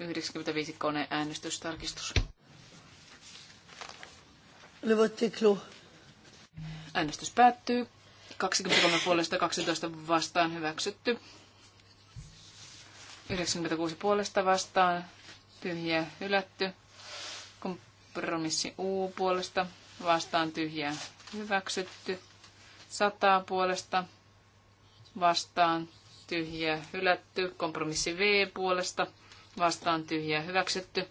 95 kone äänestystarkistus. Äänestys päättyy. 23 puolesta 12 vastaan hyväksytty. 96 puolesta vastaan tyhjiä hylätty. Kompromissi U puolesta vastaan tyhjää hyväksytty. Sataa puolesta vastaan tyhjää hylätty. Kompromissi V puolesta vastaan tyhjää hyväksytty.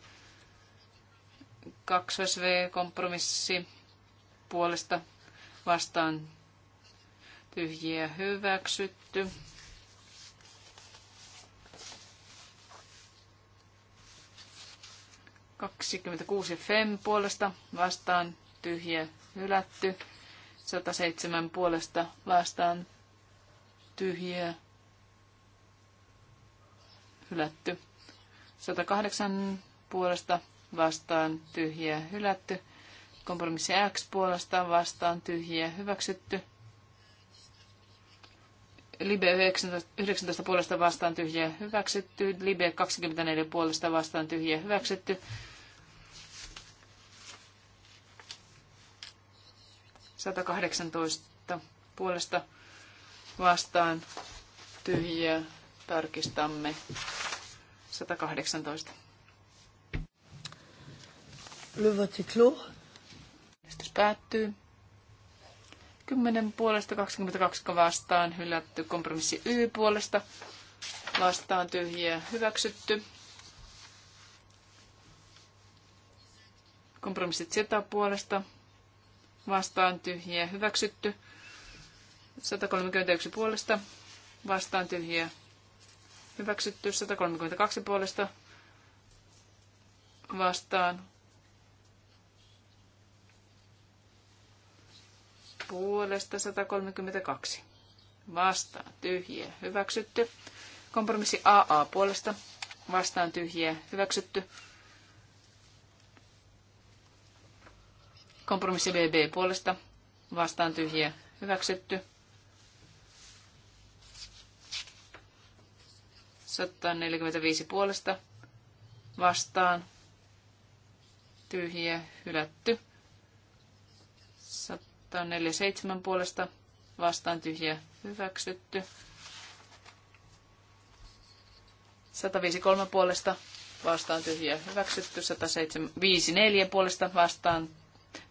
2V kompromissi puolesta vastaan tyhjiä hyväksytty. 26 Fem puolesta vastaan tyhjä hylätty. 107 puolesta vastaan tyhjä hylätty. 108 puolesta vastaan tyhjä hylätty. Kompromissi X puolesta vastaan tyhjä hyväksytty. Libe 19 puolesta vastaan tyhjä hyväksytty. Libe 24 puolesta vastaan tyhjä hyväksytty. 118 puolesta vastaan tyhjiä. Tarkistamme 118. Le vote Äänestys päättyy. 10 puolesta, 22 vastaan, hylätty kompromissi Y puolesta, vastaan tyhjiä, hyväksytty. Kompromissi Z puolesta, vastaan tyhjiä hyväksytty. 131 puolesta vastaan tyhjiä hyväksytty. 132 puolesta vastaan puolesta 132 vastaan tyhjiä hyväksytty. Kompromissi AA puolesta vastaan tyhjiä hyväksytty. Kompromissi BB puolesta vastaan tyhjiä hyväksytty. 145 puolesta vastaan tyhjiä hylätty. 147 puolesta vastaan tyhjiä hyväksytty. 153 puolesta vastaan tyhjiä hyväksytty. 154 puolesta vastaan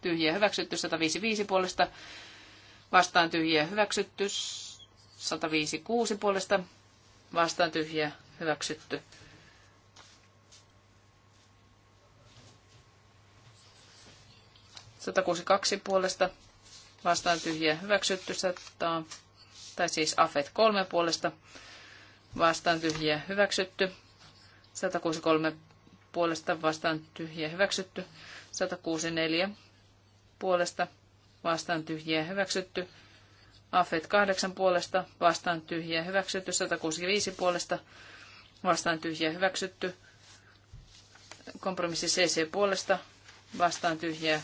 tyhjiä hyväksytty, 155 puolesta vastaan tyhjiä hyväksytty, 156 puolesta vastaan tyhjiä hyväksytty. kaksi puolesta vastaan tyhjiä hyväksytty, 100, tai siis AFET kolme puolesta vastaan tyhjiä hyväksytty, 163 puolesta vastaan tyhjiä hyväksytty, 164 puolesta vastaan tyhjiä hyväksytty. AFET 8 puolesta vastaan tyhjiä hyväksytty. 165 puolesta vastaan tyhjiä hyväksytty. Kompromissi CC puolesta vastaan tyhjiä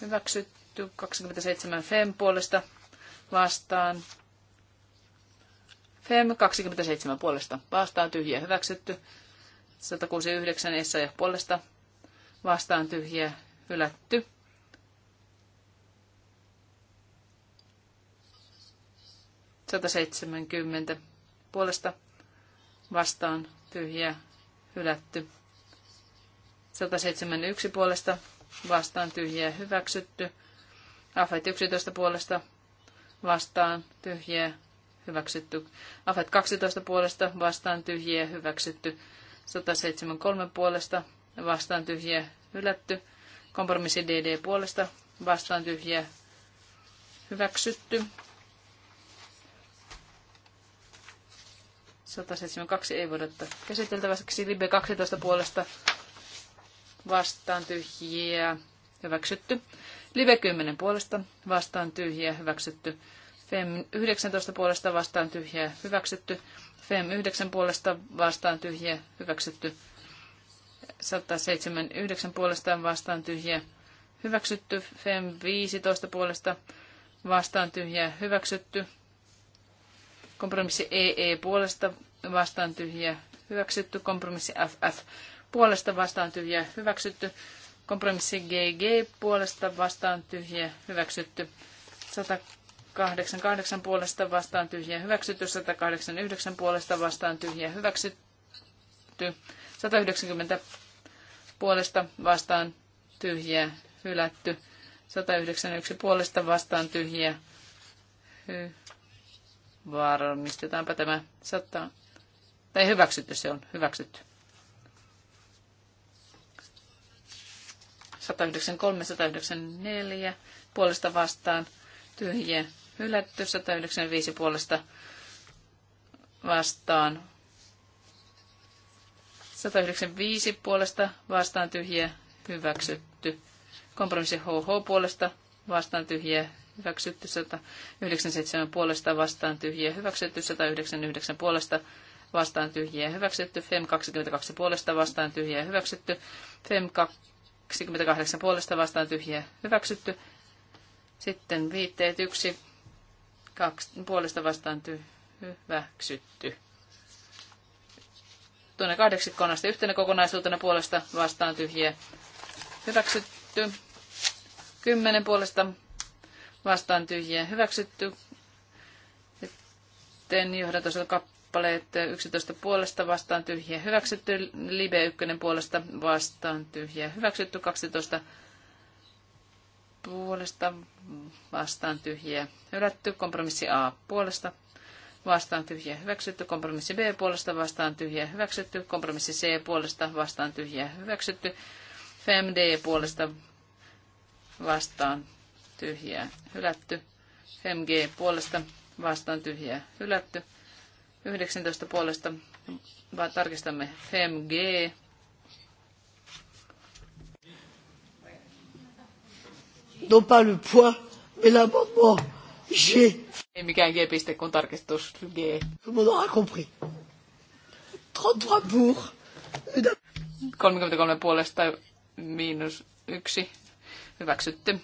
hyväksytty. 27 FEM puolesta vastaan. FEM e 27 puolesta vastaan tyhjiä hyväksytty. 169 Essa ja puolesta vastaan tyhjiä hylätty. 170 puolesta vastaan tyhjä hylätty. 171 puolesta vastaan tyhjä hyväksytty. Afet 11 puolesta vastaan tyhjä hyväksytty. Afet 12 puolesta vastaan tyhjä hyväksytty. 173 puolesta vastaan tyhjä hylätty. Kompromissi DD puolesta vastaan tyhjä hyväksytty. 172 ei voida ottaa käsiteltäväksi. Libe 12 puolesta vastaan tyhjiä hyväksytty. Live 10 puolesta vastaan tyhjiä hyväksytty. FEM 19 puolesta vastaan tyhjiä hyväksytty. FEM 9 puolesta vastaan tyhjiä hyväksytty. 179 puolesta vastaan tyhjiä hyväksytty. FEM 15 puolesta vastaan tyhjiä hyväksytty. Kompromissi EE e puolesta vastaan tyhjä hyväksytty. Kompromissi FF puolesta vastaan tyhjä hyväksytty. Kompromissi GG puolesta vastaan tyhjä hyväksytty. 188 puolesta vastaan tyhjä hyväksytty. 189 puolesta vastaan tyhjä hyväksytty. 190 puolesta vastaan tyhjä hylätty. 191 puolesta vastaan tyhjä hy- Varmistetaanpa tämä saattaa. Tai hyväksytty se on. Hyväksytty. 193, 194 puolesta vastaan. Tyhjiä hylätty. 195 puolesta vastaan. 195 puolesta vastaan tyhjiä hyväksytty. Kompromissi HH puolesta vastaan tyhjiä hyväksytty 197 puolesta vastaan tyhjiä, hyväksytty 199 puolesta vastaan tyhjiä, hyväksytty FEM 22 puolesta vastaan tyhjiä, hyväksytty FEM 28 puolesta vastaan tyhjiä, hyväksytty. Sitten viitteet 1 2 puolesta vastaan hyväksytty. Tuonne kahdeksikkoon asti yhtenä kokonaisuutena puolesta vastaan tyhjiä, hyväksytty. Kymmenen puolesta vastaan tyhjiä hyväksytty. Sitten johdatusot kappaleet 11 puolesta vastaan tyhjiä hyväksytty. libe 1 puolesta vastaan tyhjiä hyväksytty. 12 puolesta vastaan tyhjiä hylätty. Kompromissi A puolesta vastaan tyhjiä hyväksytty, kompromissi B puolesta vastaan tyhjiä hyväksytty, kompromissi C puolesta vastaan tyhjiä hyväksytty, FMD puolesta vastaan tyhjää hylätty. mg puolesta vastaan tyhjää hylätty. 19 puolesta vaan tarkistamme FEM Non pas le poids, mais l'amendement G. Ei mikään G-piste, kun tarkistus G. Tout le monde aura compris. 33 pour. 33 puolesta miinus yksi. Hyväksytty.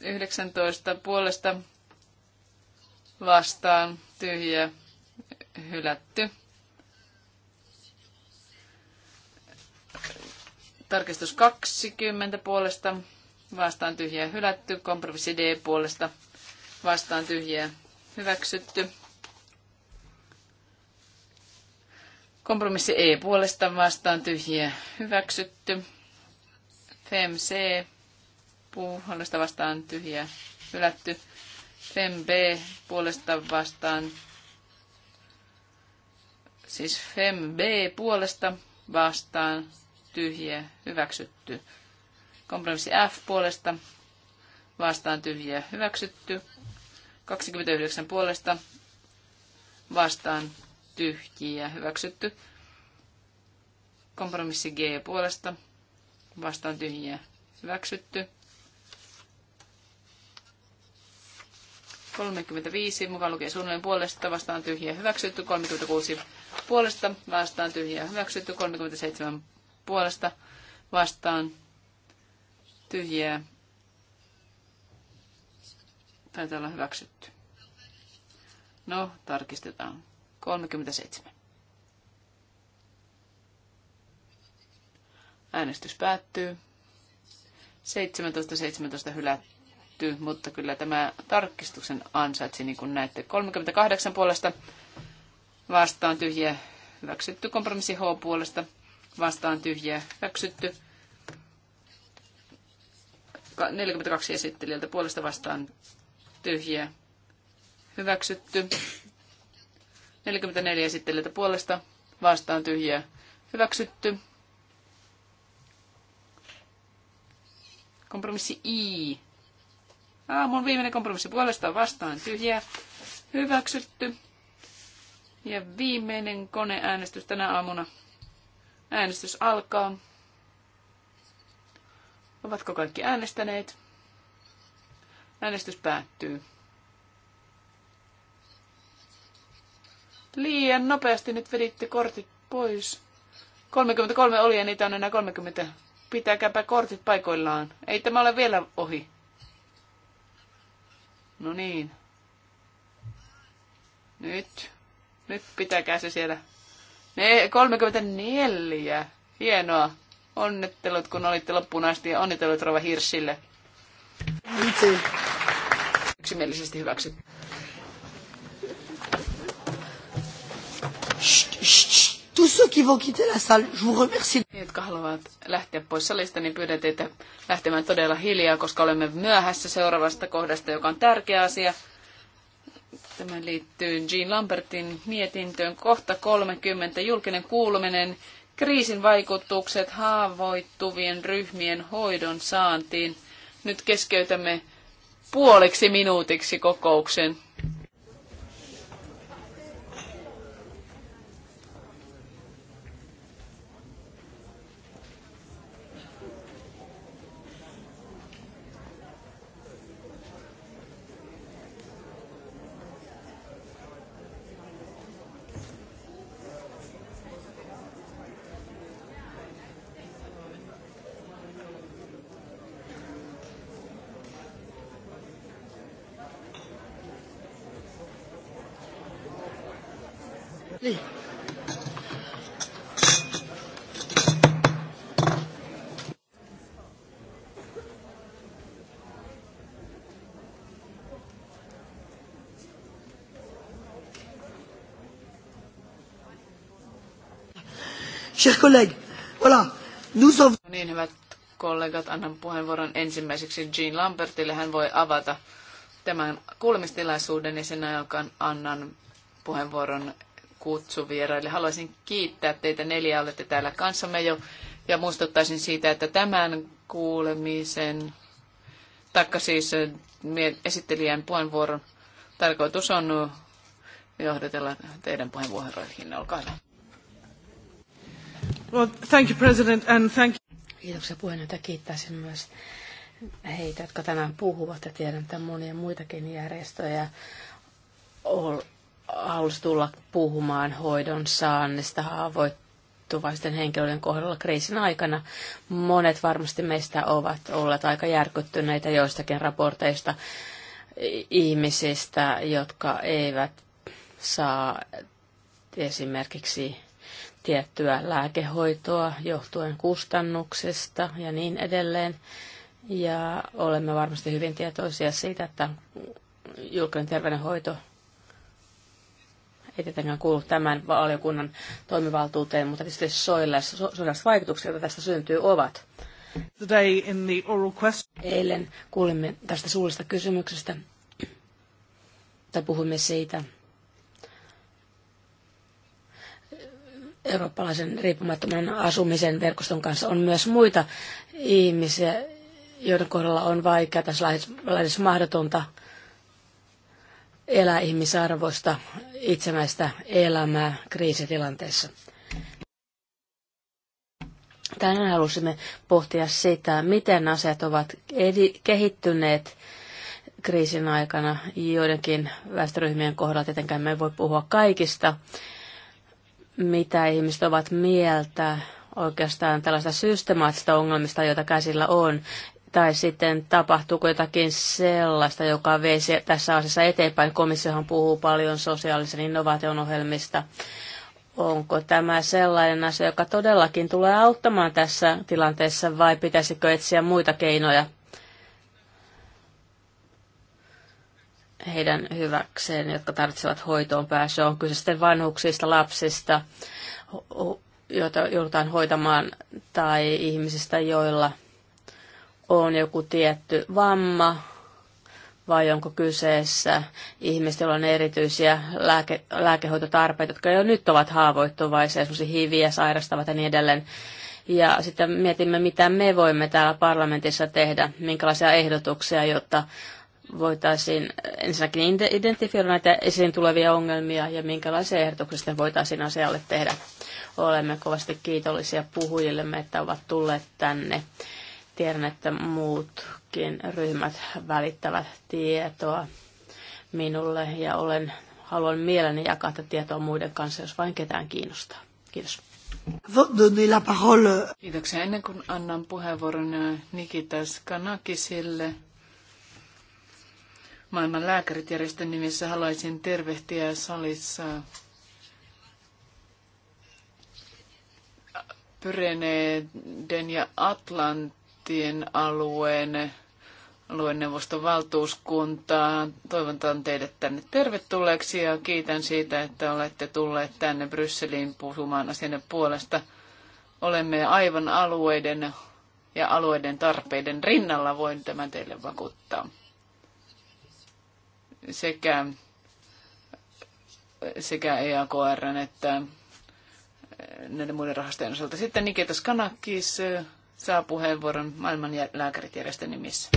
19 puolesta vastaan tyhjä hylätty. Tarkistus 20 puolesta vastaan tyhjä hylätty. Kompromissi D puolesta vastaan tyhjä hyväksytty. Kompromissi E puolesta vastaan tyhjä hyväksytty. FEMC hallista vastaan tyhjä hylätty. Fem B puolesta vastaan, siis Fem B puolesta vastaan tyhjä hyväksytty. Kompromissi F puolesta vastaan tyhjä hyväksytty. 29 puolesta vastaan tyhjiä hyväksytty. Kompromissi G puolesta vastaan tyhjiä hyväksytty. 35 mukaan lukien suunnilleen puolesta vastaan tyhjä hyväksytty, 36 puolesta vastaan tyhjä hyväksytty, 37 puolesta vastaan tyhjiä, taitaa olla hyväksytty. No, tarkistetaan. 37. Äänestys päättyy. 17.17 17 hylätty tehty, mutta kyllä tämä tarkistuksen ansaitsi, niin kuin näette. 38 puolesta vastaan tyhjä hyväksytty. Kompromissi H puolesta vastaan tyhjä hyväksytty. 42 esittelijältä puolesta vastaan tyhjä hyväksytty. 44 esittelijältä puolesta vastaan tyhjä hyväksytty. Kompromissi I Aamun viimeinen kompromissi puolesta vastaan tyhjä Hyväksytty. Ja viimeinen koneäänestys tänä aamuna. Äänestys alkaa. Ovatko kaikki äänestäneet? Äänestys päättyy. Liian nopeasti nyt veditte kortit pois. 33 oli ja niitä on enää 30. Pitääkääpä kortit paikoillaan. Ei tämä ole vielä ohi. No niin. Nyt. Nyt pitäkää se siellä. Ne, 34. Hienoa. Onnittelut, kun olitte loppuun asti ja onnittelut Rova Hirsille. Itse. Yksimielisesti hyväksytty. tous ceux qui vont quitter la salle, je vous remercie. Ne, niin, jotka haluavat lähteä pois salista, niin pyydän teitä lähtemään todella hiljaa, koska olemme myöhässä seuraavasta kohdasta, joka on tärkeä asia. Tämä liittyy Jean Lambertin mietintöön. Kohta 30. Julkinen kuuluminen. Kriisin vaikutukset haavoittuvien ryhmien hoidon saantiin. Nyt keskeytämme puoliksi minuutiksi kokouksen. Chers collègues, voilà, nous no Niin, hyvät kollegat, annan puheenvuoron ensimmäiseksi Jean Lambertille. Hän voi avata tämän kuulemistilaisuuden ja sen ajan annan puheenvuoron kutsuvieraille. Haluaisin kiittää teitä neljä, olette täällä kanssamme jo ja muistuttaisin siitä, että tämän kuulemisen, taikka siis eh, esittelijän puheenvuoron tarkoitus on eh, johdatella teidän puheenvuoroihin. Olkaa hyvä. Well, thank you, President, and thank you. Kiitoksia puheenjohtaja. Kiittäisin myös heitä, jotka tänään puhuvat ja tiedän, että monia muitakin järjestöjä halusi tulla puhumaan hoidon saannista haavoittuvaisten henkilöiden kohdalla kriisin aikana. Monet varmasti meistä ovat olleet aika järkyttyneitä joistakin raporteista ihmisistä, jotka eivät saa esimerkiksi tiettyä lääkehoitoa johtuen kustannuksista ja niin edelleen. Ja olemme varmasti hyvin tietoisia siitä, että julkinen terveydenhoito ei tietenkään kuulu tämän valiokunnan toimivaltuuteen, mutta tietysti soilaiset vaikutuksia, joita tästä syntyy, ovat. Eilen kuulimme tästä suullisesta kysymyksestä, tai puhuimme siitä, eurooppalaisen riippumattoman asumisen verkoston kanssa on myös muita ihmisiä, joiden kohdalla on vaikeaa tai lähes mahdotonta elää ihmisarvoista itsenäistä elämää kriisitilanteessa. Tänään halusimme pohtia sitä, miten asiat ovat kehittyneet kriisin aikana joidenkin väestöryhmien kohdalla. Tietenkään me ei voi puhua kaikista mitä ihmiset ovat mieltä oikeastaan tällaista systemaattista ongelmista, joita käsillä on, tai sitten tapahtuuko jotakin sellaista, joka vei tässä asiassa eteenpäin. Komissiohan puhuu paljon sosiaalisen innovaation ohjelmista. Onko tämä sellainen asia, joka todellakin tulee auttamaan tässä tilanteessa vai pitäisikö etsiä muita keinoja? heidän hyväkseen, jotka tarvitsevat hoitoon pääsyä. On kyse sitten vanhuksista, lapsista, joita joudutaan hoitamaan, tai ihmisistä, joilla on joku tietty vamma, vai onko kyseessä ihmiset, joilla on erityisiä lääke, lääkehoitotarpeita, jotka jo nyt ovat haavoittuvaisia, esimerkiksi hiviä sairastavat ja niin edelleen. Ja sitten mietimme, mitä me voimme täällä parlamentissa tehdä, minkälaisia ehdotuksia, jotta voitaisiin ensinnäkin identifioida näitä esiin tulevia ongelmia ja minkälaisia ehdotuksia voitaisiin asialle tehdä. Olemme kovasti kiitollisia puhujillemme, että ovat tulleet tänne. Tiedän, että muutkin ryhmät välittävät tietoa minulle ja olen, haluan mielelläni jakaa tätä tietoa muiden kanssa, jos vain ketään kiinnostaa. Kiitos. Kiitoksia. Ennen kuin annan puheenvuoron Nikitas Kanakisille, maailman lääkärijärjestön nimissä haluaisin tervehtiä salissa Pyreneiden ja Atlantin alueen alueneuvoston valtuuskuntaa. Toivotan teidät tänne tervetulleeksi ja kiitän siitä, että olette tulleet tänne Brysseliin puhumaan asian puolesta. Olemme aivan alueiden ja alueiden tarpeiden rinnalla, voin tämän teille vakuuttaa sekä, sekä EAKR että näiden muiden rahastojen osalta. Sitten Niketas Kanakis saa puheenvuoron maailman lääkäritiedestä nimissä.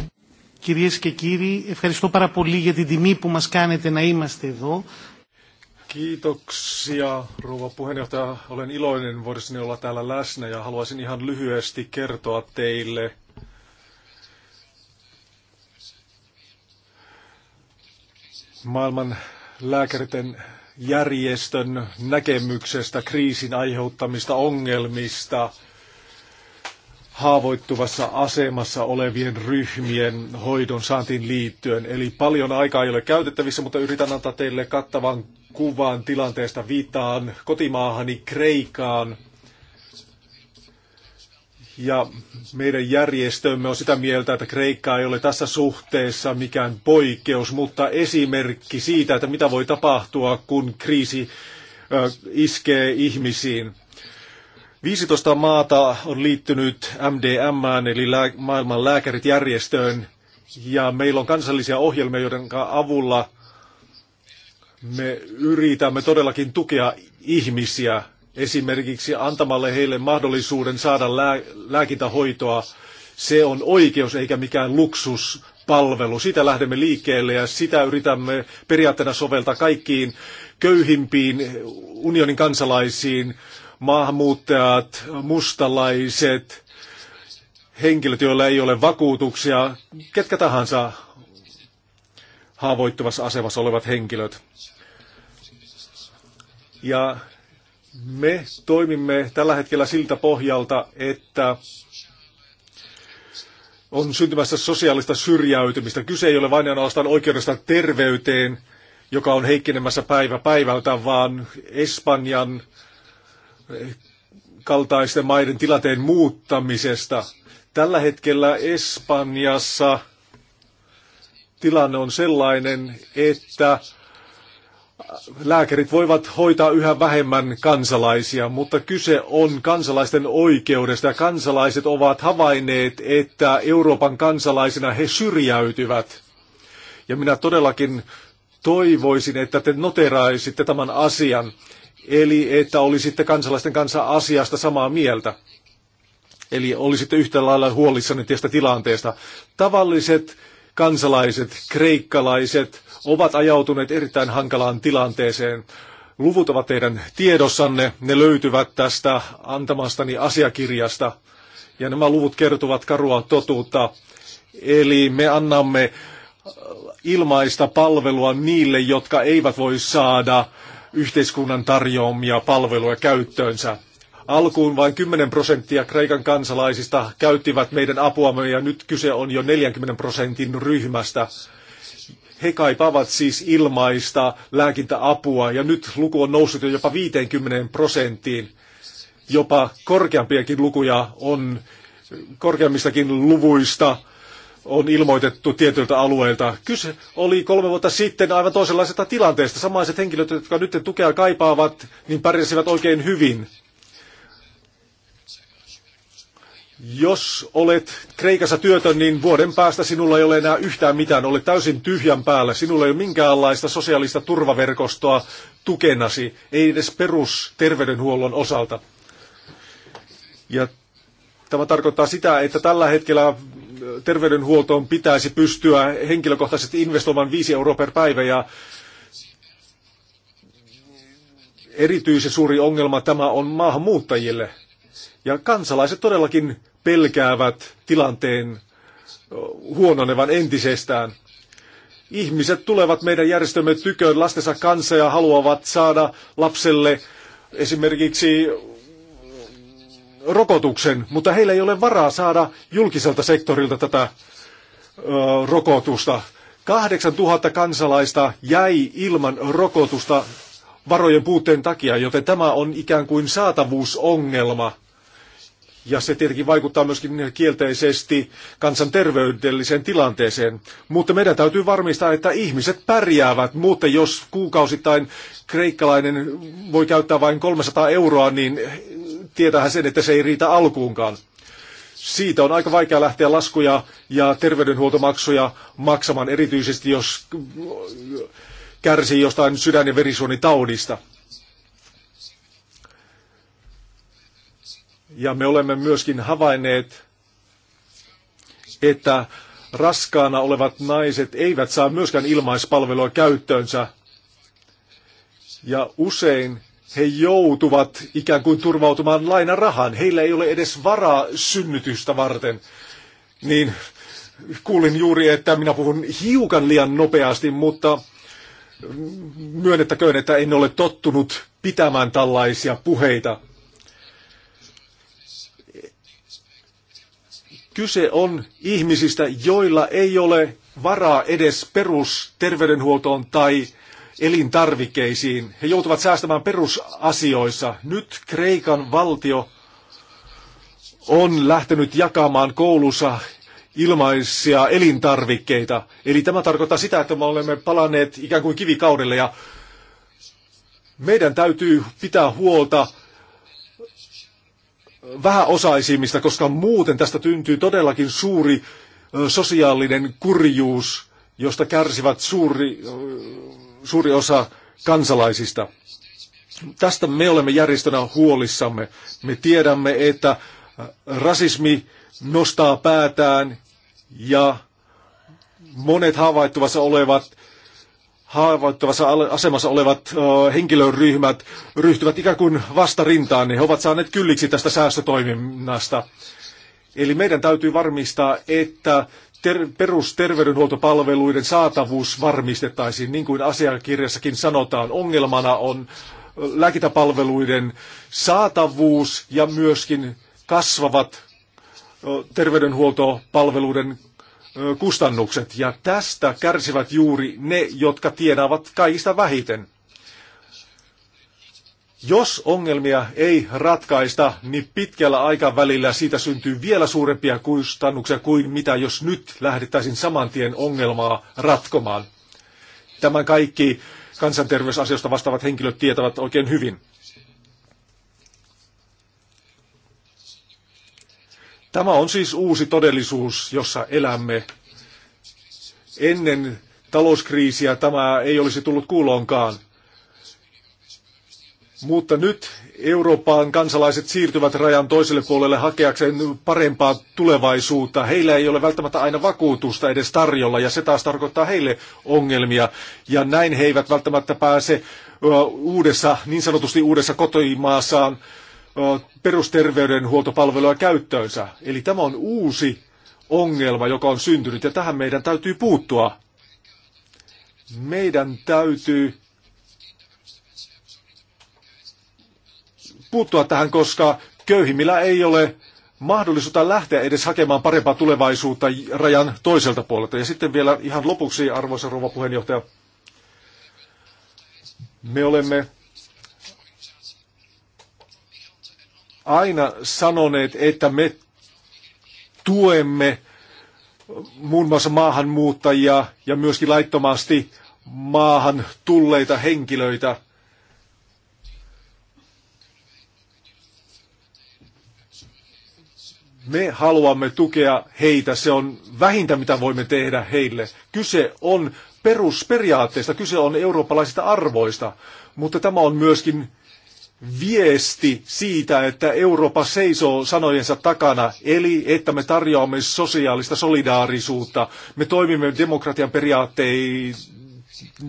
Κυρίες και κύριοι, ευχαριστώ πάρα πολύ για την τιμή που μας κάνετε να είμαστε εδώ. Kiitoksia, rouva puheenjohtaja. Olen iloinen voidessani olla täällä läsnä ja haluaisin ihan lyhyesti kertoa teille maailman lääkäriten järjestön näkemyksestä kriisin aiheuttamista ongelmista, haavoittuvassa asemassa olevien ryhmien hoidon saantiin liittyen. Eli paljon aikaa ei ole käytettävissä, mutta yritän antaa teille kattavan kuvan tilanteesta. Viittaan kotimaahani Kreikaan, ja meidän järjestömme on sitä mieltä, että Kreikka ei ole tässä suhteessa mikään poikkeus, mutta esimerkki siitä, että mitä voi tapahtua, kun kriisi iskee ihmisiin. 15 maata on liittynyt MDM, eli lää- maailman lääkärit järjestöön, ja meillä on kansallisia ohjelmia, joiden avulla me yritämme todellakin tukea ihmisiä esimerkiksi antamalle heille mahdollisuuden saada lääkintähoitoa, se on oikeus eikä mikään luksuspalvelu. Sitä lähdemme liikkeelle ja sitä yritämme periaatteena soveltaa kaikkiin köyhimpiin unionin kansalaisiin, maahanmuuttajat, mustalaiset, henkilöt, joilla ei ole vakuutuksia, ketkä tahansa haavoittuvassa asemassa olevat henkilöt. Ja me toimimme tällä hetkellä siltä pohjalta, että on syntymässä sosiaalista syrjäytymistä. Kyse ei ole vain ainoastaan oikeudesta terveyteen, joka on heikkenemässä päivä päivältä, vaan Espanjan eh, kaltaisten maiden tilanteen muuttamisesta. Tällä hetkellä Espanjassa tilanne on sellainen, että lääkärit voivat hoitaa yhä vähemmän kansalaisia, mutta kyse on kansalaisten oikeudesta kansalaiset ovat havainneet, että Euroopan kansalaisina he syrjäytyvät. Ja minä todellakin toivoisin, että te noteraisitte tämän asian, eli että olisitte kansalaisten kanssa asiasta samaa mieltä. Eli olisitte yhtä lailla huolissanne tästä tilanteesta. Tavalliset kansalaiset, kreikkalaiset, ovat ajautuneet erittäin hankalaan tilanteeseen. Luvut ovat teidän tiedossanne, ne löytyvät tästä antamastani asiakirjasta. Ja nämä luvut kertovat karua totuutta. Eli me annamme äh, ilmaista palvelua niille, jotka eivät voi saada yhteiskunnan tarjoamia palveluja käyttöönsä. Alkuun vain 10 prosenttia Kreikan kansalaisista käyttivät meidän apuamme ja nyt kyse on jo 40 prosentin ryhmästä. He kaipaavat siis ilmaista lääkintäapua ja nyt luku on noussut jo jopa 50 prosenttiin. Jopa korkeampiakin lukuja on, korkeammistakin luvuista on ilmoitettu tietyiltä alueilta. Kyse oli kolme vuotta sitten aivan toisenlaisesta tilanteesta. Samaiset henkilöt, jotka nyt tukea kaipaavat, niin pärjäsivät oikein hyvin. Jos olet Kreikassa työtön, niin vuoden päästä sinulla ei ole enää yhtään mitään, olet täysin tyhjän päällä. Sinulla ei ole minkäänlaista sosiaalista turvaverkostoa tukenasi, ei edes perusterveydenhuollon osalta. Ja tämä tarkoittaa sitä, että tällä hetkellä terveydenhuoltoon pitäisi pystyä henkilökohtaisesti investoimaan 5 euroa per päivä ja erityisen suuri ongelma tämä on maahanmuuttajille. Ja kansalaiset todellakin pelkäävät tilanteen huononevan entisestään. Ihmiset tulevat meidän järjestömme tyköön lastensa kanssa ja haluavat saada lapselle esimerkiksi rokotuksen, mutta heillä ei ole varaa saada julkiselta sektorilta tätä ö, rokotusta. 8000 kansalaista jäi ilman rokotusta varojen puutteen takia, joten tämä on ikään kuin saatavuusongelma. Ja se tietenkin vaikuttaa myöskin kielteisesti kansanterveydelliseen tilanteeseen. Mutta meidän täytyy varmistaa, että ihmiset pärjäävät. Mutta jos kuukausittain kreikkalainen voi käyttää vain 300 euroa, niin tietäähän sen, että se ei riitä alkuunkaan. Siitä on aika vaikea lähteä laskuja ja terveydenhuoltomaksuja maksamaan, erityisesti jos kärsii jostain sydän- ja verisuonitaudista. Ja me olemme myöskin havainneet, että raskaana olevat naiset eivät saa myöskään ilmaispalvelua käyttöönsä. Ja usein he joutuvat ikään kuin turvautumaan lainarahaan. Heillä ei ole edes varaa synnytystä varten. Niin kuulin juuri, että minä puhun hiukan liian nopeasti, mutta myönnettäköön, että en ole tottunut pitämään tällaisia puheita. Kyse on ihmisistä, joilla ei ole varaa edes perusterveydenhuoltoon tai elintarvikkeisiin. He joutuvat säästämään perusasioissa. Nyt Kreikan valtio on lähtenyt jakamaan koulussa ilmaisia elintarvikkeita. Eli tämä tarkoittaa sitä, että me olemme palanneet ikään kuin kivikaudelle ja meidän täytyy pitää huolta vähäosaisimmista, koska muuten tästä tyntyy todellakin suuri sosiaalinen kurjuus, josta kärsivät suuri, suuri osa kansalaisista. Tästä me olemme järjestönä huolissamme. Me tiedämme, että rasismi nostaa päätään ja monet havaittuvassa olevat haavoittuvassa asemassa olevat henkilöryhmät ryhtyvät ikään kuin vastarintaan, niin he ovat saaneet kylliksi tästä säästötoiminnasta. Eli meidän täytyy varmistaa, että ter- perusterveydenhuoltopalveluiden saatavuus varmistettaisiin, niin kuin asiakirjassakin sanotaan. Ongelmana on lääkintäpalveluiden saatavuus ja myöskin kasvavat terveydenhuoltopalveluiden kustannukset. Ja tästä kärsivät juuri ne, jotka tienaavat kaikista vähiten. Jos ongelmia ei ratkaista, niin pitkällä aikavälillä siitä syntyy vielä suurempia kustannuksia kuin mitä jos nyt lähdettäisiin saman tien ongelmaa ratkomaan. Tämän kaikki kansanterveysasioista vastaavat henkilöt tietävät oikein hyvin. Tämä on siis uusi todellisuus, jossa elämme. Ennen talouskriisiä tämä ei olisi tullut kuuloonkaan. Mutta nyt Euroopan kansalaiset siirtyvät rajan toiselle puolelle hakeakseen parempaa tulevaisuutta. Heillä ei ole välttämättä aina vakuutusta edes tarjolla ja se taas tarkoittaa heille ongelmia. Ja näin he eivät välttämättä pääse uudessa, niin sanotusti uudessa kotimaassaan perusterveydenhuoltopalveluja käyttöönsä. Eli tämä on uusi ongelma, joka on syntynyt ja tähän meidän täytyy puuttua. Meidän täytyy puuttua tähän, koska köyhimmillä ei ole mahdollisuutta lähteä edes hakemaan parempaa tulevaisuutta rajan toiselta puolelta. Ja sitten vielä ihan lopuksi, arvoisa rouva puheenjohtaja, me olemme aina sanoneet, että me tuemme muun muassa maahanmuuttajia ja myöskin laittomasti maahan tulleita henkilöitä. Me haluamme tukea heitä, se on vähintä mitä voimme tehdä heille. Kyse on perusperiaatteista, kyse on eurooppalaisista arvoista, mutta tämä on myöskin viesti siitä, että Eurooppa seisoo sanojensa takana, eli että me tarjoamme sosiaalista solidaarisuutta, me toimimme demokratian periaatteisiin,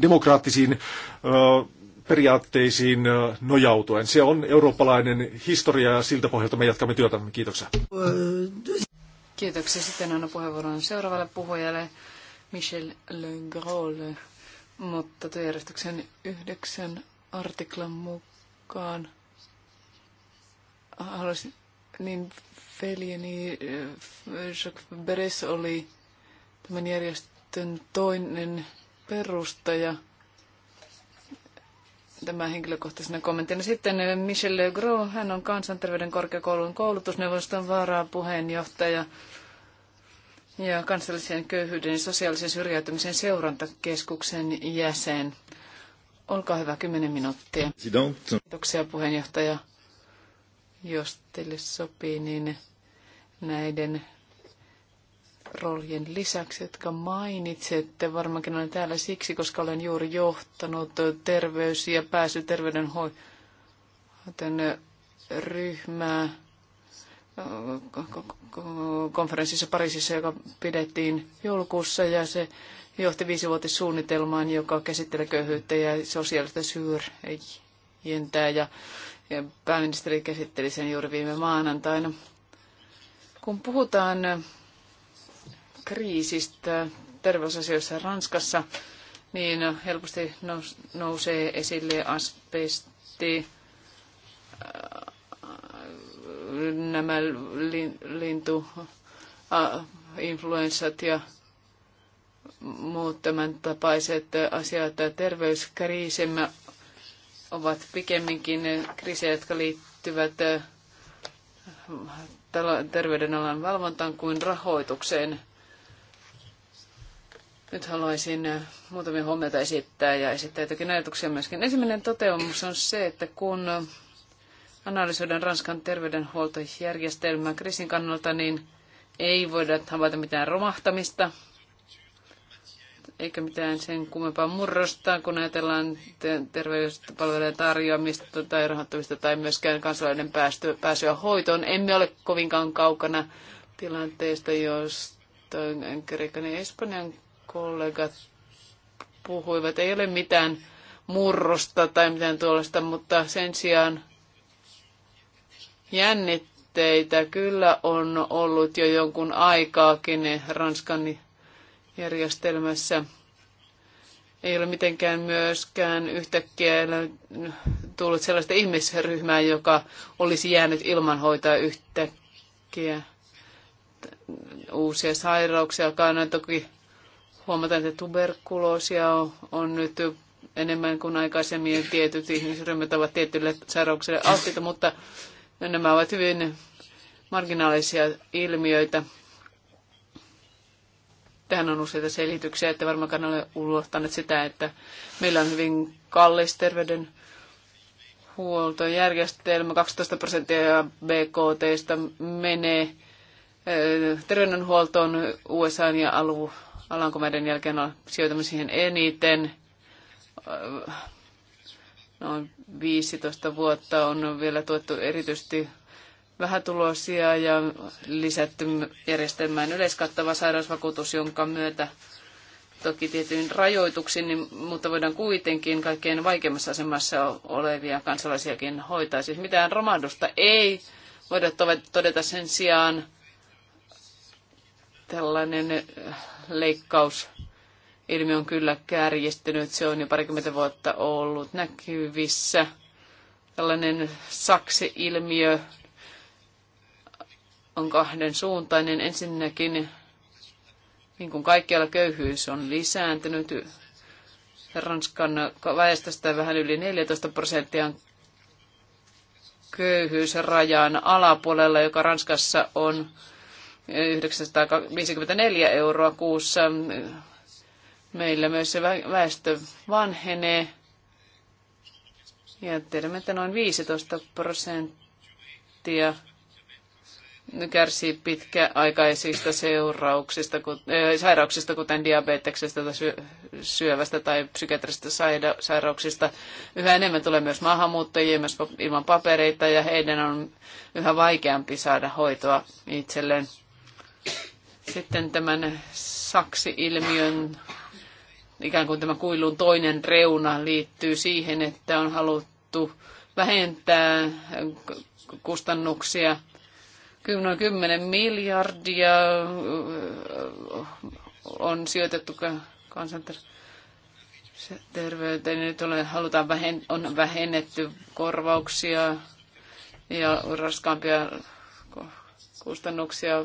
demokraattisiin periaatteisiin nojautuen. Se on eurooppalainen historia ja siltä pohjalta me jatkamme työtämme. Kiitoksia. Kiitoksia. Sitten annan puheenvuoron seuraavalle puhujalle Michel Le Grolle, mutta työjärjestyksen yhdeksän artiklan mukaan mukaan halusin, niin veljeni eh, Jacques Beres oli tämän järjestön toinen perustaja tämä henkilökohtaisena kommenttina. Sitten eh, Michel Legros, hän on kansanterveyden korkeakoulun koulutusneuvoston vara-puheenjohtaja ja kansallisen köyhyyden ja sosiaalisen syrjäytymisen seurantakeskuksen jäsen. Olkaa hyvä, kymmenen minuuttia. Kiitoksia puheenjohtaja. Jos teille sopii, niin näiden roolien lisäksi, jotka mainitsette, varmaankin olen täällä siksi, koska olen juuri johtanut terveys- ja pääsy terveydenhoidon ryhmää konferenssissa Pariisissa, joka pidettiin joulukuussa, ja se johti viisivuotissuunnitelmaan, joka käsittelee köyhyyttä ja sosiaalista syrjintää. Ja pääministeri käsitteli sen juuri viime maanantaina. Kun puhutaan kriisistä terveysasioissa Ranskassa, niin helposti nousee esille asbesti, äh, nämä äh, ja muut tämän tapaiset asiat. Terveyskriisimme ovat pikemminkin kriisejä, jotka liittyvät eh, terveydenalan valvontaan kuin rahoitukseen. Nyt haluaisin eh, muutamia huomioita esittää ja esittää jotakin ajatuksia myöskin. Ensimmäinen toteamus on se, että kun analysoidaan Ranskan terveydenhuoltojärjestelmää kriisin kannalta, niin ei voida havaita mitään romahtamista – eikä mitään sen kummempaa murrosta, kun ajatellaan terveyspalvelujen tarjoamista tai rahoittamista tai myöskään kansalainen päästö, pääsyä hoitoon. Emme ole kovinkaan kaukana tilanteesta, jos Kreikan ja Espanjan kollegat puhuivat. Ei ole mitään murrosta tai mitään tuollaista, mutta sen sijaan jännitteitä kyllä on ollut jo jonkun aikaakin Ranskan järjestelmässä. Ei ole mitenkään myöskään yhtäkkiä tullut sellaista ihmisryhmää, joka olisi jäänyt ilman hoitaa yhtäkkiä. Uusia sairauksia on toki huomataan, että tuberkuloosia on, on nyt enemmän kuin aikaisemmin. Tietyt ihmisryhmät ovat tietyille sairauksille alttiita, mutta nämä ovat hyvin marginaalisia ilmiöitä. Tähän on useita selityksiä, että varmaan ole ulohtanut sitä, että meillä on hyvin kallis terveyden huoltojärjestelmä, 12 prosenttia BKTstä menee eh, terveydenhuoltoon USA ja alu, Alankomaiden jälkeen on no, sijoitamme siihen eniten. Eh, noin 15 vuotta on vielä tuettu erityisesti vähätuloisia ja lisätty järjestelmään yleiskattava sairausvakuutus, jonka myötä toki tietyin rajoituksin, niin, mutta voidaan kuitenkin kaikkein vaikeimmassa asemassa olevia kansalaisiakin hoitaa. Siis mitään romahdusta ei voida todeta sen sijaan tällainen äh, leikkaus ilmiö on kyllä kärjistynyt. Se on jo parikymmentä vuotta ollut näkyvissä. Tällainen saksi-ilmiö on kahden suuntainen. Ensinnäkin, niin kuin kaikkialla köyhyys on lisääntynyt, Ranskan väestöstä vähän yli 14 prosenttia köyhyysrajan alapuolella, joka Ranskassa on 954 euroa kuussa. Meillä myös se väestö vanhenee. Ja tiedämme, että noin 15 prosenttia kärsii pitkäaikaisista seurauksista, eh, sairauksista, kuten diabeteksestä tai syövästä tai psykiatrisista sairauksista. Yhä enemmän tulee myös maahanmuuttajia, myös ilman papereita, ja heidän on yhä vaikeampi saada hoitoa itselleen. Sitten tämän saksi-ilmiön, ikään kuin tämä kuilun toinen reuna liittyy siihen, että on haluttu vähentää kustannuksia – noin 10 miljardia on sijoitettu kansanterveyteen. Nyt halutaan vähen, on vähennetty korvauksia ja raskaampia kustannuksia.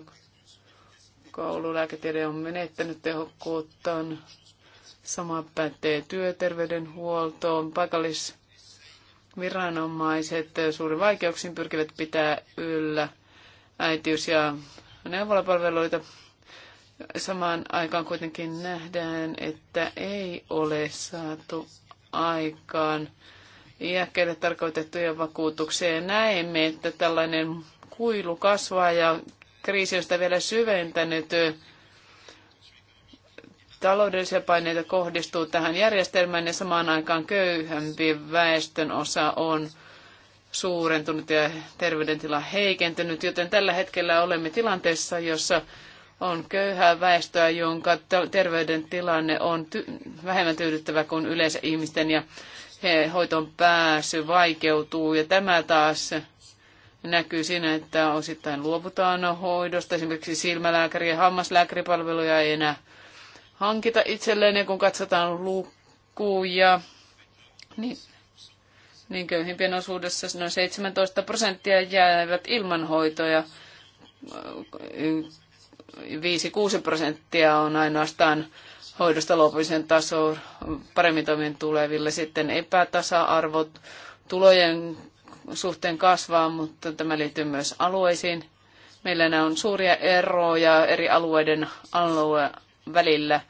Koululääketiede on menettänyt tehokkuuttaan. Sama pätee työterveydenhuoltoon. Paikallisviranomaiset suurin vaikeuksin pyrkivät pitää yllä äitiys- ja neuvolapalveluita. Samaan aikaan kuitenkin nähdään, että ei ole saatu aikaan iäkkäille tarkoitettuja vakuutuksia. näemme, että tällainen kuilu kasvaa ja kriisi on sitä vielä syventänyt. Taloudellisia paineita kohdistuu tähän järjestelmään ja samaan aikaan köyhempi väestön osa on suurentunut ja terveydentila heikentynyt, joten tällä hetkellä olemme tilanteessa, jossa on köyhää väestöä, jonka terveydentilanne on vähemmän tyydyttävä kuin yleensä ihmisten ja he, hoitoon pääsy vaikeutuu ja tämä taas näkyy siinä, että osittain luovutaan hoidosta. Esimerkiksi silmälääkäri ja hammaslääkäripalveluja ei enää hankita itselleen ja kun katsotaan lukuja, niin niin köyhimpien osuudessa noin 17 prosenttia jäävät ilman hoitoja. 5-6 prosenttia on ainoastaan hoidosta luopumisen taso paremmin toimeen tuleville. Sitten epätasa-arvot tulojen suhteen kasvaa, mutta tämä liittyy myös alueisiin. Meillä on suuria eroja eri alueiden alue välillä.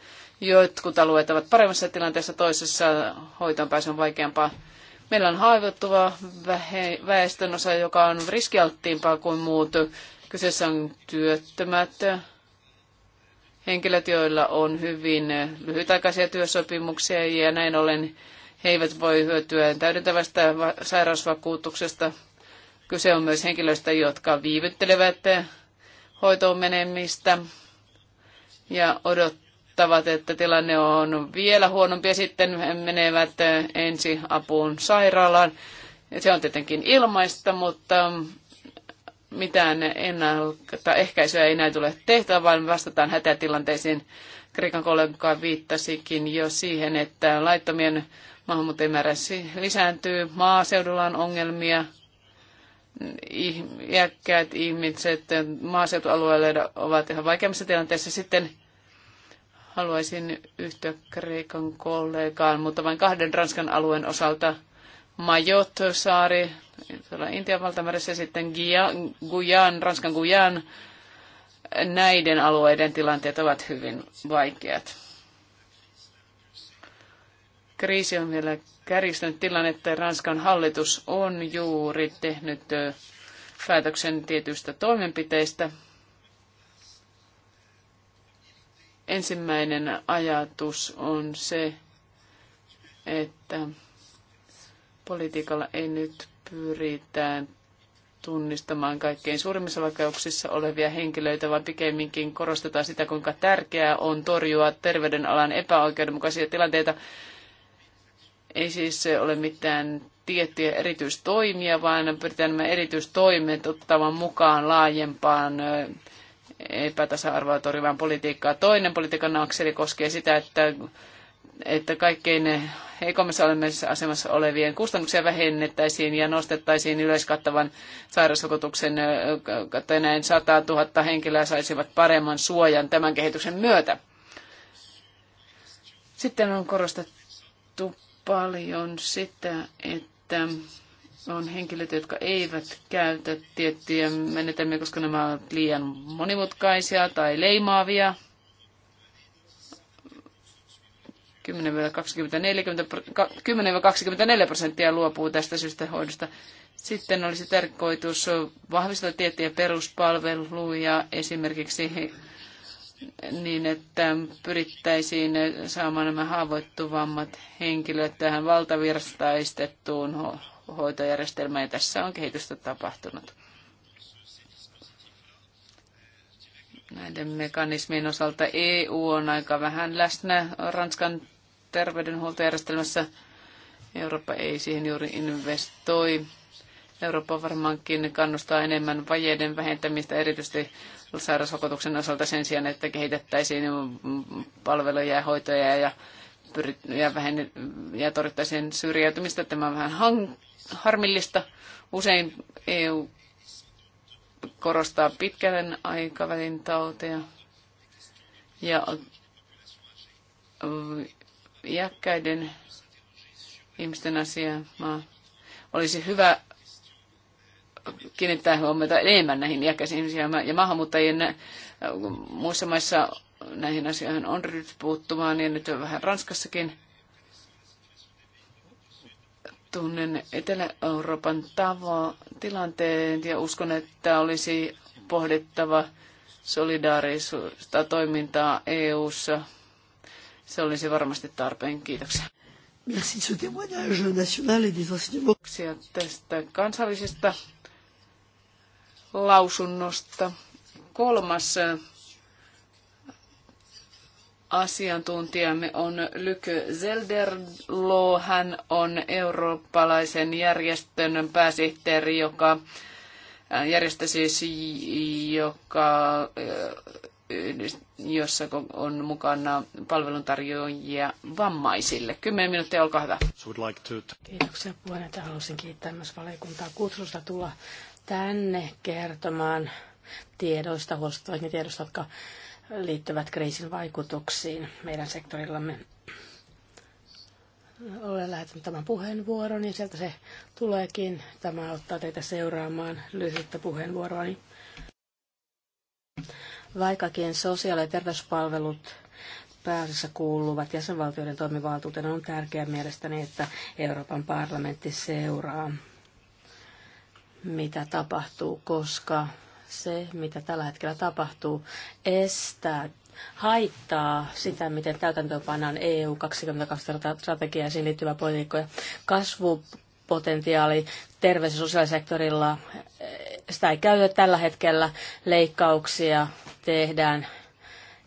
Jotkut alueet ovat paremmassa tilanteessa, toisessa hoitoon pääsy on vaikeampaa. Meillä on haavoittuva väestönosa, joka on riskialttiimpaa kuin muut. Kyseessä on työttömät henkilöt, joilla on hyvin lyhytaikaisia työsopimuksia ja näin ollen he eivät voi hyötyä täydentävästä sairausvakuutuksesta. Kyse on myös henkilöistä, jotka viivyttelevät hoitoon menemistä ja odottavat ilmoittavat, että tilanne on vielä huonompi ja sitten menevät ensi apuun sairaalaan. Se on tietenkin ilmaista, mutta mitään ehkäisyä ei näin tule tehtävä, vaan vastataan hätätilanteisiin. Kreikan kollega viittasikin jo siihen, että laittomien maahanmuuttajien määrä lisääntyy, maaseudulla on ongelmia, iäkkäät ihmiset maaseutualueilla ovat ihan vaikeammassa tilanteessa. Sitten Haluaisin yhtyä Kreikan kollegaan, mutta vain kahden Ranskan alueen osalta. Majot-saari, Intian valtameressä, ja sitten Gujan, Ranskan Gujan. Näiden alueiden tilanteet ovat hyvin vaikeat. Kriisi on vielä kärjistänyt tilannetta Ranskan hallitus on juuri tehnyt päätöksen tietyistä toimenpiteistä, Ensimmäinen ajatus on se, että politiikalla ei nyt pyritä tunnistamaan kaikkein suurimmissa vaikeuksissa olevia henkilöitä, vaan pikemminkin korostetaan sitä, kuinka tärkeää on torjua terveydenalan epäoikeudenmukaisia tilanteita. Ei siis ole mitään tiettyjä erityistoimia, vaan pyritään nämä erityistoimet ottamaan mukaan laajempaan epätasa-arvoa torjuvaan politiikkaan. Toinen politiikan akseli koskee sitä, että, että kaikkein heikommassa asemassa olevien kustannuksia vähennettäisiin ja nostettaisiin yleiskattavan sairausvakuutuksen, että näin 100 000 henkilöä saisivat paremman suojan tämän kehityksen myötä. Sitten on korostettu paljon sitä, että on henkilöt, jotka eivät käytä tiettyjä menetelmiä, koska nämä ovat liian monimutkaisia tai leimaavia. 10-24 prosenttia luopuu tästä syystä hoidosta. Sitten olisi tarkoitus vahvistaa tiettyjä peruspalveluja esimerkiksi niin, että pyrittäisiin saamaan nämä haavoittuvammat henkilöt tähän valtavirstaistettuun hoitojärjestelmä ja tässä on kehitystä tapahtunut. Näiden mekanismien osalta EU on aika vähän läsnä Ranskan terveydenhuoltojärjestelmässä. Eurooppa ei siihen juuri investoi. Eurooppa varmaankin kannustaa enemmän vajeiden vähentämistä, erityisesti sairausvakuutuksen osalta sen sijaan, että kehitettäisiin palveluja ja hoitoja ja ja, vähän ja torjuttaisiin syrjäytymistä. Tämä on vähän hang, harmillista. Usein EU korostaa pitkän aikavälin tauteja ja iäkkäiden ihmisten asiaa. Olisi hyvä kiinnittää huomiota enemmän näihin iäkkäisiin ihmisiin ja maahanmuuttajien äh, muissa maissa näihin asioihin on ryhdytty puuttumaan ja nyt on vähän Ranskassakin tunnen Etelä-Euroopan tavo- tilanteen ja uskon, että olisi pohdittava solidaarisuutta toimintaa EU-ssa. Se olisi varmasti tarpeen. Kiitoksia. Merci ce témoignage national et des enseignements. tästä kansallisesta lausunnosta. Kolmas asiantuntijamme on Lyk Zelderlo. Hän on eurooppalaisen järjestön pääsihteeri, joka äh, järjestö siis, joka, äh, jossa on mukana palveluntarjoajia vammaisille. Kymmenen minuuttia, olkaa hyvä. Kiitoksia puheenjohtaja. Haluaisin kiittää myös valiokuntaa kutsusta tulla tänne kertomaan tiedoista, huolestuttavista tiedoista, jotka liittyvät kriisin vaikutuksiin meidän sektorillamme. Olen lähettänyt tämän puheenvuoron ja sieltä se tuleekin. Tämä auttaa teitä seuraamaan lyhyttä puheenvuoroani. Vaikkakin sosiaali- ja terveyspalvelut pääosassa kuuluvat jäsenvaltioiden toimivaltuuteen, on tärkeää mielestäni, että Euroopan parlamentti seuraa, mitä tapahtuu, koska se, mitä tällä hetkellä tapahtuu, estää haittaa sitä, miten täytäntöön on EU 2020-strategiaan siihen liittyvä ja Kasvupotentiaali terveys- ja sosiaalisektorilla, eh, sitä ei käytetä tällä hetkellä. Leikkauksia tehdään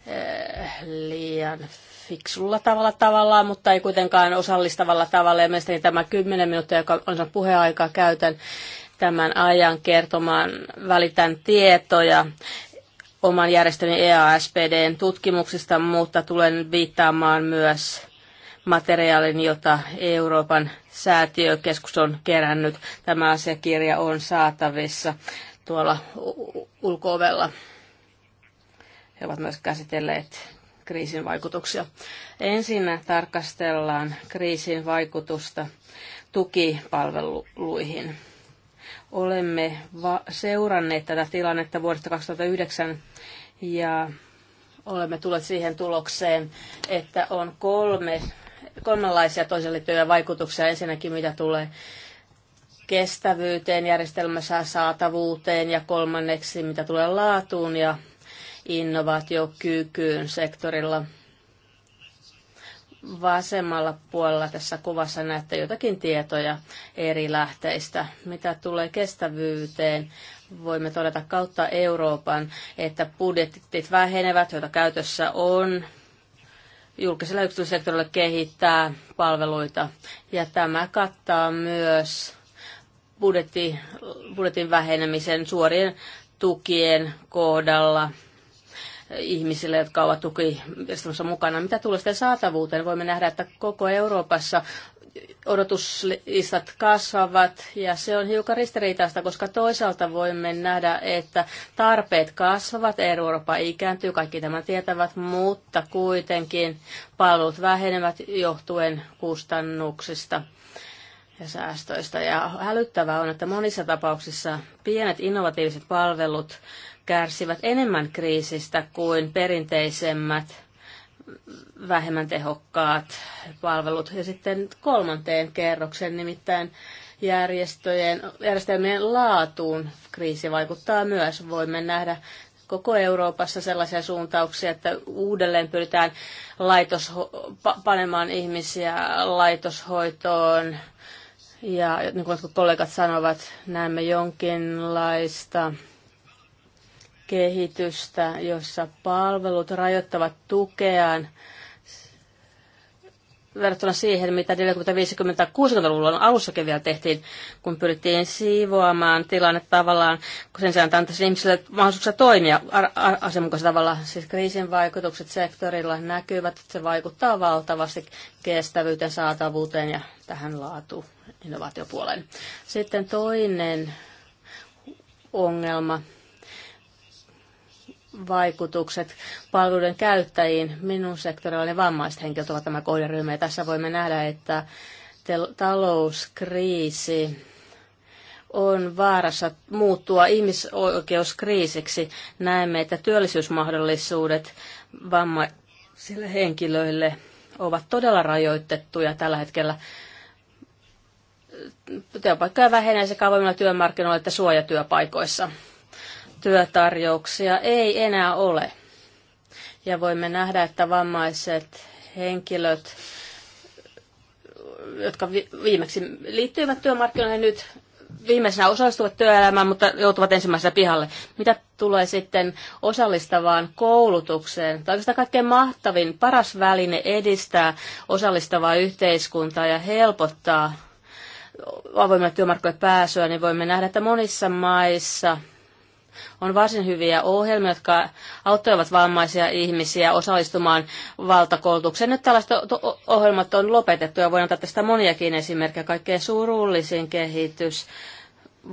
eh, liian fiksulla tavalla tavallaan, mutta ei kuitenkaan osallistavalla tavalla. Ja mielestäni tämä 10 minuuttia, joka on puheaikaa käytän, tämän ajan kertomaan välitän tietoja oman järjestöni EASPDn tutkimuksista, mutta tulen viittaamaan myös materiaalin, jota Euroopan säätiökeskus on kerännyt. Tämä asiakirja on saatavissa tuolla ulkoovella. He ovat myös käsitelleet kriisin vaikutuksia. Ensin tarkastellaan kriisin vaikutusta tukipalveluihin. Olemme seuranneet tätä tilannetta vuodesta 2009 ja olemme tulleet siihen tulokseen, että on kolme, kolmenlaisia toiseen liittyviä vaikutuksia. Ensinnäkin mitä tulee kestävyyteen, järjestelmässä saatavuuteen ja kolmanneksi mitä tulee laatuun ja innovaatiokykyyn sektorilla vasemmalla puolella tässä kuvassa näette jotakin tietoja eri lähteistä. Mitä tulee kestävyyteen, voimme todeta kautta Euroopan, että budjetit vähenevät, joita käytössä on, julkisella yksityissektorilla kehittää palveluita. Ja tämä kattaa myös budjetti, budjetin vähenemisen suorien tukien kohdalla – ihmisille, jotka ovat tukijärjestelmässä mukana. Mitä tulee sitten saatavuuteen, voimme nähdä, että koko Euroopassa odotuslistat kasvavat ja se on hiukan ristiriitaista, koska toisaalta voimme nähdä, että tarpeet kasvavat, Eurooppa ikääntyy, kaikki tämän tietävät, mutta kuitenkin palvelut vähenevät johtuen kustannuksista ja säästöistä. Ja hälyttävää on, että monissa tapauksissa pienet innovatiiviset palvelut kärsivät enemmän kriisistä kuin perinteisemmät vähemmän tehokkaat palvelut. Ja sitten kolmanteen kerroksen, nimittäin järjestöjen, järjestelmien laatuun kriisi vaikuttaa myös. Voimme nähdä koko Euroopassa sellaisia suuntauksia, että uudelleen pyritään laitos, panemaan ihmisiä laitoshoitoon. Ja niin kuin kollegat sanovat, näemme jonkinlaista kehitystä, jossa palvelut rajoittavat tukeaan verrattuna siihen, mitä 40 50 60 luvulla alussakin vielä tehtiin, kun pyrittiin siivoamaan tilanne tavallaan, kun sen sijaan antaisi ihmisille mahdollisuuksia toimia asianmukaisella tavalla. Siis kriisin vaikutukset sektorilla näkyvät, että se vaikuttaa valtavasti kestävyyteen, saatavuuteen ja tähän laatu innovaatiopuoleen. Sitten toinen ongelma vaikutukset palveluiden käyttäjiin. Minun sektorilla ne vammaiset henkilöt ovat tämä kohderyhmä ja tässä voimme nähdä, että talouskriisi on vaarassa muuttua ihmisoikeuskriisiksi. Näemme, että työllisyysmahdollisuudet vammaisille henkilöille ovat todella rajoitettuja tällä hetkellä. Työpaikkoja vähenee sekä avoimilla työmarkkinoilla että suojatyöpaikoissa työtarjouksia ei enää ole. Ja voimme nähdä, että vammaiset henkilöt, jotka viimeksi liittyivät työmarkkinoille, nyt viimeisenä osallistuvat työelämään, mutta joutuvat ensimmäisenä pihalle. Mitä tulee sitten osallistavaan koulutukseen? Tämä on kaikkein mahtavin, paras väline edistää osallistavaa yhteiskuntaa ja helpottaa avoimille työmarkkinoille pääsyä, niin voimme nähdä, että monissa maissa – on varsin hyviä ohjelmia, jotka auttoivat vammaisia ihmisiä osallistumaan valtakoulutukseen. Nyt tällaiset ohjelmat on lopetettu ja voin antaa tästä moniakin esimerkkejä. Kaikkein surullisin kehitys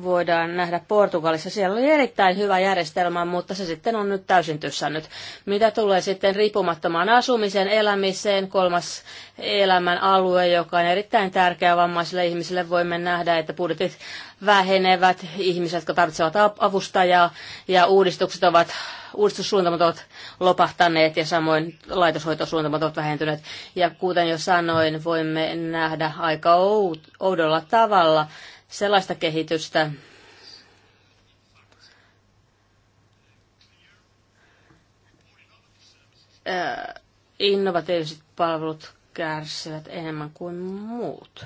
voidaan nähdä Portugalissa. Siellä oli erittäin hyvä järjestelmä, mutta se sitten on nyt täysin tyssännyt. Mitä tulee sitten riippumattomaan asumiseen, elämiseen, kolmas elämän alue, joka on erittäin tärkeä vammaisille ihmisille, voimme nähdä, että budjetit vähenevät, ihmiset, jotka tarvitsevat avustajaa, ja uudistukset ovat, uudistussuuntamat ovat lopahtaneet, ja samoin laitoshoitosuuntamat ovat vähentyneet. Ja kuten jo sanoin, voimme nähdä aika oudolla tavalla, sellaista kehitystä, innovatiiviset palvelut kärsivät enemmän kuin muut.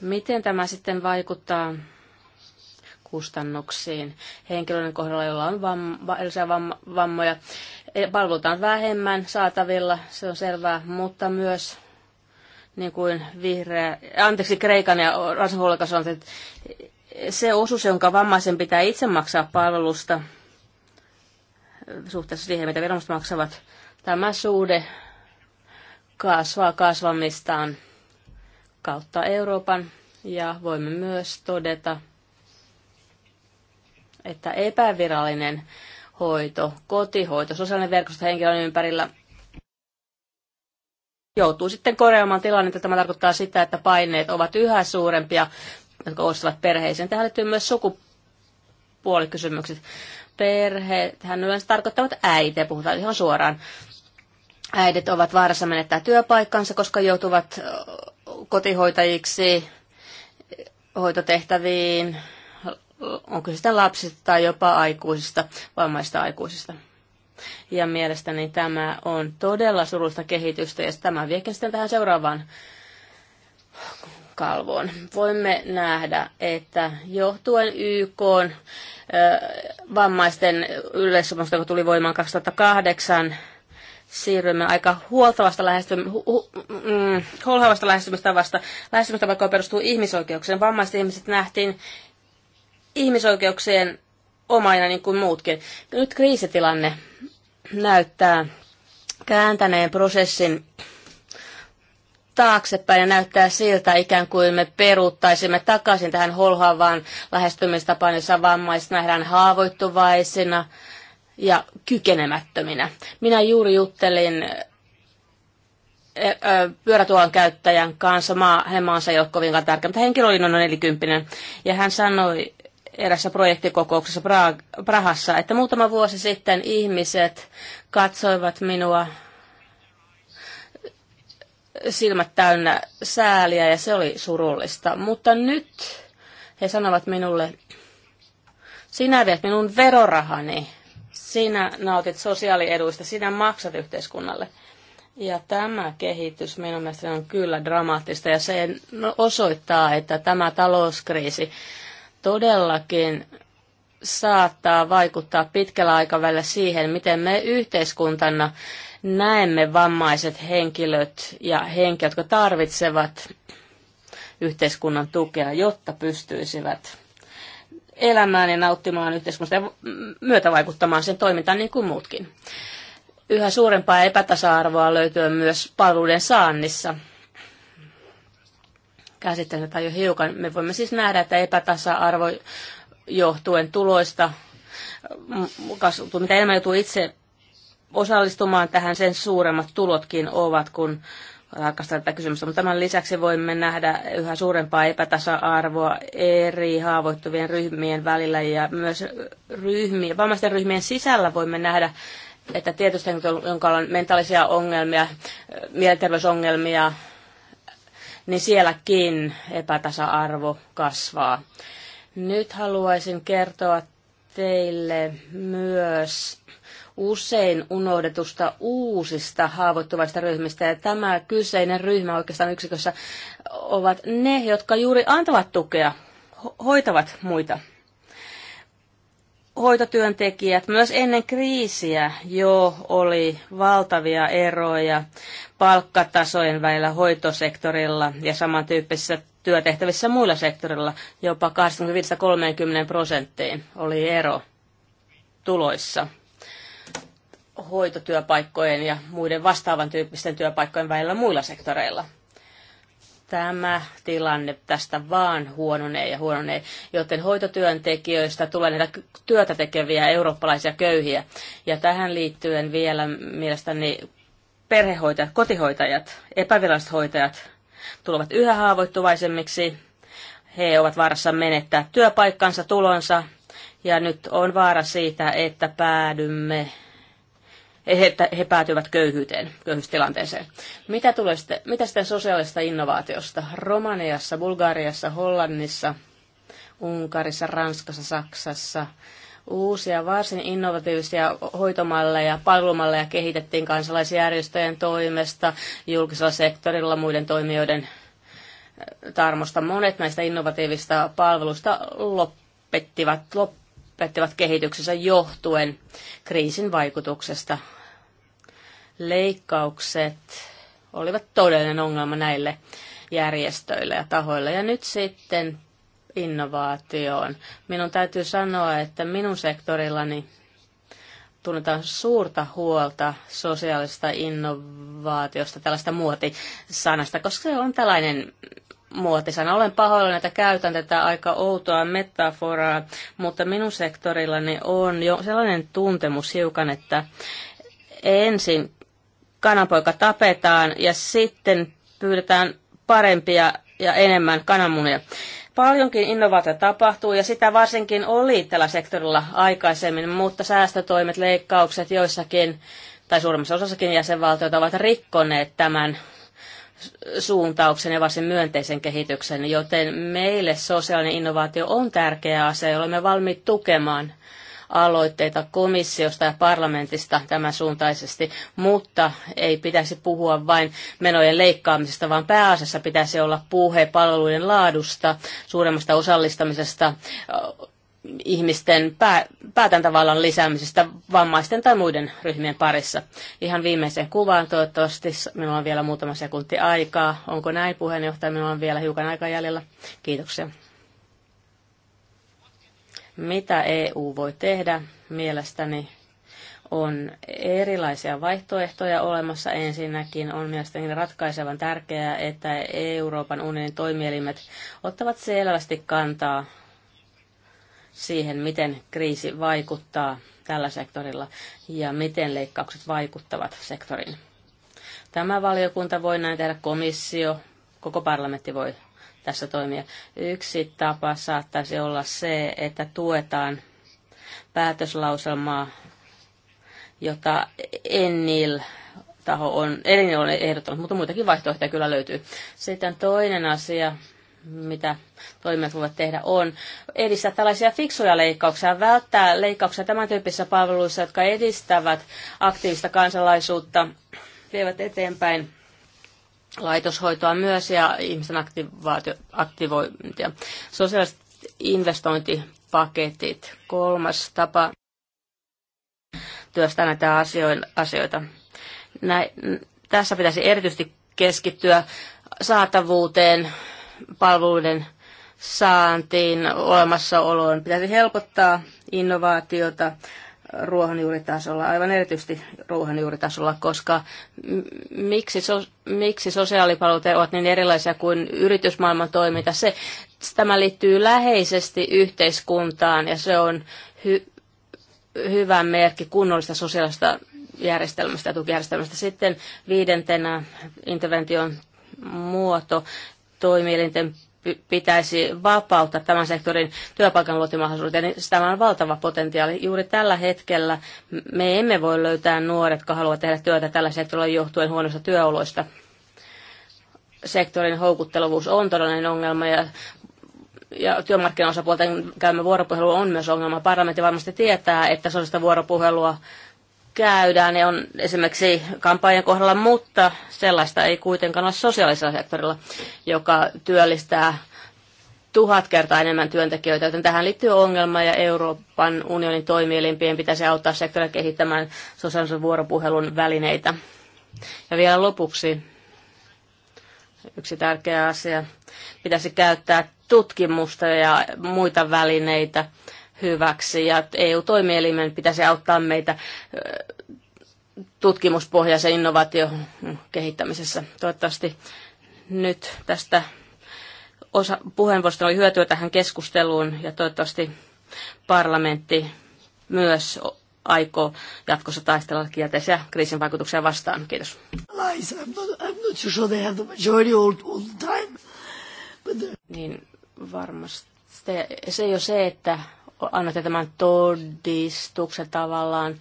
Miten tämä sitten vaikuttaa kustannuksiin henkilöiden kohdalla, joilla on vamma, vammoja? Palveluita on vähemmän saatavilla, se on selvää, mutta myös niin kuin vihreä, anteeksi, Kreikan ja Ranskan huolikas on, että se osuus, jonka vammaisen pitää itse maksaa palvelusta suhteessa siihen, mitä viranomaiset maksavat, tämä suhde kasvaa kasvamistaan kautta Euroopan ja voimme myös todeta, että epävirallinen hoito, kotihoito, sosiaalinen verkosto henkilön ympärillä joutuu sitten korjaamaan tilannetta. Tämä tarkoittaa sitä, että paineet ovat yhä suurempia, jotka kohdistuvat perheisiin. Tähän liittyy myös sukupuolikysymykset. tähän yleensä tarkoittavat äitiä, puhutaan ihan suoraan. Äidit ovat vaarassa menettää työpaikkansa, koska joutuvat kotihoitajiksi, hoitotehtäviin, on kyse sitten lapsista tai jopa aikuisista, vammaista aikuisista. Ja mielestäni tämä on todella surullista kehitystä ja tämä viekin sitten tähän seuraavaan kalvoon. Voimme nähdä, että johtuen YK äh, vammaisten yleissopimusta, joka tuli voimaan 2008, siirrymme aika huoltavasta lähestymistä, hu- hu- mm, lähestymistavasta, lähestymistavasta, joka perustuu ihmisoikeuksien. Vammaiset ihmiset nähtiin ihmisoikeuksien omaina niin kuin muutkin. Nyt kriisitilanne näyttää kääntäneen prosessin taaksepäin ja näyttää siltä ikään kuin me peruuttaisimme takaisin tähän holhaavaan lähestymistapaan, jossa vammaiset nähdään haavoittuvaisina ja kykenemättöminä. Minä juuri juttelin e, pyörätuolan käyttäjän kanssa, maa, hänen maansa ei ole kovinkaan tärkeä, mutta henkilö oli noin nelikymppinen. Ja hän sanoi, erässä projektikokouksessa pra- Prahassa, että muutama vuosi sitten ihmiset katsoivat minua silmät täynnä sääliä ja se oli surullista. Mutta nyt he sanovat minulle, sinä viet minun verorahani, sinä nautit sosiaalieduista, sinä maksat yhteiskunnalle. Ja tämä kehitys minun mielestäni on kyllä dramaattista ja se no, osoittaa, että tämä talouskriisi todellakin saattaa vaikuttaa pitkällä aikavälillä siihen, miten me yhteiskuntana näemme vammaiset henkilöt ja henkilöt, jotka tarvitsevat yhteiskunnan tukea, jotta pystyisivät elämään ja nauttimaan yhteiskunnasta ja myötävaikuttamaan sen toimintaan niin kuin muutkin. Yhä suurempaa epätasa-arvoa löytyy myös palveluiden saannissa käsittelemme jo hiukan. Me voimme siis nähdä, että epätasa-arvo johtuen tuloista mm, kasvtuu. Mitä enemmän joutuu itse osallistumaan tähän, sen suuremmat tulotkin ovat, kun tarkastellaan tätä kysymystä. Mutta tämän lisäksi voimme nähdä yhä suurempaa epätasa-arvoa eri haavoittuvien ryhmien välillä ja myös ryhmien, vammaisten ryhmien sisällä voimme nähdä, että tietysti, jonka on mentaalisia ongelmia, mielenterveysongelmia, niin sielläkin epätasa-arvo kasvaa. Nyt haluaisin kertoa teille myös usein unohdetusta uusista haavoittuvaista ryhmistä. Ja tämä kyseinen ryhmä oikeastaan yksikössä ovat ne, jotka juuri antavat tukea, hoitavat muita hoitotyöntekijät myös ennen kriisiä jo oli valtavia eroja palkkatasojen välillä hoitosektorilla ja samantyyppisissä työtehtävissä muilla sektorilla jopa 25-30 prosenttiin oli ero tuloissa hoitotyöpaikkojen ja muiden vastaavan tyyppisten työpaikkojen välillä muilla sektoreilla tämä tilanne tästä vaan huononee ja huononee, joten hoitotyöntekijöistä tulee näitä työtä tekeviä eurooppalaisia köyhiä. Ja tähän liittyen vielä mielestäni perhehoitajat, kotihoitajat, epäviralliset hoitajat tulevat yhä haavoittuvaisemmiksi. He ovat vaarassa menettää työpaikkansa, tulonsa ja nyt on vaara siitä, että päädymme he, he päätyvät köyhyyteen, köyhyystilanteeseen. Mitä, tulee sitten, mitä sitten sosiaalista innovaatiosta? Romaniassa, Bulgariassa, Hollannissa, Unkarissa, Ranskassa, Saksassa uusia varsin innovatiivisia hoitomalleja, palvelumalleja kehitettiin kansalaisjärjestöjen toimesta, julkisella sektorilla, muiden toimijoiden eh, tarmosta. Monet näistä innovatiivista palveluista lopettivat, lopettivat kehityksensä johtuen kriisin vaikutuksesta leikkaukset olivat todellinen ongelma näille järjestöille ja tahoille. Ja nyt sitten innovaatioon. Minun täytyy sanoa, että minun sektorillani tunnetaan suurta huolta sosiaalista innovaatiosta, tällaista muotisanasta, koska se on tällainen muotisana. Olen pahoillani, että käytän tätä aika outoa metaforaa, mutta minun sektorillani on jo sellainen tuntemus hiukan, että ensin kananpoika tapetaan ja sitten pyydetään parempia ja enemmän kananmunia. Paljonkin innovaatio tapahtuu ja sitä varsinkin oli tällä sektorilla aikaisemmin, mutta säästötoimet, leikkaukset joissakin tai suurimmassa osassakin jäsenvaltioita ovat rikkoneet tämän suuntauksen ja varsin myönteisen kehityksen, joten meille sosiaalinen innovaatio on tärkeä asia, jolla me valmiit tukemaan – aloitteita komissiosta ja parlamentista tämän suuntaisesti, mutta ei pitäisi puhua vain menojen leikkaamisesta, vaan pääasiassa pitäisi olla puhe palveluiden laadusta, suuremmasta osallistamisesta, ihmisten päätäntävallan lisäämisestä vammaisten tai muiden ryhmien parissa. Ihan viimeiseen kuvaan toivottavasti. Minulla on vielä muutama sekunti aikaa. Onko näin puheenjohtaja? Minulla on vielä hiukan aikaa jäljellä. Kiitoksia. Mitä EU voi tehdä? Mielestäni on erilaisia vaihtoehtoja olemassa. Ensinnäkin on mielestäni ratkaisevan tärkeää, että Euroopan unionin toimielimet ottavat selvästi kantaa siihen, miten kriisi vaikuttaa tällä sektorilla ja miten leikkaukset vaikuttavat sektoriin. Tämä valiokunta voi näin tehdä, komissio, koko parlamentti voi tässä toimia. Yksi tapa saattaisi olla se, että tuetaan päätöslauselmaa, jota Ennil taho on, Ennil on ehdottanut, mutta muitakin vaihtoehtoja kyllä löytyy. Sitten toinen asia, mitä toimijat voivat tehdä, on edistää tällaisia fiksuja leikkauksia, välttää leikkauksia tämän tyyppisissä palveluissa, jotka edistävät aktiivista kansalaisuutta, vievät eteenpäin laitoshoitoa myös ja ihmisten aktivointia. Sosiaaliset investointipaketit, kolmas tapa työstää näitä asioita. Näin, tässä pitäisi erityisesti keskittyä saatavuuteen, palveluiden saantiin, olemassaoloon. Pitäisi helpottaa innovaatiota, ruohonjuuritasolla, aivan erityisesti ruohonjuuritasolla, koska miksi, so- miksi sosiaalipalvelut ovat niin erilaisia kuin yritysmaailman toiminta, se, tämä liittyy läheisesti yhteiskuntaan ja se on hy- hyvä merkki kunnollista sosiaalista järjestelmästä ja tukijärjestelmästä. Sitten viidentenä intervention muoto toimielinten pitäisi vapauttaa tämän sektorin työpaikan luotimahdollisuuteen, niin tämä on valtava potentiaali. Juuri tällä hetkellä me emme voi löytää nuoret, jotka haluavat tehdä työtä tällä sektorilla johtuen huonoista työoloista. Sektorin houkuttelevuus on todellinen ongelma ja ja työmarkkinaosapuolten käymä vuoropuhelu on myös ongelma. Parlamentti varmasti tietää, että sosiaalista vuoropuhelua käydään ja on esimerkiksi kampanjan kohdalla, mutta sellaista ei kuitenkaan ole sosiaalisella sektorilla, joka työllistää tuhat kertaa enemmän työntekijöitä, joten tähän liittyy ongelma ja Euroopan unionin toimielimpien pitäisi auttaa sektoria kehittämään sosiaalisen vuoropuhelun välineitä. Ja vielä lopuksi yksi tärkeä asia. Pitäisi käyttää tutkimusta ja muita välineitä hyväksi ja EU-toimielimen pitäisi auttaa meitä tutkimuspohjaisen innovaation kehittämisessä. Toivottavasti nyt tästä osa puheenvuorosta oli hyötyä tähän keskusteluun ja toivottavasti parlamentti myös aikoo jatkossa taistella kielteisiä kriisin vaikutuksia vastaan. Kiitos. Niin varmasti se ei ole se, että annatte tämän todistuksen tavallaan,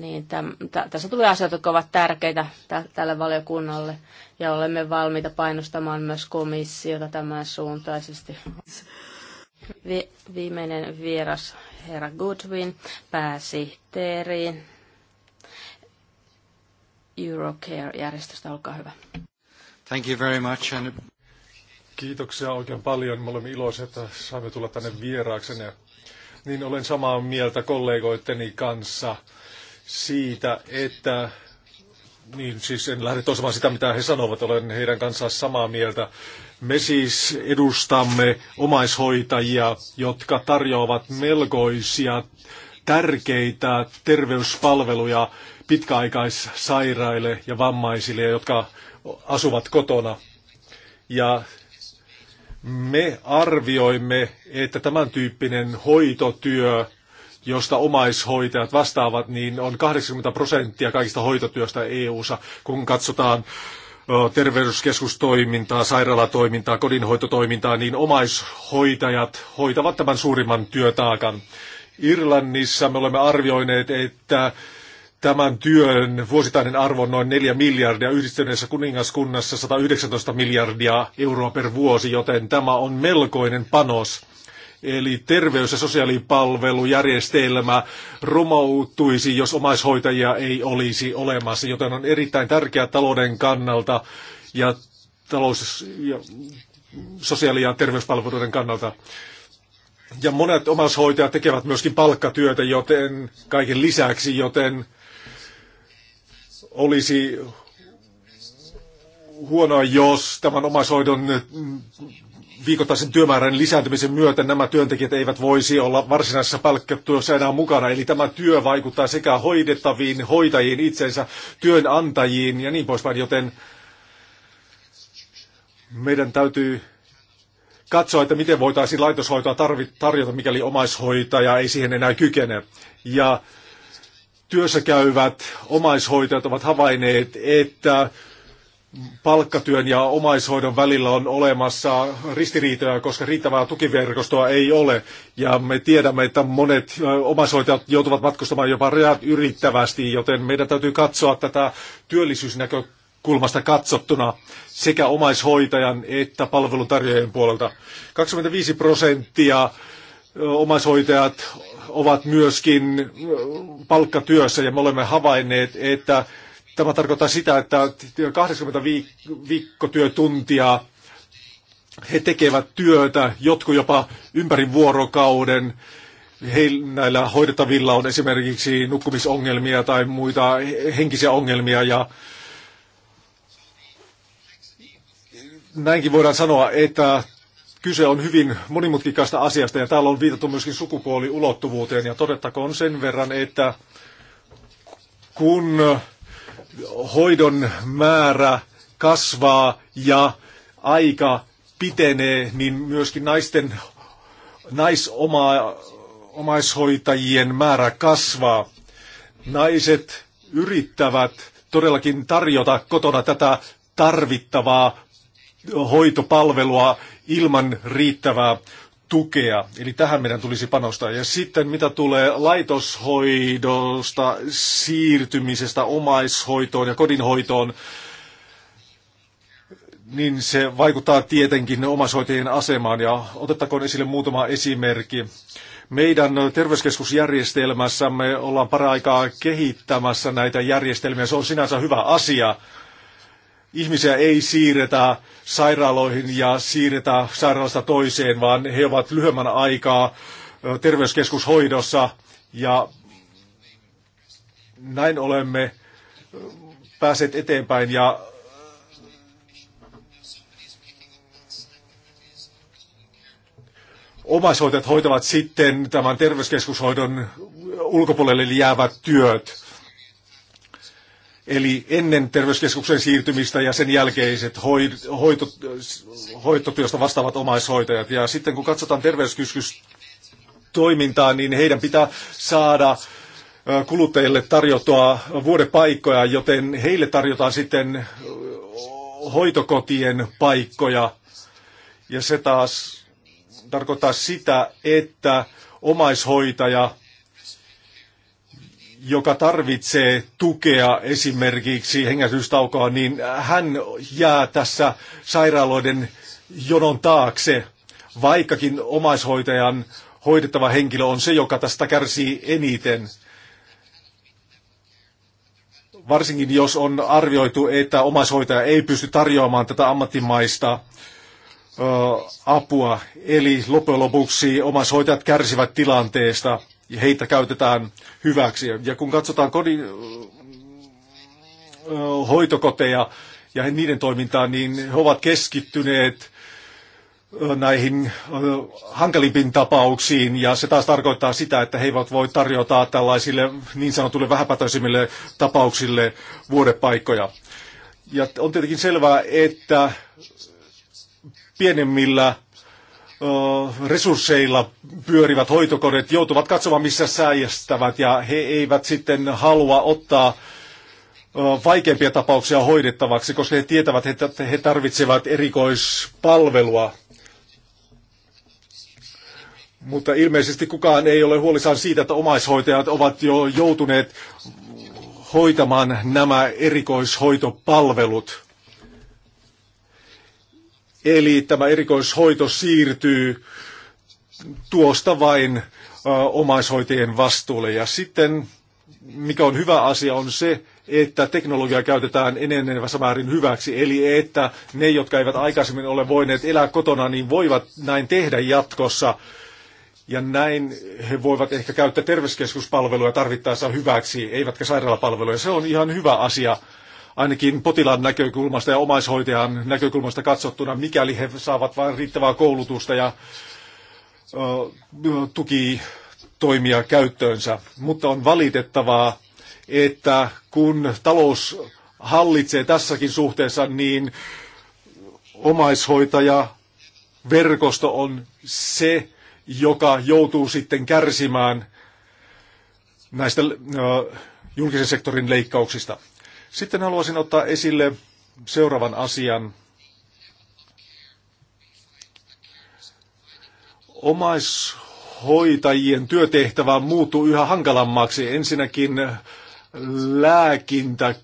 niin täm, t- tässä tulee asioita, jotka ovat tärkeitä t- tälle valiokunnalle ja olemme valmiita painostamaan myös komissiota tämän suuntaisesti. Vi- viimeinen vieras, herra Goodwin, pääsihteeri Eurocare-järjestöstä, olkaa hyvä. Thank you very much. And... Kiitoksia oikein paljon. Me olemme iloisia, että saimme tulla tänne vieraaksenne. Niin olen samaa mieltä kollegoitteni kanssa siitä, että niin siis en lähde toistamaan sitä, mitä he sanovat, olen heidän kanssaan samaa mieltä. Me siis edustamme omaishoitajia, jotka tarjoavat melkoisia tärkeitä terveyspalveluja pitkäaikaissairaille ja vammaisille, jotka asuvat kotona. Ja me arvioimme, että tämän tyyppinen hoitotyö, josta omaishoitajat vastaavat, niin on 80 prosenttia kaikista hoitotyöstä EU-ssa, kun katsotaan terveyskeskustoimintaa, sairaalatoimintaa, kodinhoitotoimintaa, niin omaishoitajat hoitavat tämän suurimman työtaakan. Irlannissa me olemme arvioineet, että tämän työn vuosittainen arvo on noin 4 miljardia, yhdistyneessä kuningaskunnassa 119 miljardia euroa per vuosi, joten tämä on melkoinen panos. Eli terveys- ja sosiaalipalvelujärjestelmä romautuisi, jos omaishoitajia ei olisi olemassa, joten on erittäin tärkeää talouden kannalta ja talous- ja sosiaali- ja terveyspalveluiden kannalta. Ja monet omaishoitajat tekevät myöskin palkkatyötä, joten kaiken lisäksi, joten olisi huonoa, jos tämän omaishoidon mm, viikoittaisen työmäärän lisääntymisen myötä nämä työntekijät eivät voisi olla varsinaisessa palkkatyössä enää mukana. Eli tämä työ vaikuttaa sekä hoidettaviin, hoitajiin itsensä, työnantajiin ja niin poispäin, joten meidän täytyy katsoa, että miten voitaisiin laitoshoitoa tarjota, mikäli omaishoitaja ei siihen enää kykene. Ja työssä käyvät omaishoitajat ovat havainneet, että palkkatyön ja omaishoidon välillä on olemassa ristiriitoja, koska riittävää tukiverkostoa ei ole. Ja me tiedämme, että monet omaishoitajat joutuvat matkustamaan jopa rajat yrittävästi, joten meidän täytyy katsoa tätä työllisyysnäkökulmasta katsottuna sekä omaishoitajan että palveluntarjoajien puolelta. 25 prosenttia omaishoitajat ovat myöskin palkkatyössä ja me olemme havainneet, että tämä tarkoittaa sitä, että 80 viik- viikkotyötuntia he tekevät työtä, jotkut jopa ympäri vuorokauden. Heillä näillä hoidettavilla on esimerkiksi nukkumisongelmia tai muita henkisiä ongelmia ja näinkin voidaan sanoa, että kyse on hyvin monimutkikasta asiasta ja täällä on viitattu myöskin sukupuoliulottuvuuteen ja todettakoon sen verran, että kun hoidon määrä kasvaa ja aika pitenee, niin myöskin naisten omaishoitajien määrä kasvaa. Naiset yrittävät todellakin tarjota kotona tätä tarvittavaa hoitopalvelua ilman riittävää tukea. Eli tähän meidän tulisi panostaa. Ja sitten mitä tulee laitoshoidosta, siirtymisestä omaishoitoon ja kodinhoitoon, niin se vaikuttaa tietenkin omaishoitajien asemaan. Ja otettakoon esille muutama esimerkki. Meidän terveyskeskusjärjestelmässämme ollaan paraikaa kehittämässä näitä järjestelmiä. Se on sinänsä hyvä asia, ihmisiä ei siirretä sairaaloihin ja siirretä sairaalasta toiseen, vaan he ovat lyhyemmän aikaa terveyskeskushoidossa ja näin olemme pääset eteenpäin ja omaishoitajat hoitavat sitten tämän terveyskeskushoidon ulkopuolelle jäävät työt. Eli ennen terveyskeskuksen siirtymistä ja sen jälkeiset hoito, hoitotyöstä vastaavat omaishoitajat. Ja sitten kun katsotaan toimintaa niin heidän pitää saada kuluttajille tarjottua vuodepaikkoja, joten heille tarjotaan sitten hoitokotien paikkoja. Ja se taas tarkoittaa sitä, että omaishoitaja – joka tarvitsee tukea esimerkiksi hengähdystaukoa, niin hän jää tässä sairaaloiden jonon taakse, vaikkakin omaishoitajan hoidettava henkilö on se, joka tästä kärsii eniten. Varsinkin jos on arvioitu, että omaishoitaja ei pysty tarjoamaan tätä ammattimaista apua. Eli loppujen lopuksi omaishoitajat kärsivät tilanteesta heitä käytetään hyväksi. Ja kun katsotaan kodin hoitokoteja ja niiden toimintaa, niin he ovat keskittyneet näihin hankalimpiin tapauksiin, ja se taas tarkoittaa sitä, että he eivät voi tarjota tällaisille niin sanotulle vähäpätöisimmille tapauksille vuodepaikkoja. Ja on tietenkin selvää, että pienemmillä resursseilla pyörivät hoitokodet joutuvat katsomaan, missä säästävät ja he eivät sitten halua ottaa vaikeampia tapauksia hoidettavaksi, koska he tietävät, että he tarvitsevat erikoispalvelua. Mutta ilmeisesti kukaan ei ole huolissaan siitä, että omaishoitajat ovat jo joutuneet hoitamaan nämä erikoishoitopalvelut. Eli tämä erikoishoito siirtyy tuosta vain omaishoitajien vastuulle. Ja sitten, mikä on hyvä asia, on se, että teknologiaa käytetään enenevässä määrin hyväksi, eli että ne, jotka eivät aikaisemmin ole voineet elää kotona, niin voivat näin tehdä jatkossa. Ja näin he voivat ehkä käyttää terveyskeskuspalveluja tarvittaessa hyväksi, eivätkä sairaalapalveluja. Se on ihan hyvä asia ainakin potilaan näkökulmasta ja omaishoitajan näkökulmasta katsottuna, mikäli he saavat vain riittävää koulutusta ja tuki toimia käyttöönsä. Mutta on valitettavaa, että kun talous hallitsee tässäkin suhteessa, niin omaishoitaja verkosto on se, joka joutuu sitten kärsimään näistä julkisen sektorin leikkauksista. Sitten haluaisin ottaa esille seuraavan asian. Omaishoitajien työtehtävä muuttuu yhä hankalammaksi. Ensinnäkin lääkintä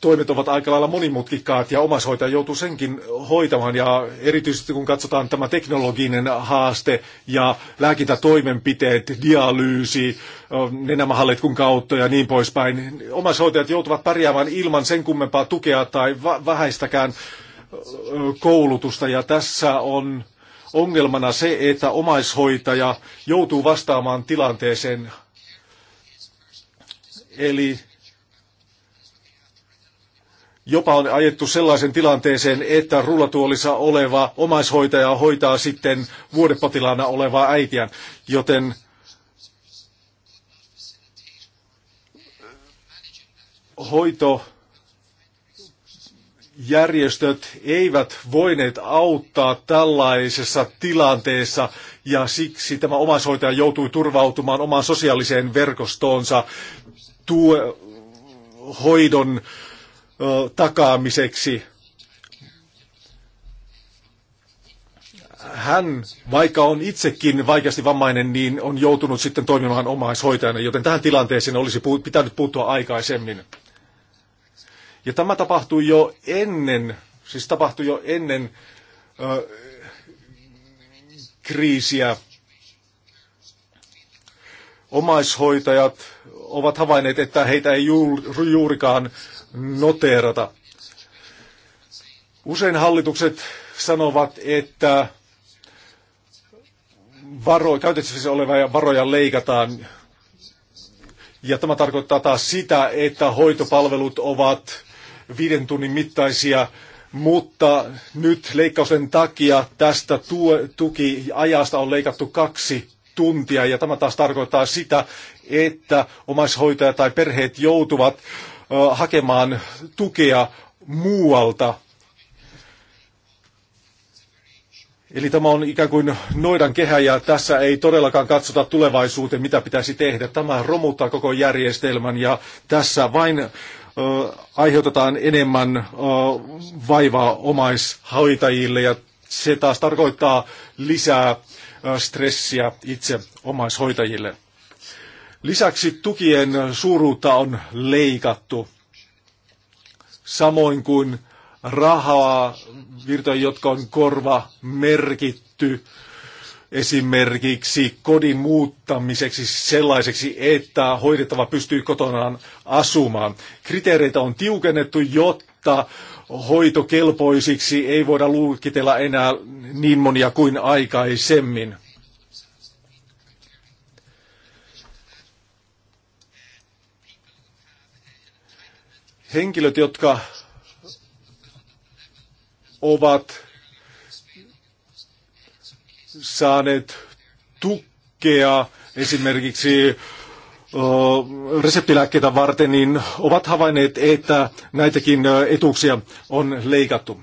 toimet ovat aika lailla monimutkikkaat ja omaishoitaja joutuu senkin hoitamaan ja erityisesti kun katsotaan tämä teknologinen haaste ja lääkintätoimenpiteet, dialyysi, nenämahalletkun kautta ja niin poispäin, omaishoitajat joutuvat pärjäämään ilman sen kummempaa tukea tai vähäistäkään koulutusta ja tässä on ongelmana se, että omaishoitaja joutuu vastaamaan tilanteeseen Eli Jopa on ajettu sellaisen tilanteeseen, että rullatuolissa oleva omaishoitaja hoitaa sitten vuodepotilaana olevaa äitiä, joten eh, hoito järjestöt eivät voineet auttaa tällaisessa tilanteessa ja siksi tämä omaishoitaja joutui turvautumaan omaan sosiaaliseen verkostoonsa tue, hoidon takaamiseksi. Hän, vaikka on itsekin vaikeasti vammainen, niin on joutunut sitten toimimaan omaishoitajana, joten tähän tilanteeseen olisi pitänyt puuttua aikaisemmin. Ja tämä tapahtui jo ennen, siis tapahtui jo ennen ö, kriisiä. Omaishoitajat ovat havainneet, että heitä ei juurikaan noteerata. Usein hallitukset sanovat, että varo, käytettävissä olevia varoja leikataan. Ja tämä tarkoittaa taas sitä, että hoitopalvelut ovat viiden tunnin mittaisia, mutta nyt leikkausten takia tästä tukiajasta on leikattu kaksi tuntia. Ja tämä taas tarkoittaa sitä, että omaishoitajat tai perheet joutuvat hakemaan tukea muualta. Eli tämä on ikään kuin noidan kehä ja tässä ei todellakaan katsota tulevaisuuteen, mitä pitäisi tehdä. Tämä romuttaa koko järjestelmän ja tässä vain ö, aiheutetaan enemmän ö, vaivaa omaishoitajille ja se taas tarkoittaa lisää stressiä itse omaishoitajille. Lisäksi tukien suuruutta on leikattu, samoin kuin rahaa, virtoja, jotka on korva merkitty esimerkiksi kodin muuttamiseksi sellaiseksi, että hoidettava pystyy kotonaan asumaan. Kriteereitä on tiukennettu, jotta hoitokelpoisiksi ei voida luokitella enää niin monia kuin aikaisemmin. henkilöt, jotka ovat saaneet tukea esimerkiksi reseptilääkkeitä varten, niin ovat havainneet, että näitäkin etuuksia on leikattu.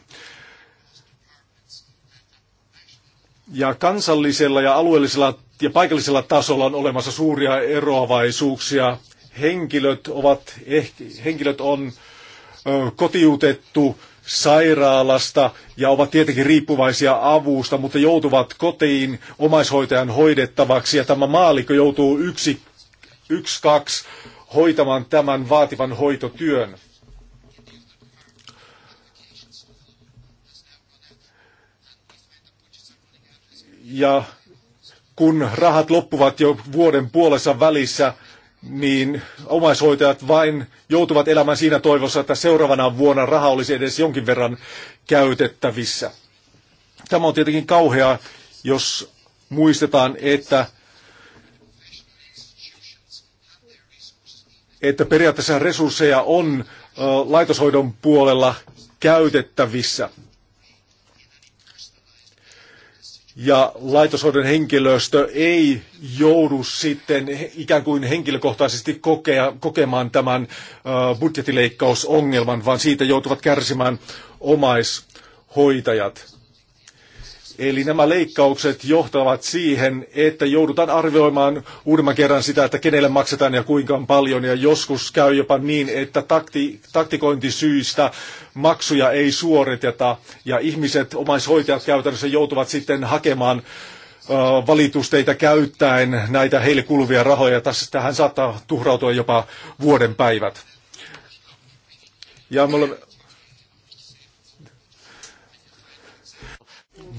Ja kansallisella ja alueellisella ja paikallisella tasolla on olemassa suuria eroavaisuuksia henkilöt, ovat, eh, henkilöt on kotiutettu sairaalasta ja ovat tietenkin riippuvaisia avusta, mutta joutuvat kotiin omaishoitajan hoidettavaksi ja tämä maalikko joutuu yksi, yksi kaksi hoitamaan tämän vaativan hoitotyön. Ja kun rahat loppuvat jo vuoden puolessa välissä, niin omaishoitajat vain joutuvat elämään siinä toivossa, että seuraavana vuonna raha olisi edes jonkin verran käytettävissä. Tämä on tietenkin kauhea, jos muistetaan, että että periaatteessa resursseja on laitoshoidon puolella käytettävissä. ja laitoshoidon henkilöstö ei joudu sitten ikään kuin henkilökohtaisesti kokea, kokemaan tämän äh, budjettileikkausongelman, vaan siitä joutuvat kärsimään omaishoitajat. Eli nämä leikkaukset johtavat siihen, että joudutaan arvioimaan uudemman kerran sitä, että kenelle maksetaan ja kuinka paljon. Ja joskus käy jopa niin, että takti, taktikointisyistä maksuja ei suoriteta ja ihmiset, omaishoitajat käytännössä joutuvat sitten hakemaan valitusteita käyttäen näitä heille kuluvia rahoja. Tässä tähän saattaa tuhrautua jopa vuoden päivät. Ja me olemme...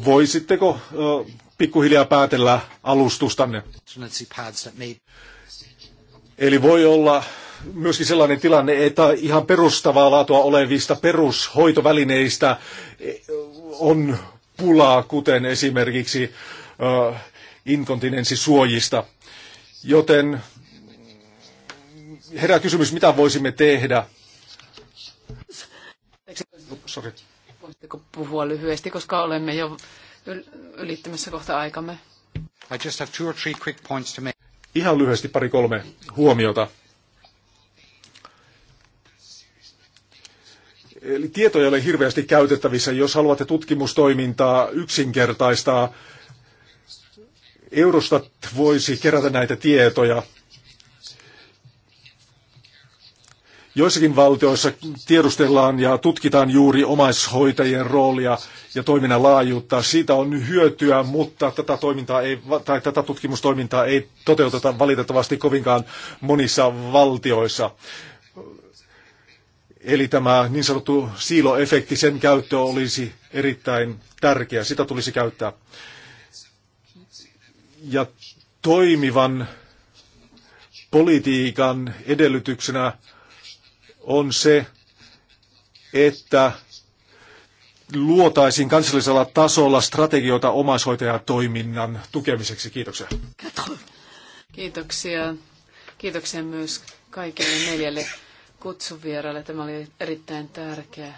Voisitteko uh, pikkuhiljaa päätellä alustustanne? Eli voi olla, myöskin sellainen tilanne, että ihan perustavaa laatua olevista perushoitovälineistä eh, on pulaa, kuten esimerkiksi eh, inkontinenssisuojista. Joten mm, herää kysymys, mitä voisimme tehdä? puhua lyhyesti, koska olemme jo ylittämässä kohta aikamme? I just have two or three quick points to make. Ihan lyhyesti pari kolme huomiota. Eli tietoja ei ole hirveästi käytettävissä. Jos haluatte tutkimustoimintaa yksinkertaistaa, Eurostat voisi kerätä näitä tietoja. Joissakin valtioissa tiedustellaan ja tutkitaan juuri omaishoitajien roolia ja toiminnan laajuutta. Siitä on hyötyä, mutta tätä, toimintaa ei, tai tätä tutkimustoimintaa ei toteuteta valitettavasti kovinkaan monissa valtioissa. Eli tämä niin sanottu siiloefekti, sen käyttö olisi erittäin tärkeä. Sitä tulisi käyttää. Ja toimivan politiikan edellytyksenä on se, että luotaisiin kansallisella tasolla strategioita omaishoitajatoiminnan tukemiseksi. Kiitoksia. Kiitoksia. Kiitoksia myös kaikille neljälle vieraille. Tämä oli erittäin tärkeä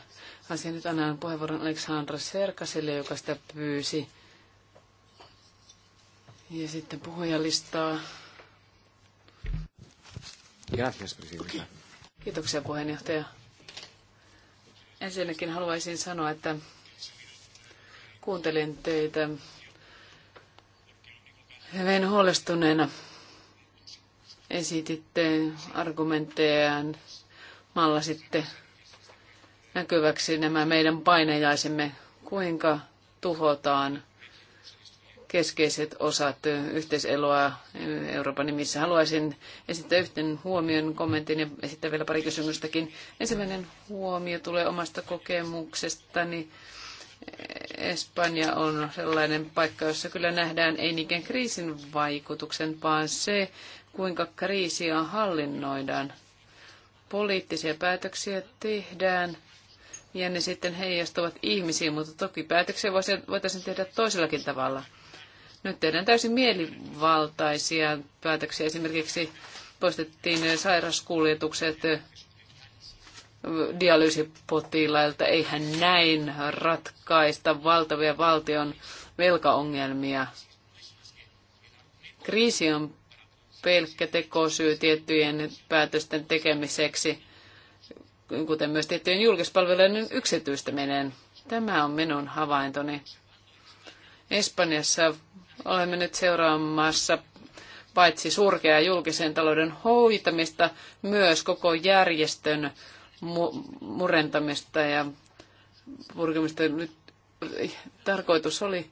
asia. Nyt annan puheenvuoron Aleksandra Serkasille, joka sitä pyysi. Ja sitten puhujalistaa. Gracias, presidenta. Kiitoksia puheenjohtaja. Ensinnäkin haluaisin sanoa, että kuuntelin teitä hyvin huolestuneena esititte argumentteja mallasitte näkyväksi nämä meidän painejaisemme, kuinka tuhotaan keskeiset osat yhteiseloa Euroopan nimissä. Haluaisin esittää yhten huomion, kommentin ja esittää vielä pari kysymystäkin. Ensimmäinen huomio tulee omasta kokemuksestani. Espanja on sellainen paikka, jossa kyllä nähdään ei niinkään kriisin vaikutuksen, vaan se, kuinka kriisiä hallinnoidaan poliittisia päätöksiä tehdään ja ne sitten heijastuvat ihmisiin, mutta toki päätöksiä voitaisiin tehdä toisellakin tavalla. Nyt tehdään täysin mielivaltaisia päätöksiä. Esimerkiksi poistettiin sairaskuljetukset dialyysipotilailta. Eihän näin ratkaista valtavia valtion velkaongelmia. Kriisi on pelkkä tekosyy tiettyjen päätösten tekemiseksi, kuten myös tiettyjen julkispalvelujen yksityistäminen. Tämä on minun havaintoni. Espanjassa olemme nyt seuraamassa paitsi surkea julkisen talouden hoitamista, myös koko järjestön murentamista ja purkamista. Nyt tarkoitus oli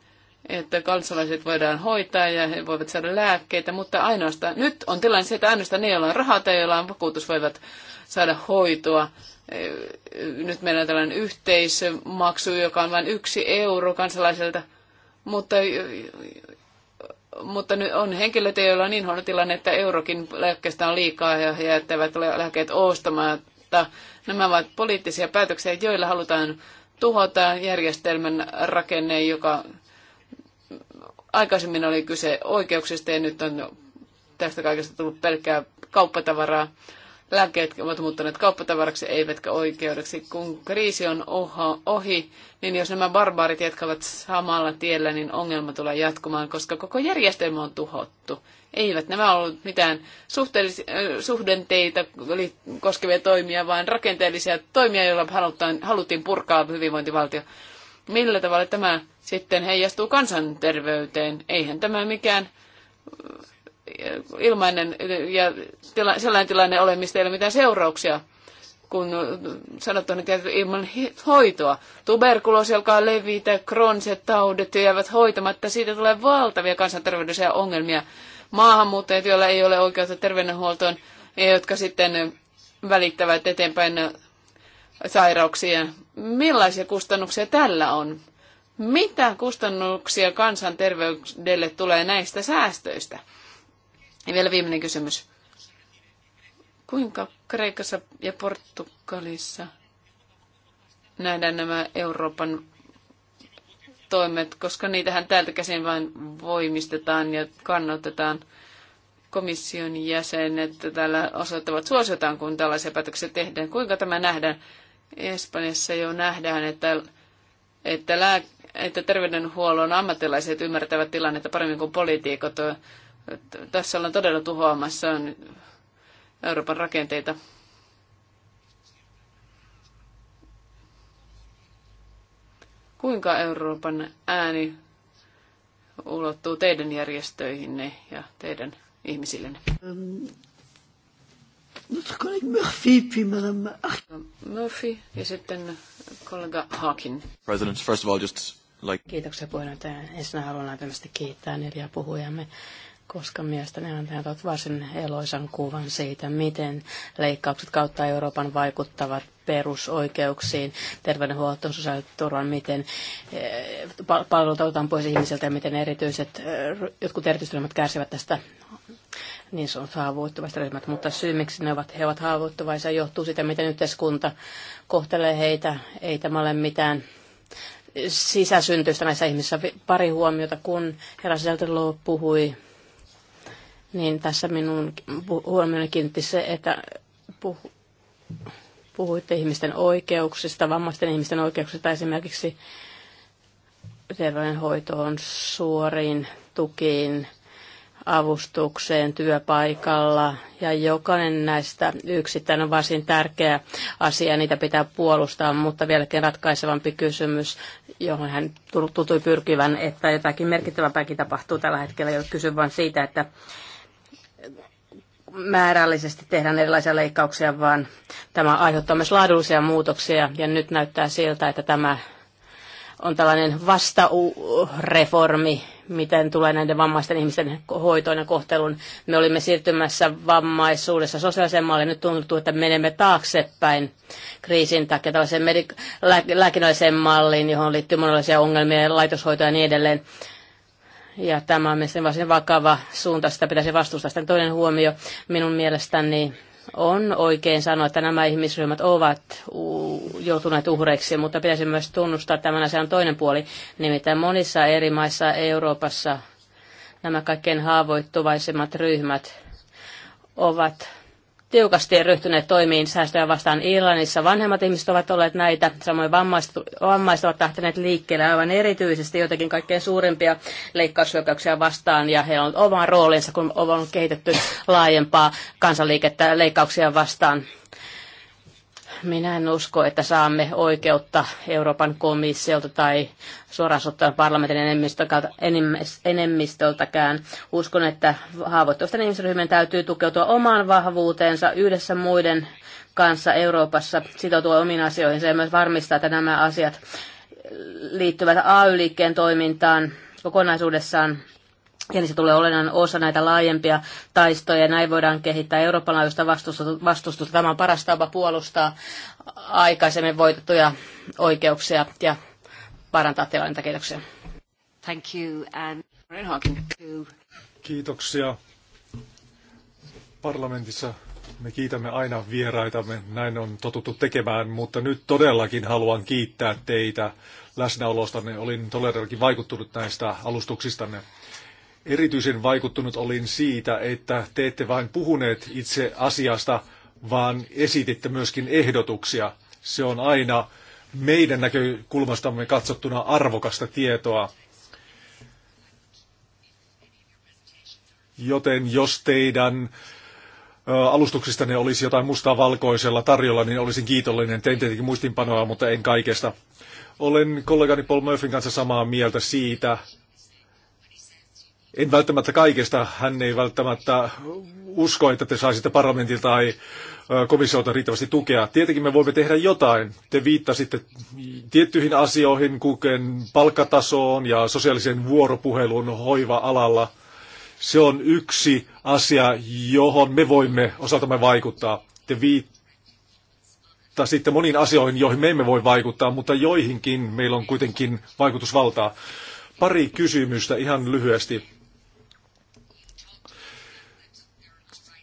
että kansalaiset voidaan hoitaa ja he voivat saada lääkkeitä, mutta ainoastaan, nyt on tilanne se, että ainoastaan ne, joilla on rahaa tai joilla on vakuutus, voivat saada hoitoa. Eh, nyt meillä on tällainen yhteismaksu, joka on vain yksi euro kansalaiselta, mutta, mutta nyt on henkilöitä, joilla on niin huono tilanne, että eurokin lääkkeestä on liikaa ja he jättävät lääkkeet ostamatta. Nämä ovat poliittisia päätöksiä, joilla halutaan tuhota järjestelmän rakenne, joka aikaisemmin oli kyse oikeuksista ja nyt on tästä kaikesta tullut pelkkää kauppatavaraa. Lääkkeet ovat muuttuneet kauppatavaraksi eivätkä oikeudeksi. Kun kriisi on ohi, niin jos nämä barbaarit jatkavat samalla tiellä, niin ongelma tulee jatkumaan, koska koko järjestelmä on tuhottu. Eivät nämä ollut mitään suhteellis- suhdenteita koskevia toimia, vaan rakenteellisia toimia, joilla halutaan, haluttiin purkaa hyvinvointivaltio. Millä tavalla tämä sitten heijastuu kansanterveyteen. Eihän tämä mikään äh, ilmainen ja tila, sellainen tilanne ole, mistä ei ole mitään seurauksia, kun sanottu on käytetty ilman hoitoa. Tuberkuloosi alkaa levitä, kroniset taudit jäävät hoitamatta, siitä tulee valtavia kansanterveydellisiä ongelmia. Maahanmuuttajat, joilla ei ole oikeutta terveydenhuoltoon, ja jotka sitten välittävät eteenpäin sairauksia. Millaisia kustannuksia tällä on? mitä kustannuksia kansanterveydelle tulee näistä säästöistä? Ja vielä viimeinen kysymys. Kuinka Kreikassa ja Portugalissa nähdään nämä Euroopan toimet, koska niitähän täältä käsin vain voimistetaan ja kannatetaan komission jäsenet täällä osoittavat suosiotaan, kun tällaisia päätöksiä tehdään. Kuinka tämä nähdään? Espanjassa jo nähdään, että, että lääke että terveydenhuollon ammattilaiset ymmärtävät tilannetta paremmin kuin poliitikot. Tässä ollaan todella tuhoamassa Euroopan rakenteita. Kuinka Euroopan ääni ulottuu teidän järjestöihinne ja teidän ihmisillenne? Um, Murphy, ja sitten kollega President, first of all, just like... Kiitoksia puheenjohtaja. Ensin haluan lämpimästi kiittää neljä puhujamme koska mielestäni antavat varsin eloisan kuvan siitä, miten leikkaukset kautta Euroopan vaikuttavat perusoikeuksiin, terveydenhuoltoon, sosiaaliturvaan, miten eh, palvelut otetaan pois ihmisiltä ja miten erityiset, eh, jotkut erityisryhmät kärsivät tästä niin sanotusti on haavoittuvaiset ryhmät, mutta syy miksi ne ovat, he ovat haavoittuvaisia johtuu siitä, miten yhteiskunta kohtelee heitä. Ei tämä ole mitään sisäsyntyistä näissä ihmisissä. Pari huomiota, kun herra Seltelo puhui, niin tässä minun huomioni kiinnitti se, että puhu, puhuitte ihmisten oikeuksista, vammaisten ihmisten oikeuksista esimerkiksi terveydenhoitoon, suoriin tukiin, avustukseen työpaikalla ja jokainen näistä yksittäin on varsin tärkeä asia, niitä pitää puolustaa, mutta vieläkin ratkaisevampi kysymys, johon hän tutui pyrkivän, että jotakin merkittävämpääkin tapahtuu tällä hetkellä, jos kysyn vain siitä, että määrällisesti tehdään erilaisia leikkauksia, vaan tämä aiheuttaa myös laadullisia muutoksia ja nyt näyttää siltä, että tämä on tällainen vastareformi, miten tulee näiden vammaisten ihmisten hoitoon ja kohteluun. Me olimme siirtymässä vammaisuudessa sosiaaliseen malliin. Nyt tuntuu, että menemme taaksepäin kriisin takia tällaiseen medik- lää- lääkinnälliseen malliin, johon liittyy monenlaisia ongelmia, laitoshoitoja ja niin edelleen. Ja tämä on mielestäni varsin vakava suunta, sitä pitäisi vastustaa. Sitten toinen huomio minun mielestäni on oikein sanoa, että nämä ihmisryhmät ovat joutuneet uhreiksi, mutta pitäisi myös tunnustaa tämän asian toinen puoli. Nimittäin monissa eri maissa Euroopassa nämä kaikkein haavoittuvaisimmat ryhmät ovat tiukasti ryhtyneet toimiin säästöjä vastaan Irlannissa. Vanhemmat ihmiset ovat olleet näitä, samoin vammaiset, vammaiset ovat lähteneet liikkeelle aivan erityisesti jotenkin kaikkein suurimpia leikkaushyökkäyksiä vastaan, ja heillä on oma roolinsa, kun on kehitetty laajempaa kansanliikettä leikkauksia vastaan minä en usko, että saamme oikeutta Euroopan komissiolta tai suoraan ottaen parlamentin enemmistöltäkään. Uskon, että haavoittuvisten ihmisryhmien täytyy tukeutua omaan vahvuuteensa yhdessä muiden kanssa Euroopassa, sitoutua omiin asioihinsa ja myös varmistaa, että nämä asiat liittyvät AY-liikkeen toimintaan kokonaisuudessaan Eli niin se tulee olennainen osa näitä laajempia taistoja. Näin voidaan kehittää Euroopan laajuista vastustusta. Tämä on paras tapa puolustaa aikaisemmin voitettuja oikeuksia ja parantaa tilannetta. Kiitoksia. Thank you um, and... Kiitoksia. Parlamentissa me kiitämme aina vieraitamme, näin on totuttu tekemään, mutta nyt todellakin haluan kiittää teitä läsnäolostanne. Olin todellakin vaikuttunut näistä alustuksistanne. Erityisen vaikuttunut olin siitä, että te ette vain puhuneet itse asiasta, vaan esititte myöskin ehdotuksia. Se on aina meidän näkökulmastamme katsottuna arvokasta tietoa. Joten jos teidän alustuksistanne olisi jotain mustaa valkoisella tarjolla, niin olisin kiitollinen. Tein tietenkin muistinpanoa, mutta en kaikesta. Olen kollegani Paul Murphyn kanssa samaa mieltä siitä, en välttämättä kaikesta, hän ei välttämättä usko, että te saisitte parlamentilta tai komissiolta riittävästi tukea. Tietenkin me voimme tehdä jotain. Te viittasitte tiettyihin asioihin, kuten palkkatasoon ja sosiaalisen vuoropuhelun hoiva-alalla. Se on yksi asia, johon me voimme osaltamme vaikuttaa. Te viittasitte moniin asioihin, joihin me emme voi vaikuttaa, mutta joihinkin meillä on kuitenkin vaikutusvaltaa. Pari kysymystä ihan lyhyesti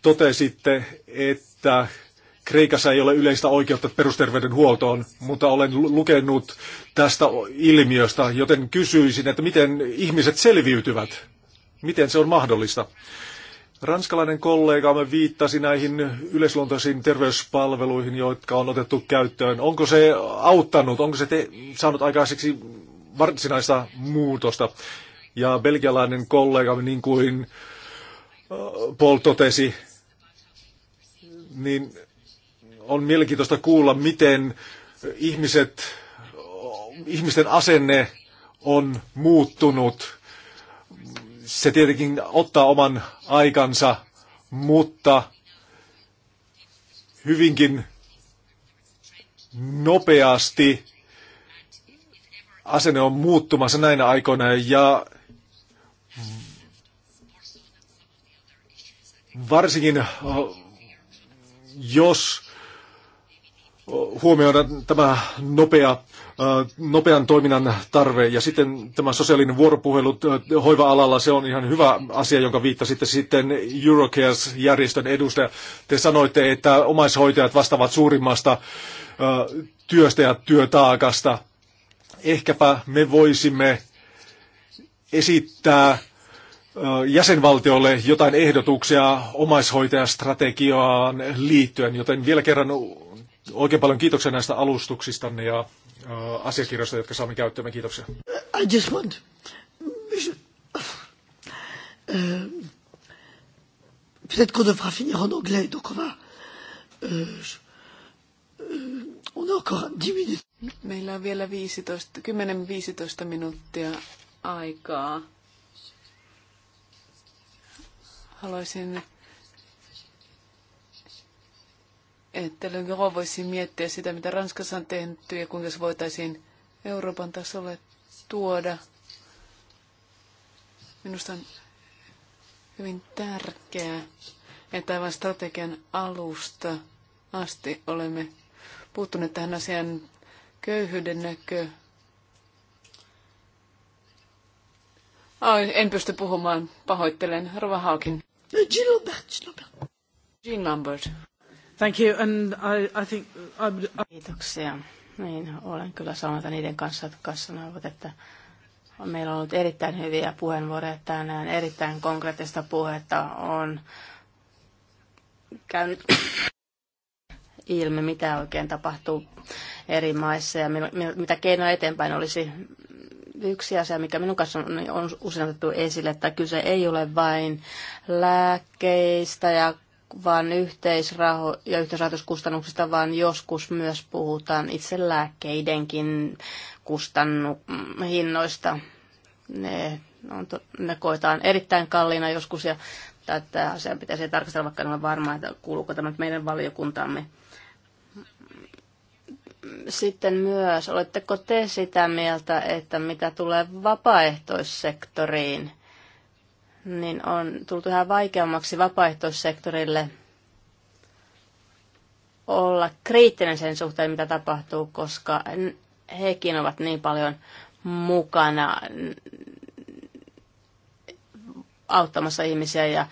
Totesitte, että Kreikassa ei ole yleistä oikeutta perusterveydenhuoltoon, mutta olen lukenut tästä ilmiöstä, joten kysyisin, että miten ihmiset selviytyvät? Miten se on mahdollista? Ranskalainen kollega me viittasi näihin yleisluontoisiin terveyspalveluihin, jotka on otettu käyttöön. Onko se auttanut, onko se te- saanut aikaiseksi varsinaista muutosta? Ja belgialainen kollega niin kuin äh, Paul totesi, niin on mielenkiintoista kuulla, miten ihmiset, ihmisten asenne on muuttunut. Se tietenkin ottaa oman aikansa, mutta hyvinkin nopeasti asenne on muuttumassa näinä aikoina ja varsinkin jos huomioidaan tämä nopea, nopean toiminnan tarve ja sitten tämä sosiaalinen vuoropuhelu hoiva-alalla, se on ihan hyvä asia, jonka viittasitte sitten Eurocares-järjestön edustaja. Te sanoitte, että omaishoitajat vastaavat suurimmasta työstä ja työtaakasta. Ehkäpä me voisimme esittää jäsenvaltioille jotain ehdotuksia omaishoitajastrategiaan liittyen, joten vielä kerran oikein paljon kiitoksia näistä alustuksistanne ja asiakirjoista, jotka saamme käyttöömme. Kiitoksia. I just want... Peut-être qu'on devra finir en anglais, donc on va... on a encore 10 minutes. Meillä on vielä 15, 10-15 minuuttia aikaa. Haluaisin, että Legrand voisi miettiä sitä, mitä Ranskassa on tehty ja kuinka se voitaisiin Euroopan tasolle tuoda. Minusta on hyvin tärkeää, että aivan strategian alusta asti olemme puuttuneet tähän asian köyhyyden näkökulmasta Ai, en pysty puhumaan. Pahoittelen. Rova Haakin. No, Jean Lambert. Jean Lambert. Thank you, and I, I think... I, I... Kiitoksia. Niin, olen kyllä samalta niiden kanssa, jotka sanoivat, että meillä on ollut erittäin hyviä puheenvuoroja tänään. Erittäin konkreettista puhetta on käynyt ilmi, mitä oikein tapahtuu eri maissa ja mitä keinoja eteenpäin olisi Yksi asia, mikä minun kanssa on, on usein otettu esille, että kyse ei ole vain lääkkeistä ja vaan yhteisraho- ja yhteisrahoituskustannuksista, vaan joskus myös puhutaan itse lääkkeidenkin kustannuhinnoista. Ne, on to- ne koetaan erittäin kalliina joskus ja tätä asiaa pitäisi tarkastella, vaikka en ole varma, että kuuluuko tämä meidän valiokuntaamme sitten myös, oletteko te sitä mieltä, että mitä tulee vapaaehtoissektoriin, niin on tultu ihan vaikeammaksi vapaaehtoissektorille olla kriittinen sen suhteen, mitä tapahtuu, koska hekin ovat niin paljon mukana auttamassa ihmisiä ja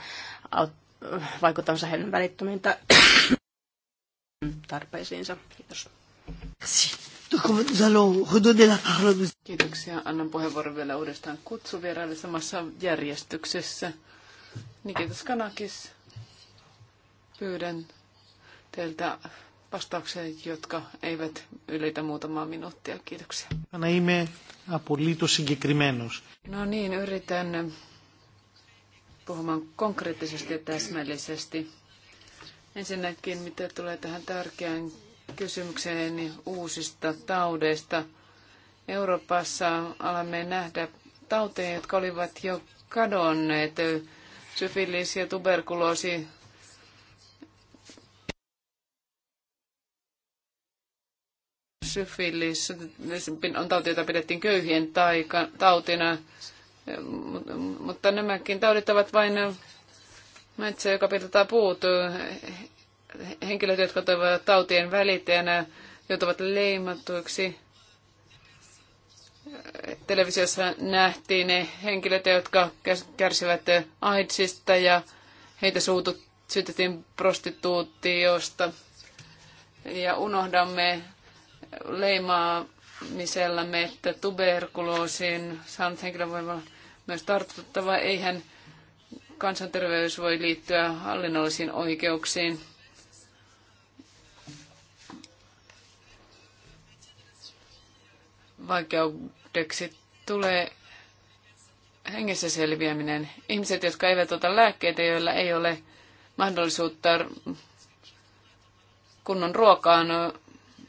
vaikuttamassa heidän välittömiin tarpeisiinsa. Kiitos. Kiitoksia. Annan puheenvuoron vielä uudestaan kutsuvieraille samassa järjestyksessä. Nikitas Kanakis, pyydän teiltä vastauksia, jotka eivät ylitä muutamaa minuuttia. Kiitoksia. Anna ime απολύτως συγκεκριμένος. No niin, yritän puhumaan konkreettisesti ja täsmällisesti. Ensinnäkin, mitä tulee tähän tärkeään kysymykseeni uusista taudeista. Euroopassa alamme nähdä tauteja, jotka olivat jo kadonneet. Syfilis ja tuberkuloosi syfilis on tauti, jota pidettiin köyhien taika, tautina, mutta nämäkin taudit ovat vain metsä, joka pidetään puut henkilöt, jotka toivat tautien välittäjänä, joutuvat leimattuiksi Televisiossa nähtiin ne henkilöt, jotka kärsivät AIDSista ja heitä suutut, syytettiin prostituutiosta. Ja unohdamme leimaamisellamme, että tuberkuloosiin saanut henkilö voi olla myös tartuttava. Eihän kansanterveys voi liittyä hallinnollisiin oikeuksiin. vaikeudeksi tulee hengessä selviäminen. Ihmiset, jotka eivät ota lääkkeitä, joilla ei ole mahdollisuutta kunnon ruokaan,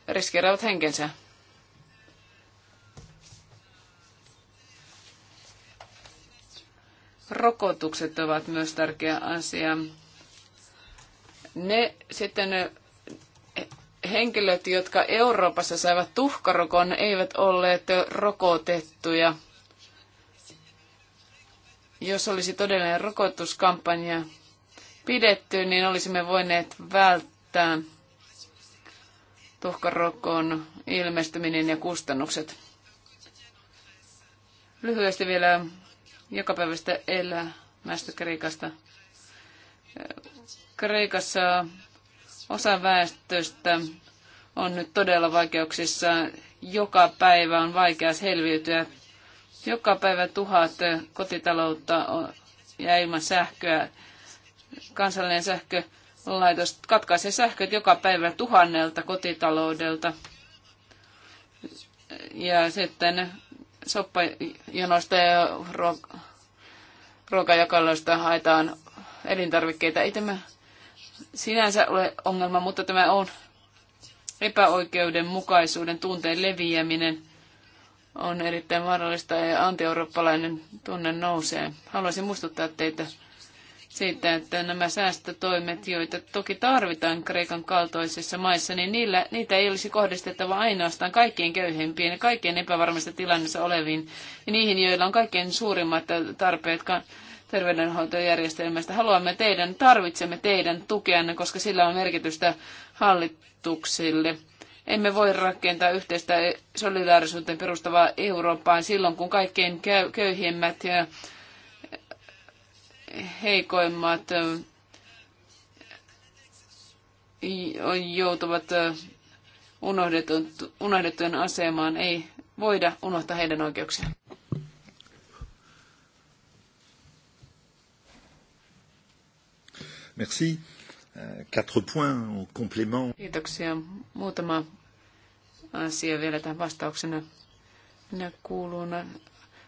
riskeeraavat henkensä. Rokotukset ovat myös tärkeä asia. Ne sitten henkilöt, jotka Euroopassa saivat tuhkarokon, eivät olleet rokotettuja. Jos olisi todellinen rokotuskampanja pidetty, niin olisimme voineet välttää tuhkarokon ilmestyminen ja kustannukset. Lyhyesti vielä jokapäiväistä elämästä Kreikasta. Kreikassa Osa väestöstä on nyt todella vaikeuksissa. Joka päivä on vaikea selviytyä. Joka päivä tuhat kotitaloutta ja ilman sähköä. Kansallinen sähkölaitos katkaisee sähköt joka päivä tuhannelta kotitaloudelta. Ja sitten soppajonosta ja ruokajakaloista haetaan elintarvikkeita. Itse sinänsä ole ongelma, mutta tämä on epäoikeudenmukaisuuden tunteen leviäminen on erittäin vaarallista ja antieurooppalainen tunne nousee. Haluaisin muistuttaa teitä siitä, että nämä säästötoimet, joita toki tarvitaan Kreikan kaltoisissa maissa, niin niillä, niitä ei olisi kohdistettava ainoastaan kaikkien köyhempien ja kaikkien epävarmassa tilannessa oleviin ja niihin, joilla on kaikkein suurimmat tarpeet terveydenhoitojärjestelmästä. Haluamme teidän, tarvitsemme teidän tukeanne, koska sillä on merkitystä hallituksille. Emme voi rakentaa yhteistä solidaarisuuteen perustavaa Eurooppaan silloin, kun kaikkein köyhimmät ja heikoimmat äh, joutuvat äh, unohdettujen asemaan. Ei voida unohtaa heidän oikeuksiaan. Merci. Euh, quatre points complément. Kiitoksia. Muutama asia vielä tähän vastauksena. Minä kuulun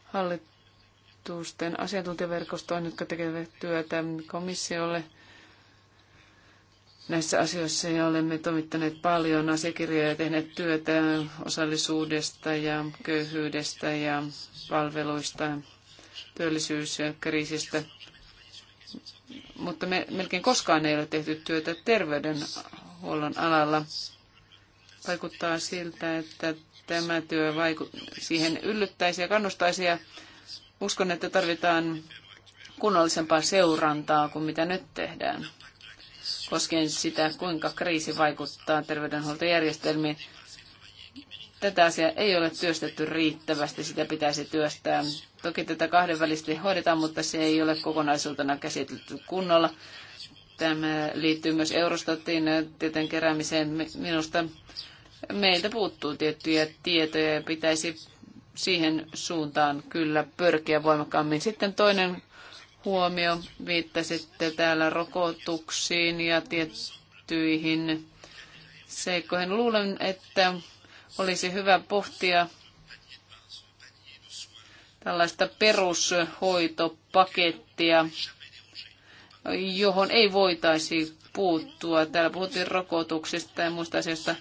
hallitusten asiantuntijaverkostoon, jotka tekevät työtä komissiolle näissä asioissa ja olemme toimittaneet paljon asiakirjoja ja tehneet työtä osallisuudesta ja köyhyydestä ja palveluista, työllisyyskriisistä. Ja kriisistä mutta me, melkein koskaan ei ole tehty työtä terveydenhuollon alalla. Vaikuttaa siltä, että tämä työ vaiku- siihen yllyttäisi ja kannustaisi ja uskon, että tarvitaan kunnollisempaa seurantaa kuin mitä nyt tehdään koskien sitä, kuinka kriisi vaikuttaa terveydenhuoltojärjestelmiin. Tätä asiaa ei ole työstetty riittävästi, sitä pitäisi työstää Toki tätä kahdenvälisesti hoidetaan, mutta se ei ole kokonaisuutena käsitelty kunnolla. Tämä liittyy myös Eurostatin tieteen keräämiseen. Minusta meiltä puuttuu tiettyjä tietoja ja pitäisi siihen suuntaan kyllä pyrkiä voimakkaammin. Sitten toinen huomio, viittasitte täällä rokotuksiin ja tiettyihin seikkoihin. Luulen, että olisi hyvä pohtia tällaista perushoitopakettia, johon ei voitaisi puuttua. Täällä puhuttiin rokotuksista ja muista asioista.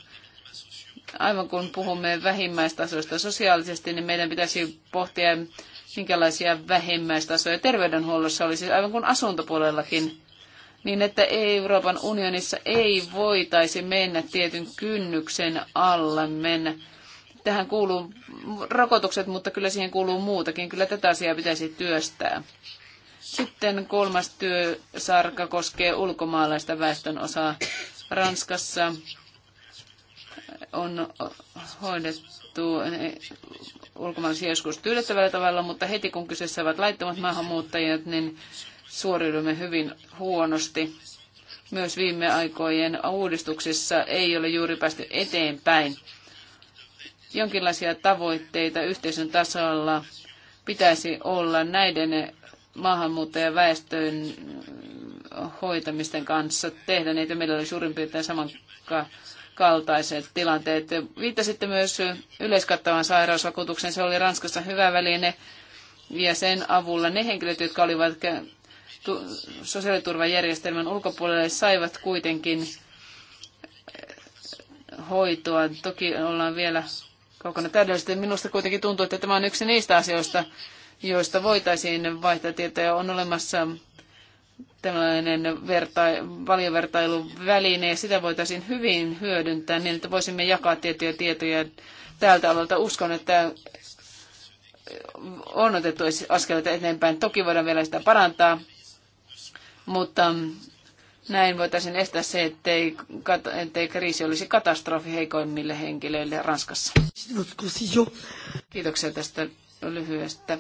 Aivan kun puhumme vähimmäistasoista sosiaalisesti, niin meidän pitäisi pohtia, minkälaisia vähimmäistasoja terveydenhuollossa olisi, aivan kuin asuntopuolellakin niin että Euroopan unionissa ei voitaisi mennä tietyn kynnyksen alle mennä Tähän kuuluu rokotukset, mutta kyllä siihen kuuluu muutakin. Kyllä tätä asiaa pitäisi työstää. Sitten kolmas työsarka koskee ulkomaalaista väestön osaa. Ranskassa on hoidettu ulkomaalaisia joskus tyydyttävällä tavalla, mutta heti kun kyseessä ovat laittomat maahanmuuttajat, niin suoriudumme hyvin huonosti. Myös viime aikojen uudistuksissa ei ole juuri päästy eteenpäin jonkinlaisia tavoitteita yhteisön tasolla pitäisi olla näiden maahanmuuttajaväestön hoitamisten kanssa tehdä niitä. Meillä oli suurin piirtein samankaltaiset tilanteet. Viittasitte myös yleiskattavan sairausvakuutuksen. Se oli Ranskassa hyvä väline ja sen avulla ne henkilöt, jotka olivat sosiaaliturvajärjestelmän ulkopuolelle, saivat kuitenkin hoitoa. Toki ollaan vielä kaukana täydellisesti. Minusta kuitenkin tuntuu, että tämä on yksi niistä asioista, joista voitaisiin vaihtaa tietoja. On olemassa tällainen vertai- valiovertailuväline, ja sitä voitaisiin hyvin hyödyntää niin, että voisimme jakaa tiettyjä tietoja tältä alalta. Uskon, että on otettu askeleita eteenpäin. Toki voidaan vielä sitä parantaa, mutta näin voitaisiin estää se, ettei, ettei kriisi olisi katastrofi heikoimmille henkilöille Ranskassa. Kiitoksia tästä lyhyestä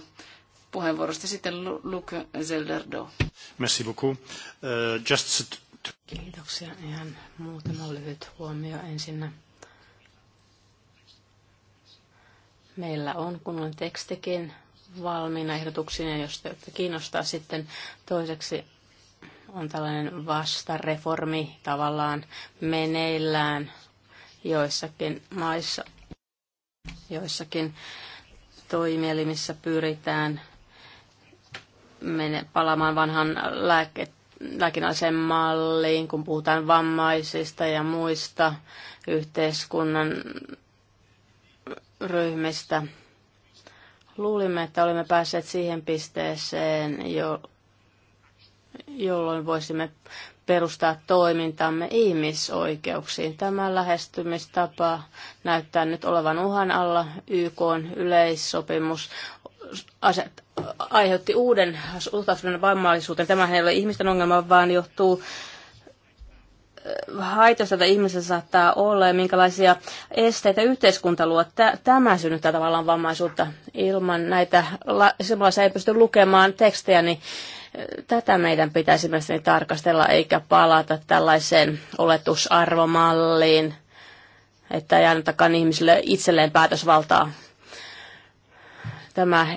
puheenvuorosta. Sitten Luc Zelderdo. Merci beaucoup. Uh, just... Kiitoksia. Ihan muutama lyhyt huomio ensinnä. Meillä on kunnon tekstikin valmiina ehdotuksina, jos kiinnostaa sitten toiseksi on tällainen vastareformi tavallaan meneillään joissakin maissa, joissakin toimielimissä pyritään mene, palaamaan vanhan lääke, lääkinnalliseen malliin, kun puhutaan vammaisista ja muista yhteiskunnan ryhmistä. Luulimme, että olimme päässeet siihen pisteeseen, jo, jolloin voisimme perustaa toimintamme ihmisoikeuksiin. Tämä lähestymistapa näyttää nyt olevan uhan alla. YK yleissopimus aset, aiheutti uuden suhtautuminen vammaisuuteen. Tämä ei ole ihmisten ongelma, vaan johtuu äh, haitoista, joita ihmisessä saattaa olla ja minkälaisia esteitä yhteiskunta luo. Tämä synnyttää tavallaan vammaisuutta. Ilman näitä, semmoisia ei pysty lukemaan tekstejä, niin Tätä meidän pitäisi mielestäni niin tarkastella eikä palata tällaiseen oletusarvomalliin, että ei annetakaan ihmisille itselleen päätösvaltaa. Tämä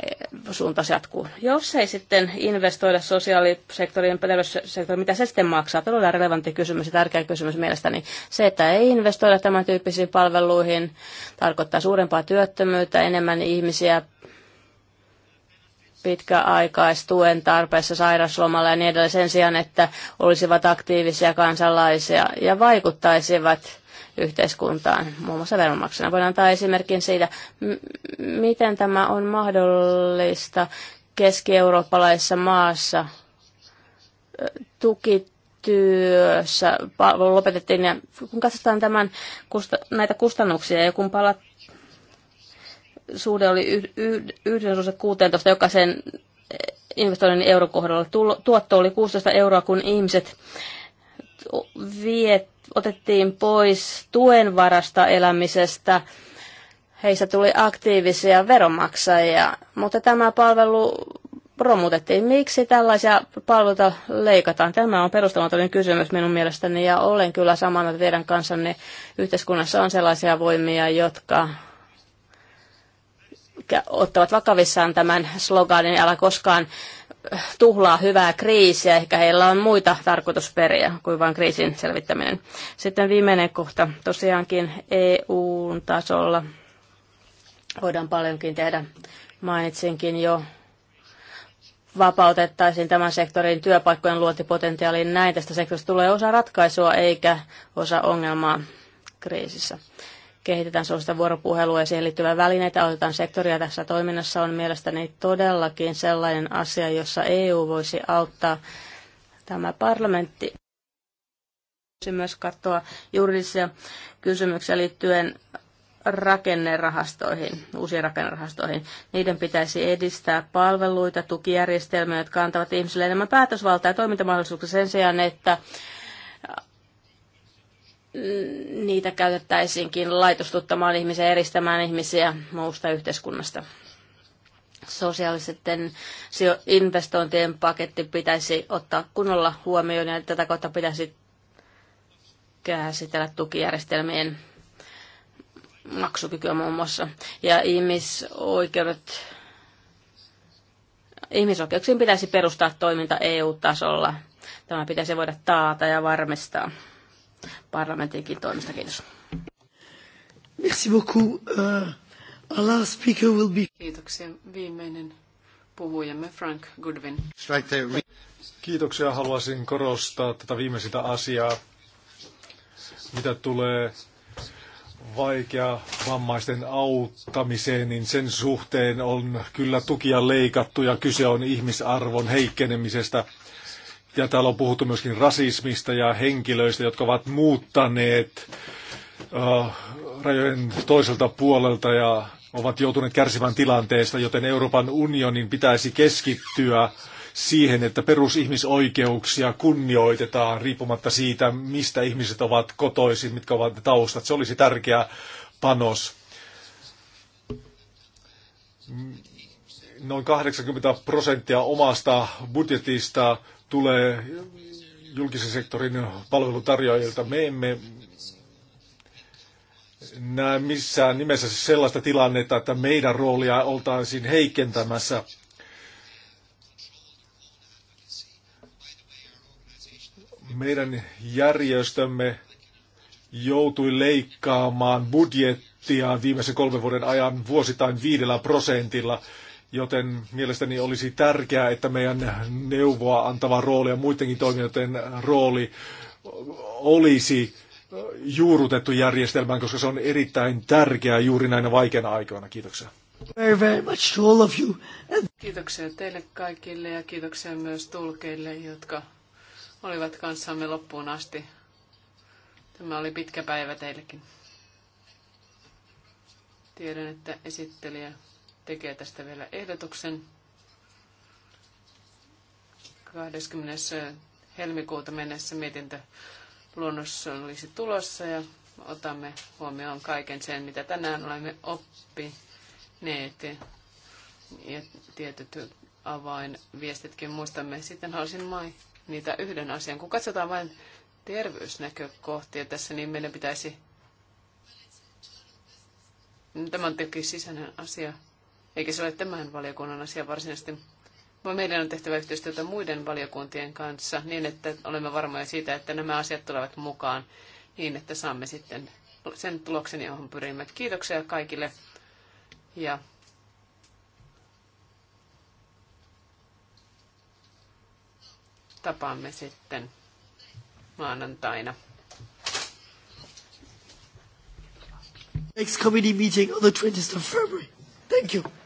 suunta jatkuu. Jos ei sitten investoida sosiaalisektoriin, terveyssektoriin, mitä se sitten maksaa? Todella relevantti kysymys ja tärkeä kysymys mielestäni. Se, että ei investoida tämän tyyppisiin palveluihin, tarkoittaa suurempaa työttömyyttä, enemmän ihmisiä pitkäaikaistuen tarpeessa sairaslomalla ja niin edelleen sen sijaan, että olisivat aktiivisia kansalaisia ja vaikuttaisivat yhteiskuntaan, muun muassa veronmaksajana. Voidaan antaa esimerkin siitä, miten tämä on mahdollista keski-eurooppalaisessa maassa. Tukityössä lopetettiin, ja kun katsotaan tämän, näitä kustannuksia ja kun palat, suhde oli 1,16, osa 16 jokaisen eh, investoinnin eurokohdalla. Tuotto oli 16 euroa, kun ihmiset viet, otettiin pois tuen varasta elämisestä. Heistä tuli aktiivisia veronmaksajia, mutta tämä palvelu romutettiin. Miksi tällaisia palveluita leikataan? Tämä on perustamaton kysymys minun mielestäni ja olen kyllä samana teidän kanssanne. Yhteiskunnassa on sellaisia voimia, jotka ottavat vakavissaan tämän sloganin, älä koskaan tuhlaa hyvää kriisiä, ehkä heillä on muita tarkoitusperiä kuin vain kriisin selvittäminen. Sitten viimeinen kohta, tosiaankin EU-tasolla voidaan paljonkin tehdä. Mainitsinkin jo vapautettaisiin tämän sektorin työpaikkojen luontipotentiaaliin näin. Tästä sektorista tulee osa ratkaisua eikä osa ongelmaa kriisissä kehitetään sellaista vuoropuhelua ja siihen liittyvää välineitä, otetaan sektoria tässä toiminnassa, on mielestäni todellakin sellainen asia, jossa EU voisi auttaa tämä parlamentti. Voisi myös katsoa juridisia kysymyksiä liittyen rakennerahastoihin, uusiin rakennerahastoihin. Niiden pitäisi edistää palveluita, tukijärjestelmiä, jotka antavat ihmisille enemmän päätösvaltaa ja toimintamahdollisuuksia sen sijaan, että niitä käytettäisiinkin laitostuttamaan ihmisiä, eristämään ihmisiä muusta yhteiskunnasta. Sosiaalisten investointien paketti pitäisi ottaa kunnolla huomioon ja tätä kautta pitäisi käsitellä tukijärjestelmien maksukykyä muun muassa. Ja ihmisoikeudet, ihmisoikeuksiin pitäisi perustaa toiminta EU-tasolla. Tämä pitäisi voida taata ja varmistaa parlamentinkin toimesta. Kiitos. Merci beaucoup. Uh, our last speaker will be... Kiitoksia. Viimeinen puhujamme Frank Goodwin. Kiitoksia. Haluaisin korostaa tätä viimeisintä asiaa, mitä tulee vaikea vammaisten auttamiseen, niin sen suhteen on kyllä tukia leikattu ja kyse on ihmisarvon heikkenemisestä – ja täällä on puhuttu myöskin rasismista ja henkilöistä, jotka ovat muuttaneet uh, rajojen toiselta puolelta ja ovat joutuneet kärsivän tilanteesta, joten Euroopan unionin pitäisi keskittyä siihen, että perusihmisoikeuksia kunnioitetaan riippumatta siitä, mistä ihmiset ovat kotoisin, mitkä ovat ne taustat. Se olisi tärkeä panos. Noin 80 prosenttia omasta budjetista tulee julkisen sektorin palvelutarjoajilta. Me emme näe missään nimessä sellaista tilannetta, että meidän roolia oltaisiin heikentämässä. Meidän järjestömme joutui leikkaamaan budjettia viimeisen kolmen vuoden ajan vuosittain viidellä prosentilla – Joten mielestäni olisi tärkeää, että meidän neuvoa antava rooli ja muidenkin toimijoiden rooli olisi juurrutettu järjestelmään, koska se on erittäin tärkeää juuri näinä vaikeina aikoina. Kiitoksia. Very, very much to all of you. Kiitoksia teille kaikille ja kiitoksia myös tulkeille, jotka olivat kanssamme loppuun asti. Tämä oli pitkä päivä teillekin. Tiedän, että esittelijä tekee tästä vielä ehdotuksen. 20. helmikuuta mennessä mietintö luonnossa olisi tulossa ja otamme huomioon kaiken sen, mitä tänään olemme oppineet ja tietyt avainviestitkin muistamme. Sitten haluaisin mainita yhden asian. Kun katsotaan vain terveysnäkökohtia tässä, niin meidän pitäisi... Tämä on tietenkin sisäinen asia, eikä se ole tämän valiokunnan asia varsinaisesti. Vaan meidän on tehtävä yhteistyötä muiden valiokuntien kanssa niin, että olemme varmoja siitä, että nämä asiat tulevat mukaan niin, että saamme sitten sen tuloksen, johon pyrimme. Kiitoksia kaikille ja tapaamme sitten maanantaina. Next committee meeting on the 20th of February. Thank you.